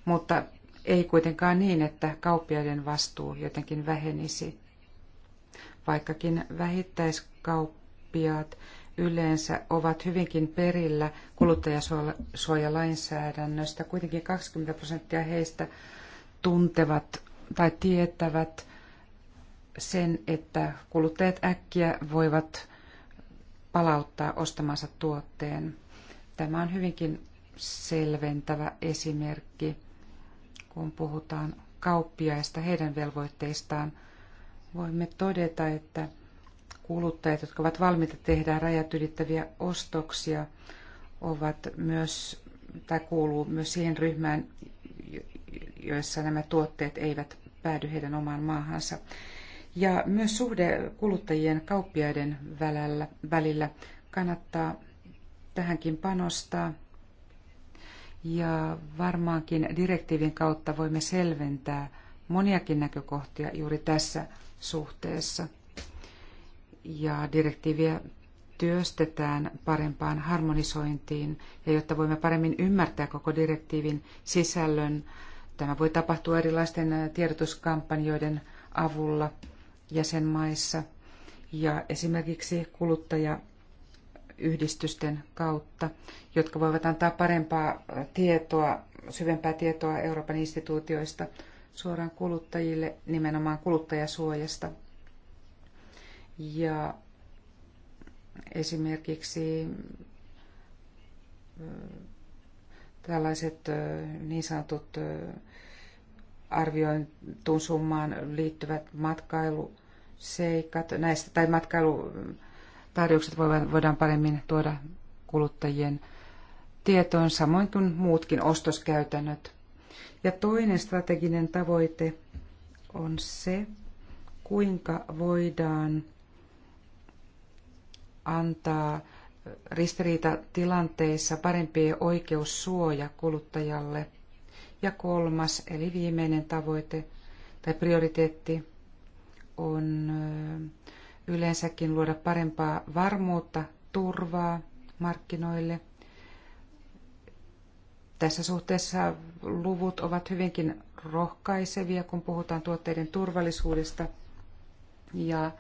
Mutta ei kuitenkaan niin, että kauppiaiden vastuu jotenkin vähenisi. Vaikkakin vähittäiskauppiaat yleensä ovat hyvinkin perillä kuluttajasuojalainsäädännöstä. Kuitenkin 20 prosenttia heistä tuntevat tai tietävät sen, että kuluttajat äkkiä voivat palauttaa ostamansa tuotteen. Tämä on hyvinkin selventävä esimerkki, kun puhutaan kauppiaista heidän velvoitteistaan. Voimme todeta, että kuluttajat, jotka ovat valmiita tehdä rajat ylittäviä ostoksia, ovat myös, tai kuuluu myös siihen ryhmään, joissa nämä tuotteet eivät päädy heidän omaan maahansa. Ja myös suhde kuluttajien kauppiaiden välällä, välillä kannattaa tähänkin panostaa. Ja varmaankin direktiivin kautta voimme selventää moniakin näkökohtia juuri tässä suhteessa ja direktiiviä työstetään parempaan harmonisointiin ja jotta voimme paremmin ymmärtää koko direktiivin sisällön. Tämä voi tapahtua erilaisten tiedotuskampanjoiden avulla jäsenmaissa ja esimerkiksi kuluttajayhdistysten kautta, jotka voivat antaa parempaa tietoa, syvempää tietoa Euroopan instituutioista suoraan kuluttajille nimenomaan kuluttajasuojasta – ja esimerkiksi tällaiset niin sanotut arviointun summaan liittyvät matkailuseikat näistä, tai matkailutarjoukset voidaan paremmin tuoda kuluttajien tietoon, samoin kuin muutkin ostoskäytännöt. Ja toinen strateginen tavoite on se, kuinka voidaan antaa ristiriitatilanteissa parempi oikeussuoja kuluttajalle. Ja kolmas, eli viimeinen tavoite tai prioriteetti on yleensäkin luoda parempaa varmuutta, turvaa markkinoille. Tässä suhteessa luvut ovat hyvinkin rohkaisevia, kun puhutaan tuotteiden turvallisuudesta ja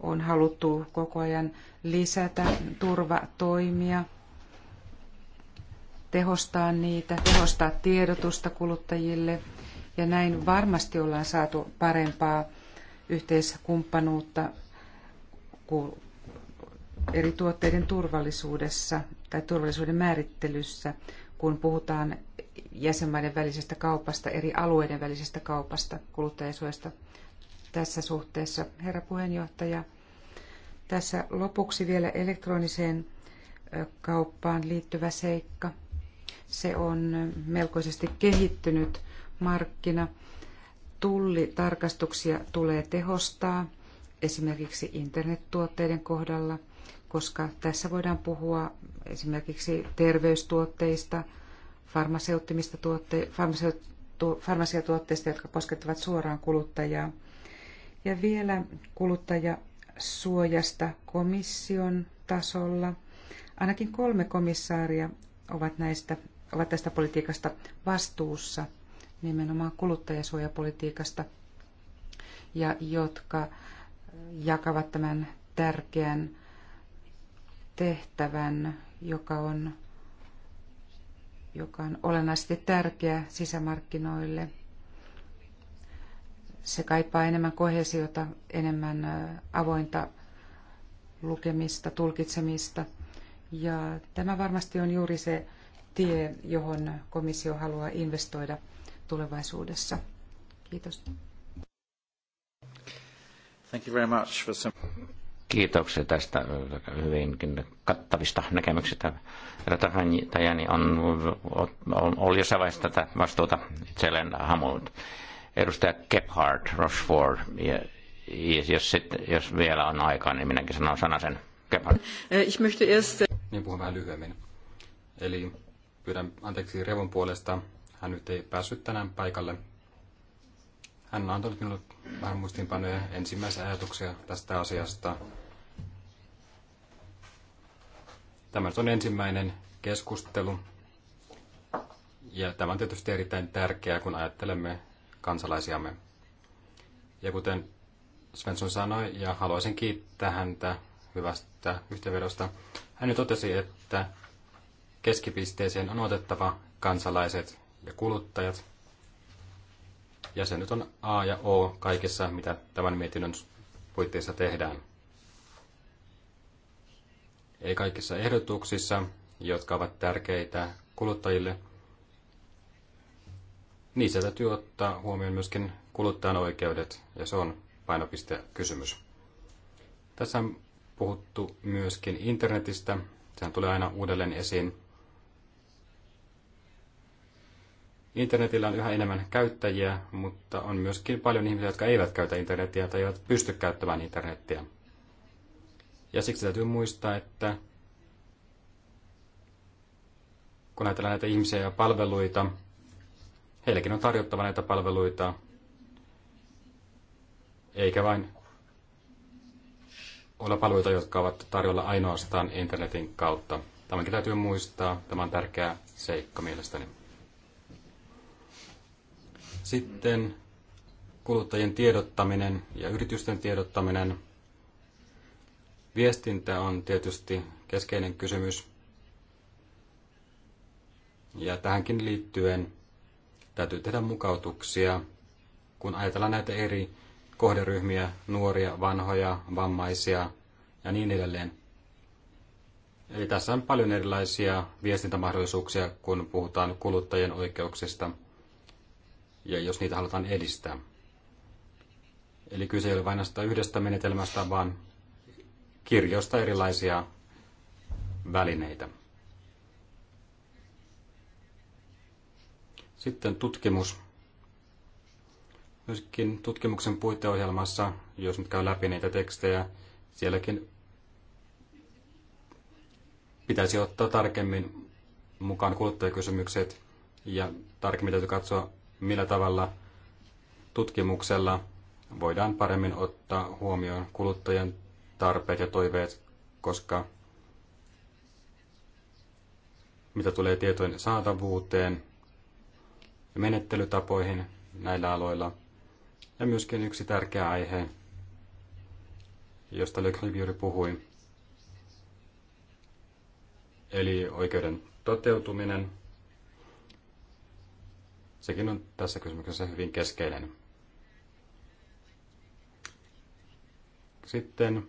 on haluttu koko ajan lisätä turvatoimia, tehostaa niitä, tehostaa tiedotusta kuluttajille ja näin varmasti ollaan saatu parempaa yhteiskumppanuutta eri tuotteiden turvallisuudessa tai turvallisuuden määrittelyssä, kun puhutaan jäsenmaiden välisestä kaupasta, eri alueiden välisestä kaupasta, kuluttajasuojasta tässä suhteessa. Herra puheenjohtaja, tässä lopuksi vielä elektroniseen kauppaan liittyvä seikka. Se on melkoisesti kehittynyt markkina. Tullitarkastuksia tulee tehostaa esimerkiksi internettuotteiden kohdalla, koska tässä voidaan puhua esimerkiksi terveystuotteista, farmaseuttimista tuotte- farmase- farmasiatuotteista, jotka koskettavat suoraan kuluttajaa – ja vielä kuluttajasuojasta komission tasolla. Ainakin kolme komissaaria ovat, näistä, ovat tästä politiikasta vastuussa, nimenomaan kuluttajasuojapolitiikasta, ja jotka jakavat tämän tärkeän tehtävän, joka on, joka on olennaisesti tärkeä sisämarkkinoille – se kaipaa enemmän kohesiota, enemmän avointa lukemista, tulkitsemista. Ja tämä varmasti on juuri se tie, johon komissio haluaa investoida tulevaisuudessa. Kiitos. Thank you very much for some... Kiitoksia tästä hyvinkin kattavista näkemyksistä. Herra Tajani on, on, on jo se tätä vastuuta itselleen hamunut edustaja Kephart, Rochefort, ja, jos, sit, jos vielä on aikaa, niin minäkin sanon sanasen. Kephard. Äh, ich möchte erst... Äh, niin puhun vähän lyhyemmin. Eli pyydän anteeksi Revon puolesta. Hän nyt ei päässyt tänään paikalle. Hän on antanut minulle vähän muistiinpanoja ensimmäisiä ajatuksia tästä asiasta. Tämä on ensimmäinen keskustelu. Ja tämä on tietysti erittäin tärkeää, kun ajattelemme kansalaisiamme. Ja kuten Svensson sanoi, ja haluaisin kiittää häntä hyvästä yhteenvedosta, hän nyt totesi, että keskipisteeseen on otettava kansalaiset ja kuluttajat. Ja se nyt on A ja O kaikessa, mitä tämän mietinnön puitteissa tehdään. Ei kaikissa ehdotuksissa, jotka ovat tärkeitä kuluttajille – niissä täytyy ottaa huomioon myöskin kuluttajan oikeudet, ja se on painopistekysymys. Tässä on puhuttu myöskin internetistä. Sehän tulee aina uudelleen esiin. Internetillä on yhä enemmän käyttäjiä, mutta on myöskin paljon ihmisiä, jotka eivät käytä internetiä tai eivät pysty käyttämään internetiä. Ja siksi täytyy muistaa, että kun ajatellaan näitä ihmisiä ja palveluita, heilläkin on tarjottava näitä palveluita, eikä vain olla palveluita, jotka ovat tarjolla ainoastaan internetin kautta. Tämänkin täytyy muistaa, tämä on tärkeä seikka mielestäni. Sitten kuluttajien tiedottaminen ja yritysten tiedottaminen. Viestintä on tietysti keskeinen kysymys. Ja tähänkin liittyen Täytyy tehdä mukautuksia, kun ajatellaan näitä eri kohderyhmiä, nuoria, vanhoja, vammaisia ja niin edelleen. Eli tässä on paljon erilaisia viestintämahdollisuuksia, kun puhutaan kuluttajien oikeuksista ja jos niitä halutaan edistää. Eli kyse ei ole vain näistä yhdestä menetelmästä, vaan kirjosta erilaisia välineitä. Sitten tutkimus. Myöskin tutkimuksen puiteohjelmassa, jos nyt käy läpi niitä tekstejä, sielläkin pitäisi ottaa tarkemmin mukaan kuluttajakysymykset ja tarkemmin täytyy katsoa, millä tavalla tutkimuksella voidaan paremmin ottaa huomioon kuluttajien tarpeet ja toiveet, koska mitä tulee tietojen saatavuuteen, menettelytapoihin näillä aloilla. Ja myöskin yksi tärkeä aihe, josta Le juuri puhui, eli oikeuden toteutuminen. Sekin on tässä kysymyksessä hyvin keskeinen. Sitten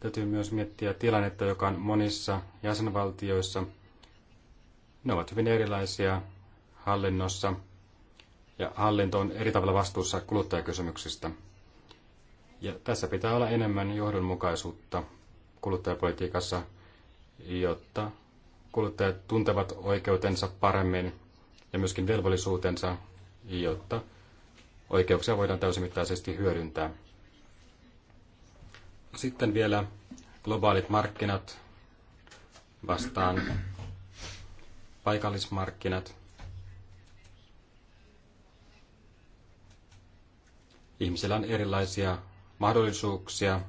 täytyy myös miettiä tilannetta, joka on monissa jäsenvaltioissa – ne ovat hyvin erilaisia hallinnossa ja hallinto on eri tavalla vastuussa kuluttajakysymyksistä. Ja tässä pitää olla enemmän johdonmukaisuutta kuluttajapolitiikassa, jotta kuluttajat tuntevat oikeutensa paremmin ja myöskin velvollisuutensa, jotta oikeuksia voidaan täysimittaisesti hyödyntää. Sitten vielä globaalit markkinat vastaan paikallismarkkinat. Ihmisillä on erilaisia mahdollisuuksia,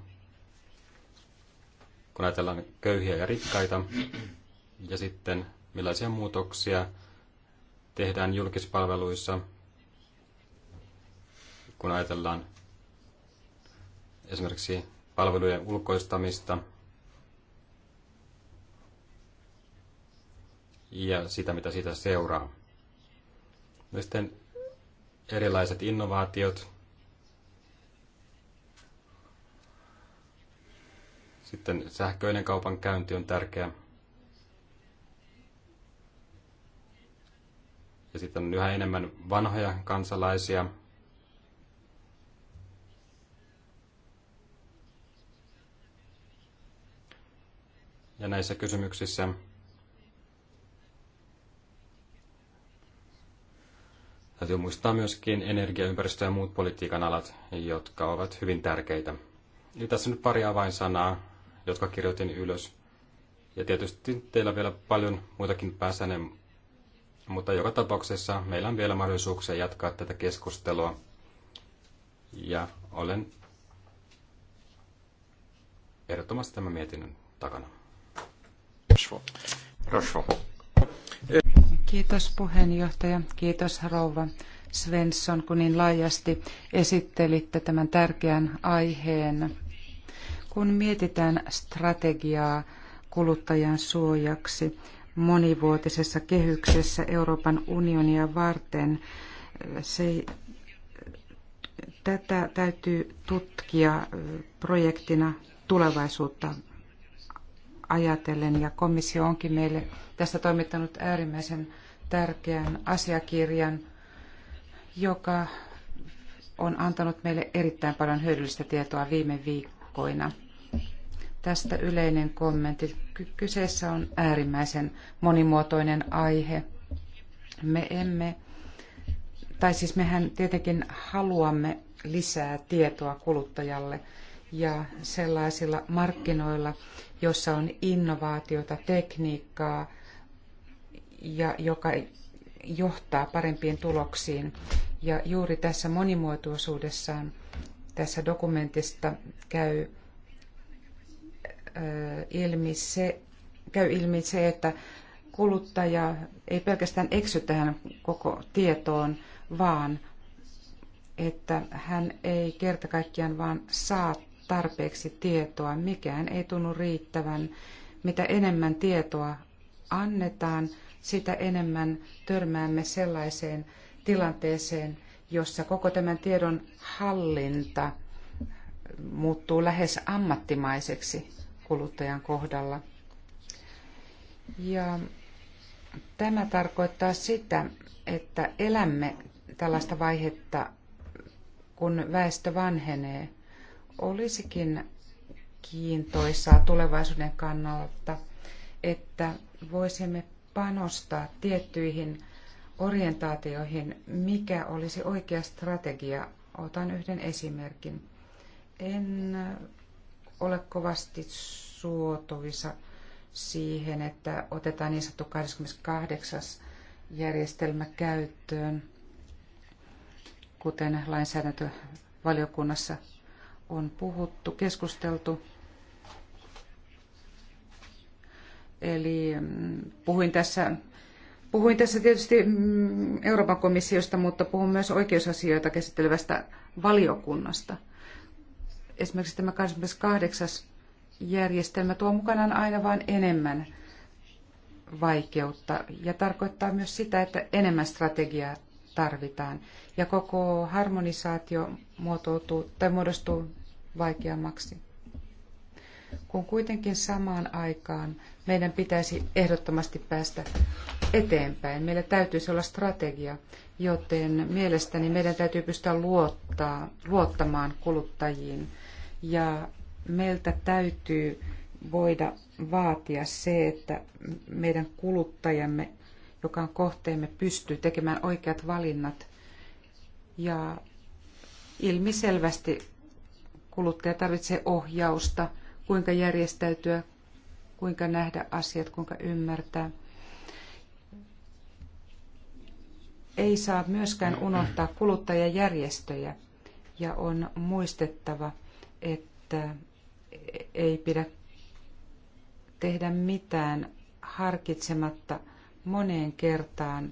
kun ajatellaan köyhiä ja rikkaita, ja sitten millaisia muutoksia tehdään julkispalveluissa, kun ajatellaan esimerkiksi palvelujen ulkoistamista – ja sitä, mitä siitä seuraa. No sitten erilaiset innovaatiot. Sitten sähköinen kaupan käynti on tärkeä. Ja sitten on yhä enemmän vanhoja kansalaisia, ja näissä kysymyksissä Täytyy muistaa myöskin energia, ympäristö ja muut politiikan alat, jotka ovat hyvin tärkeitä. Ja tässä nyt pari avainsanaa, jotka kirjoitin ylös. Ja tietysti teillä on vielä paljon muitakin pääsänne, mutta joka tapauksessa meillä on vielä mahdollisuuksia jatkaa tätä keskustelua. Ja olen ehdottomasti tämän mietinnön takana. Rosvo. Rosvo. Kiitos puheenjohtaja, kiitos rouva Svensson, kun niin laajasti esittelitte tämän tärkeän aiheen. Kun mietitään strategiaa kuluttajan suojaksi monivuotisessa kehyksessä Euroopan unionia varten, se, tätä täytyy tutkia projektina tulevaisuutta ajatellen ja komissio onkin meille tästä toimittanut äärimmäisen tärkeän asiakirjan, joka on antanut meille erittäin paljon hyödyllistä tietoa viime viikkoina. Tästä yleinen kommentti. Kyseessä on äärimmäisen monimuotoinen aihe. Me emme, tai siis mehän tietenkin haluamme lisää tietoa kuluttajalle ja sellaisilla markkinoilla, jossa on innovaatiota, tekniikkaa, ja joka johtaa parempiin tuloksiin. Ja juuri tässä monimuotoisuudessaan tässä dokumentista käy ilmi se, käy ilmi se, että kuluttaja ei pelkästään eksy tähän koko tietoon, vaan että hän ei kerta kaikkiaan vaan saa tarpeeksi tietoa. Mikään ei tunnu riittävän. Mitä enemmän tietoa annetaan, sitä enemmän törmäämme sellaiseen tilanteeseen, jossa koko tämän tiedon hallinta muuttuu lähes ammattimaiseksi kuluttajan kohdalla. Ja tämä tarkoittaa sitä, että elämme tällaista vaihetta, kun väestö vanhenee. Olisikin kiintoisaa tulevaisuuden kannalta, että voisimme panostaa tiettyihin orientaatioihin, mikä olisi oikea strategia. Otan yhden esimerkin. En ole kovasti suotuvissa siihen, että otetaan niin sanottu 28. järjestelmä käyttöön, kuten lainsäädäntövaliokunnassa on puhuttu, keskusteltu. Eli mm, puhuin tässä, puhuin tässä tietysti mm, Euroopan komissiosta, mutta puhun myös oikeusasioita käsittelevästä valiokunnasta. Esimerkiksi tämä 28. järjestelmä tuo mukanaan aina vain enemmän vaikeutta ja tarkoittaa myös sitä, että enemmän strategiaa tarvitaan. Ja koko harmonisaatio muotoutuu tai muodostuu vaikeammaksi kun kuitenkin samaan aikaan meidän pitäisi ehdottomasti päästä eteenpäin. Meillä täytyisi olla strategia, joten mielestäni meidän täytyy pystyä luottaa, luottamaan kuluttajiin. Ja meiltä täytyy voida vaatia se, että meidän kuluttajamme, joka on kohteemme, pystyy tekemään oikeat valinnat. Ja ilmiselvästi kuluttaja tarvitsee ohjausta – kuinka järjestäytyä, kuinka nähdä asiat, kuinka ymmärtää. Ei saa myöskään unohtaa kuluttajajärjestöjä ja on muistettava, että ei pidä tehdä mitään harkitsematta moneen kertaan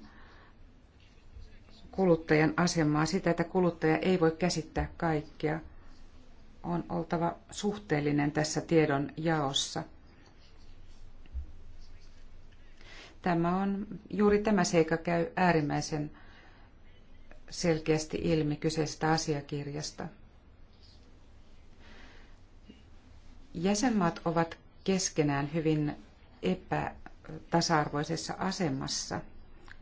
kuluttajan asemaa, sitä, että kuluttaja ei voi käsittää kaikkea on oltava suhteellinen tässä tiedon jaossa. Tämä on, juuri tämä seikka käy äärimmäisen selkeästi ilmi kyseisestä asiakirjasta. Jäsenmaat ovat keskenään hyvin epätasa-arvoisessa asemassa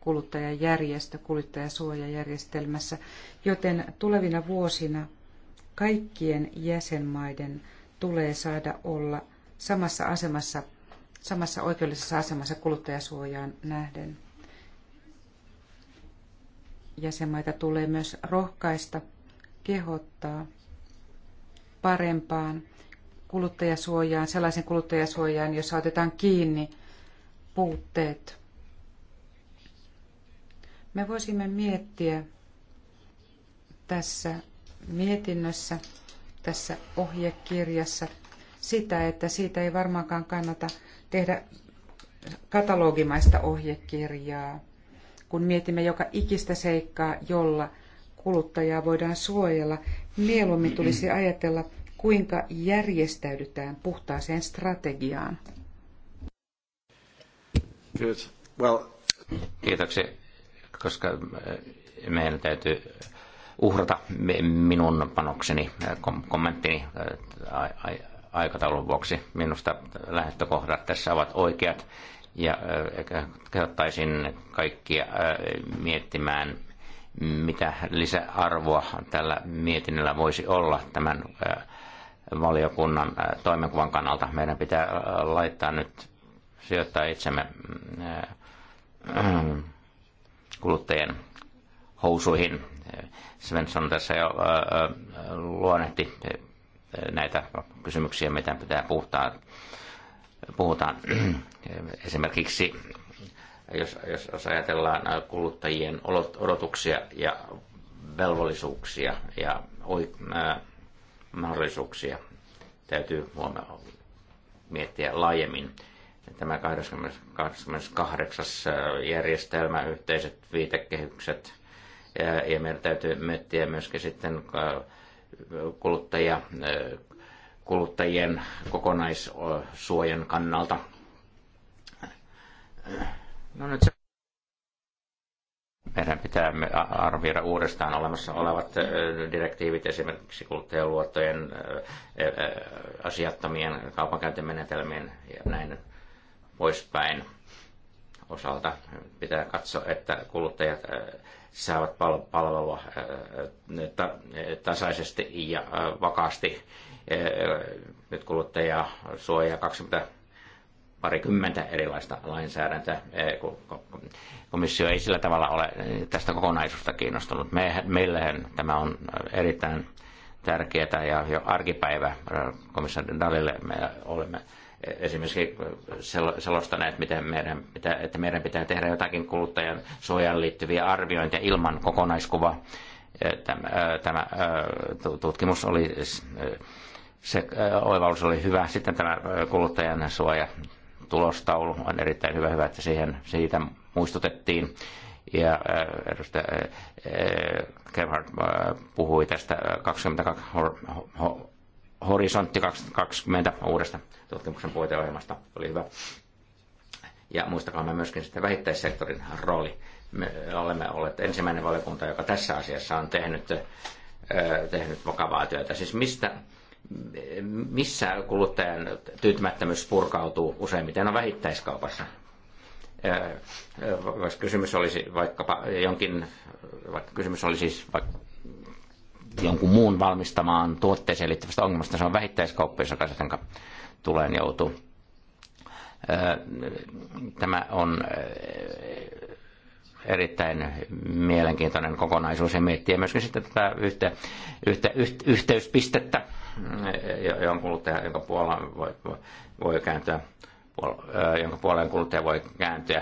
kuluttajajärjestö, kuluttajasuojajärjestelmässä, joten tulevina vuosina – kaikkien jäsenmaiden tulee saada olla samassa asemassa, samassa oikeudellisessa asemassa kuluttajasuojaan nähden. Jäsenmaita tulee myös rohkaista, kehottaa parempaan kuluttajasuojaan, sellaisen kuluttajasuojaan, jossa otetaan kiinni puutteet. Me voisimme miettiä tässä mietinnössä, tässä ohjekirjassa, sitä, että siitä ei varmaankaan kannata tehdä katalogimaista ohjekirjaa, kun mietimme joka ikistä seikkaa, jolla kuluttajaa voidaan suojella. Mieluummin tulisi ajatella, kuinka järjestäydytään puhtaaseen strategiaan. Good. Well. Kiitoksia, koska meidän täytyy uhrata minun panokseni, äh, kommenttini äh, aikataulun vuoksi. Minusta lähtökohdat tässä ovat oikeat ja äh, kehottaisin kaikkia miettimään, mitä lisäarvoa tällä mietinnöllä voisi olla tämän valiokunnan toimenkuvan kannalta. Meidän pitää laittaa nyt, sijoittaa itsemme kuluttajien housuihin Svensson tässä jo luonnehti näitä kysymyksiä, mitä pitää puhtaa. puhutaan. Esimerkiksi jos, jos, jos ajatellaan kuluttajien odotuksia ja velvollisuuksia ja mahdollisuuksia, täytyy huomioida miettiä laajemmin. Tämä 28. järjestelmä, yhteiset viitekehykset – ja meidän täytyy miettiä myöskin sitten äh, kuluttajia, äh, kuluttajien kokonaissuojan kannalta. No nyt se. Meidän pitää arvioida uudestaan olemassa olevat äh, direktiivit, esimerkiksi kuluttajaluottojen, asiattomien kaupankäyntimenetelmien ja näin poispäin osalta pitää katsoa, että kuluttajat äh, saavat palvelua äh, äh, tasaisesti ja vakaasti. Nyt kuluttaja suojaa 20 parikymmentä erilaista lainsäädäntöä. Komissio ei sillä tavalla ole tästä kokonaisuudesta kiinnostunut. meillähän tämä on erittäin tärkeää ja jo arkipäivä komissaari Dalille me olemme esimerkiksi selostaneet, miten meidän että meidän pitää tehdä jotakin kuluttajan suojaan liittyviä arviointeja ilman kokonaiskuvaa. Tämä, tämä tutkimus oli, se oivallus oli hyvä. Sitten tämä kuluttajan suoja tulostaulu on erittäin hyvä, hyvä että siihen, siitä muistutettiin. Ja edustaja Gerhard puhui tästä 22 Horisontti 2020 uudesta tutkimuksen puiteohjelmasta. Oli hyvä. Ja muistakaa me myöskin sitten vähittäissektorin rooli. Me olemme olleet ensimmäinen valiokunta, joka tässä asiassa on tehnyt, tehnyt vakavaa työtä. Siis mistä, missä kuluttajan tyytymättömyys purkautuu useimmiten on no, vähittäiskaupassa. Jos kysymys olisi vaikkapa jonkin, vaikka kysymys olisi siis vaikka jonkun muun valmistamaan tuotteeseen liittyvästä ongelmasta. Se on vähittäiskauppa, jossa kanssa tuleen joutuu. Tämä on erittäin mielenkiintoinen kokonaisuus ja miettiä myöskin sitten tätä yhtä, yhtä, yhteyspistettä, jonka, kuluttaja, jonka puolella voi, voi kääntyä jonka puoleen kuluttaja voi kääntyä.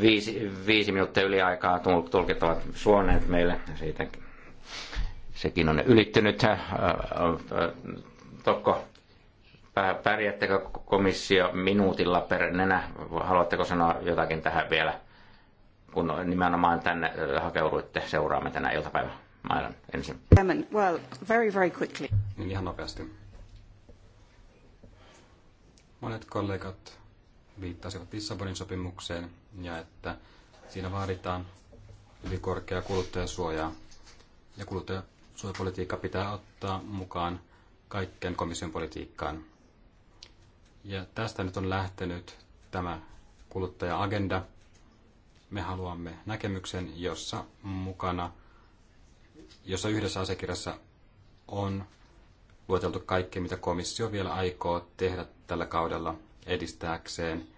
Viisi, viisi minuuttia yli aikaa tulkit ovat suoneet meille siitäkin. Sekin on ylittynyt. Äh, äh, Tokko, pärjättekö komissio minuutilla per nenä? Haluatteko sanoa jotakin tähän vielä, kun nimenomaan tänne äh, hakeuduitte seuraamme tänä iltapäivänä? Mailan ensin. Well, very, very quickly. Niin ihan nopeasti. Monet kollegat viittasivat Lissabonin sopimukseen ja että siinä vaaditaan korkeaa kuluttajasuojaa. Ja kuluttaja suojapolitiikka pitää ottaa mukaan kaikkeen komission politiikkaan. Ja tästä nyt on lähtenyt tämä kuluttaja-agenda. Me haluamme näkemyksen, jossa mukana, jossa yhdessä asiakirjassa on lueteltu kaikki, mitä komissio vielä aikoo tehdä tällä kaudella edistääkseen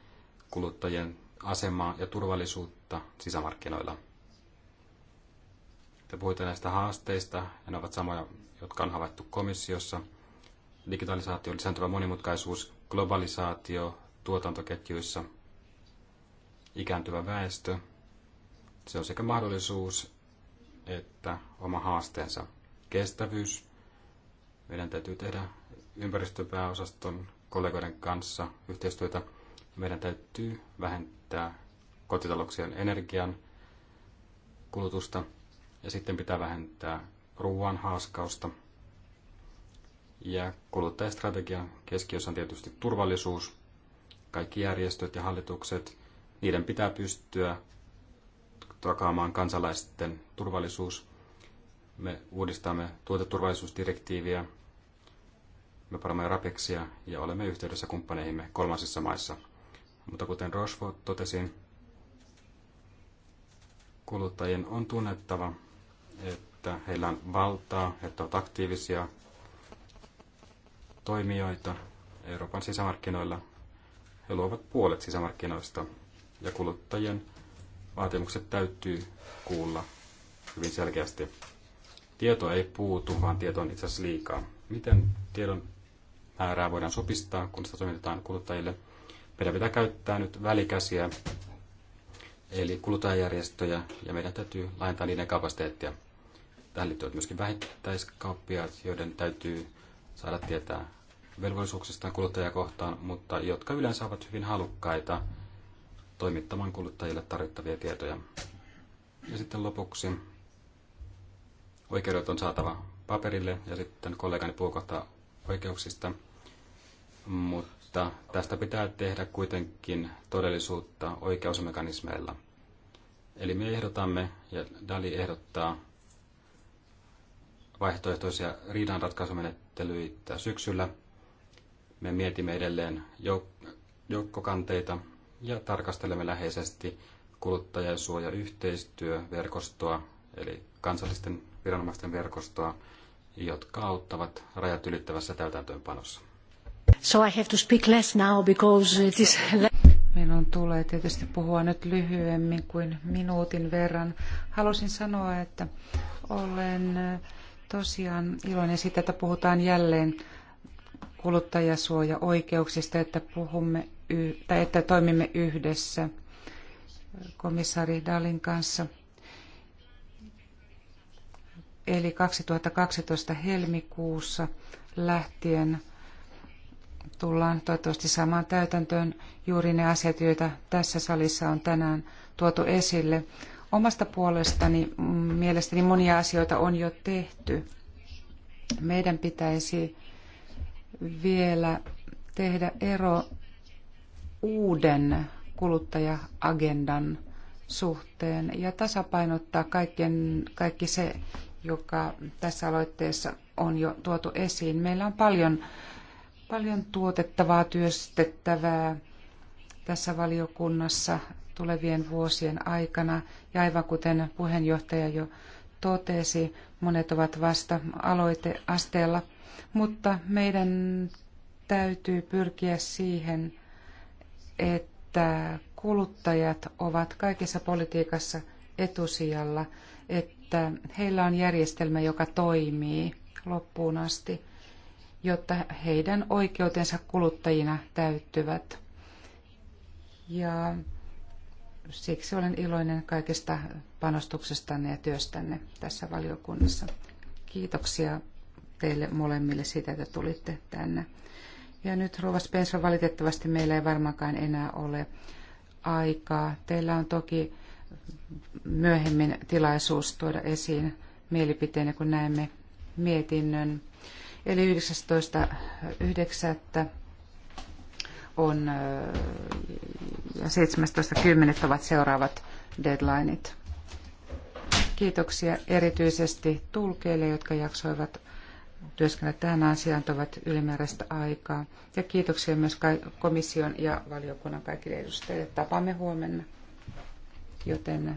kuluttajien asemaa ja turvallisuutta sisämarkkinoilla. Te puhuitte näistä haasteista, ja ne ovat samoja, jotka on havaittu komissiossa. Digitalisaatio, lisääntyvä monimutkaisuus, globalisaatio tuotantoketjuissa, ikääntyvä väestö. Se on sekä mahdollisuus että oma haasteensa. Kestävyys. Meidän täytyy tehdä ympäristöpääosaston kollegoiden kanssa yhteistyötä. Meidän täytyy vähentää kotitalouksien energian kulutusta. Ja sitten pitää vähentää ruoan haaskausta. Ja kuluttajastrategia keskiössä on tietysti turvallisuus. Kaikki järjestöt ja hallitukset, niiden pitää pystyä takaamaan kansalaisten turvallisuus. Me uudistamme tuoteturvallisuusdirektiiviä, me paramme rapeksia ja olemme yhteydessä kumppaneihimme kolmansissa maissa. Mutta kuten Rochefort totesi, kuluttajien on tunnettava, että heillä on valtaa, että ovat aktiivisia toimijoita Euroopan sisämarkkinoilla. He luovat puolet sisämarkkinoista ja kuluttajien vaatimukset täytyy kuulla hyvin selkeästi. Tieto ei puutu, vaan tieto on itse asiassa liikaa. Miten tiedon määrää voidaan sopistaa, kun sitä toimitetaan kuluttajille? Meidän pitää käyttää nyt välikäsiä, eli kuluttajajärjestöjä, ja meidän täytyy laajentaa niiden kapasiteettia tähän liittyvät myöskin vähittäiskauppiaat, joiden täytyy saada tietää velvollisuuksistaan kuluttajakohtaan, mutta jotka yleensä ovat hyvin halukkaita toimittamaan kuluttajille tarvittavia tietoja. Ja sitten lopuksi oikeudet on saatava paperille ja sitten kollegani puukohta oikeuksista, mutta tästä pitää tehdä kuitenkin todellisuutta oikeusmekanismeilla. Eli me ehdotamme, ja Dali ehdottaa, vaihtoehtoisia riidanratkaisumenettelyitä syksyllä. Me mietimme edelleen jouk- joukkokanteita ja tarkastelemme läheisesti kuluttajansuojayhteistyöverkostoa, eli kansallisten viranomaisten verkostoa, jotka auttavat rajat ylittävässä täytäntöönpanossa. So I have to speak less now because it is... Minun tulee tietysti puhua nyt lyhyemmin kuin minuutin verran. Halusin sanoa, että olen tosiaan iloinen siitä, että puhutaan jälleen oikeuksista, että, puhumme tai että toimimme yhdessä komissaari Dalin kanssa. Eli 2012 helmikuussa lähtien tullaan toivottavasti saamaan täytäntöön juuri ne asiat, joita tässä salissa on tänään tuotu esille. Omasta puolestani mielestäni monia asioita on jo tehty. Meidän pitäisi vielä tehdä ero uuden kuluttaja-agendan suhteen ja tasapainottaa kaikkien, kaikki se, joka tässä aloitteessa on jo tuotu esiin. Meillä on paljon, paljon tuotettavaa, työstettävää tässä valiokunnassa tulevien vuosien aikana. Ja aivan kuten puheenjohtaja jo totesi, monet ovat vasta aloiteasteella, mutta meidän täytyy pyrkiä siihen, että kuluttajat ovat kaikessa politiikassa etusijalla, että heillä on järjestelmä, joka toimii loppuun asti, jotta heidän oikeutensa kuluttajina täyttyvät. Ja siksi olen iloinen kaikesta panostuksestanne ja työstänne tässä valiokunnassa. Kiitoksia teille molemmille siitä, että tulitte tänne. Ja nyt Rova Spencer, valitettavasti meillä ei varmaankaan enää ole aikaa. Teillä on toki myöhemmin tilaisuus tuoda esiin mielipiteenne, kun näemme mietinnön. Eli 19.9. on ja 17.10. ovat seuraavat deadlineit. Kiitoksia erityisesti tulkeille, jotka jaksoivat työskennellä tähän asiaan, ovat ylimääräistä aikaa. Ja kiitoksia myös komission ja valiokunnan kaikille edustajille. Tapaamme huomenna, joten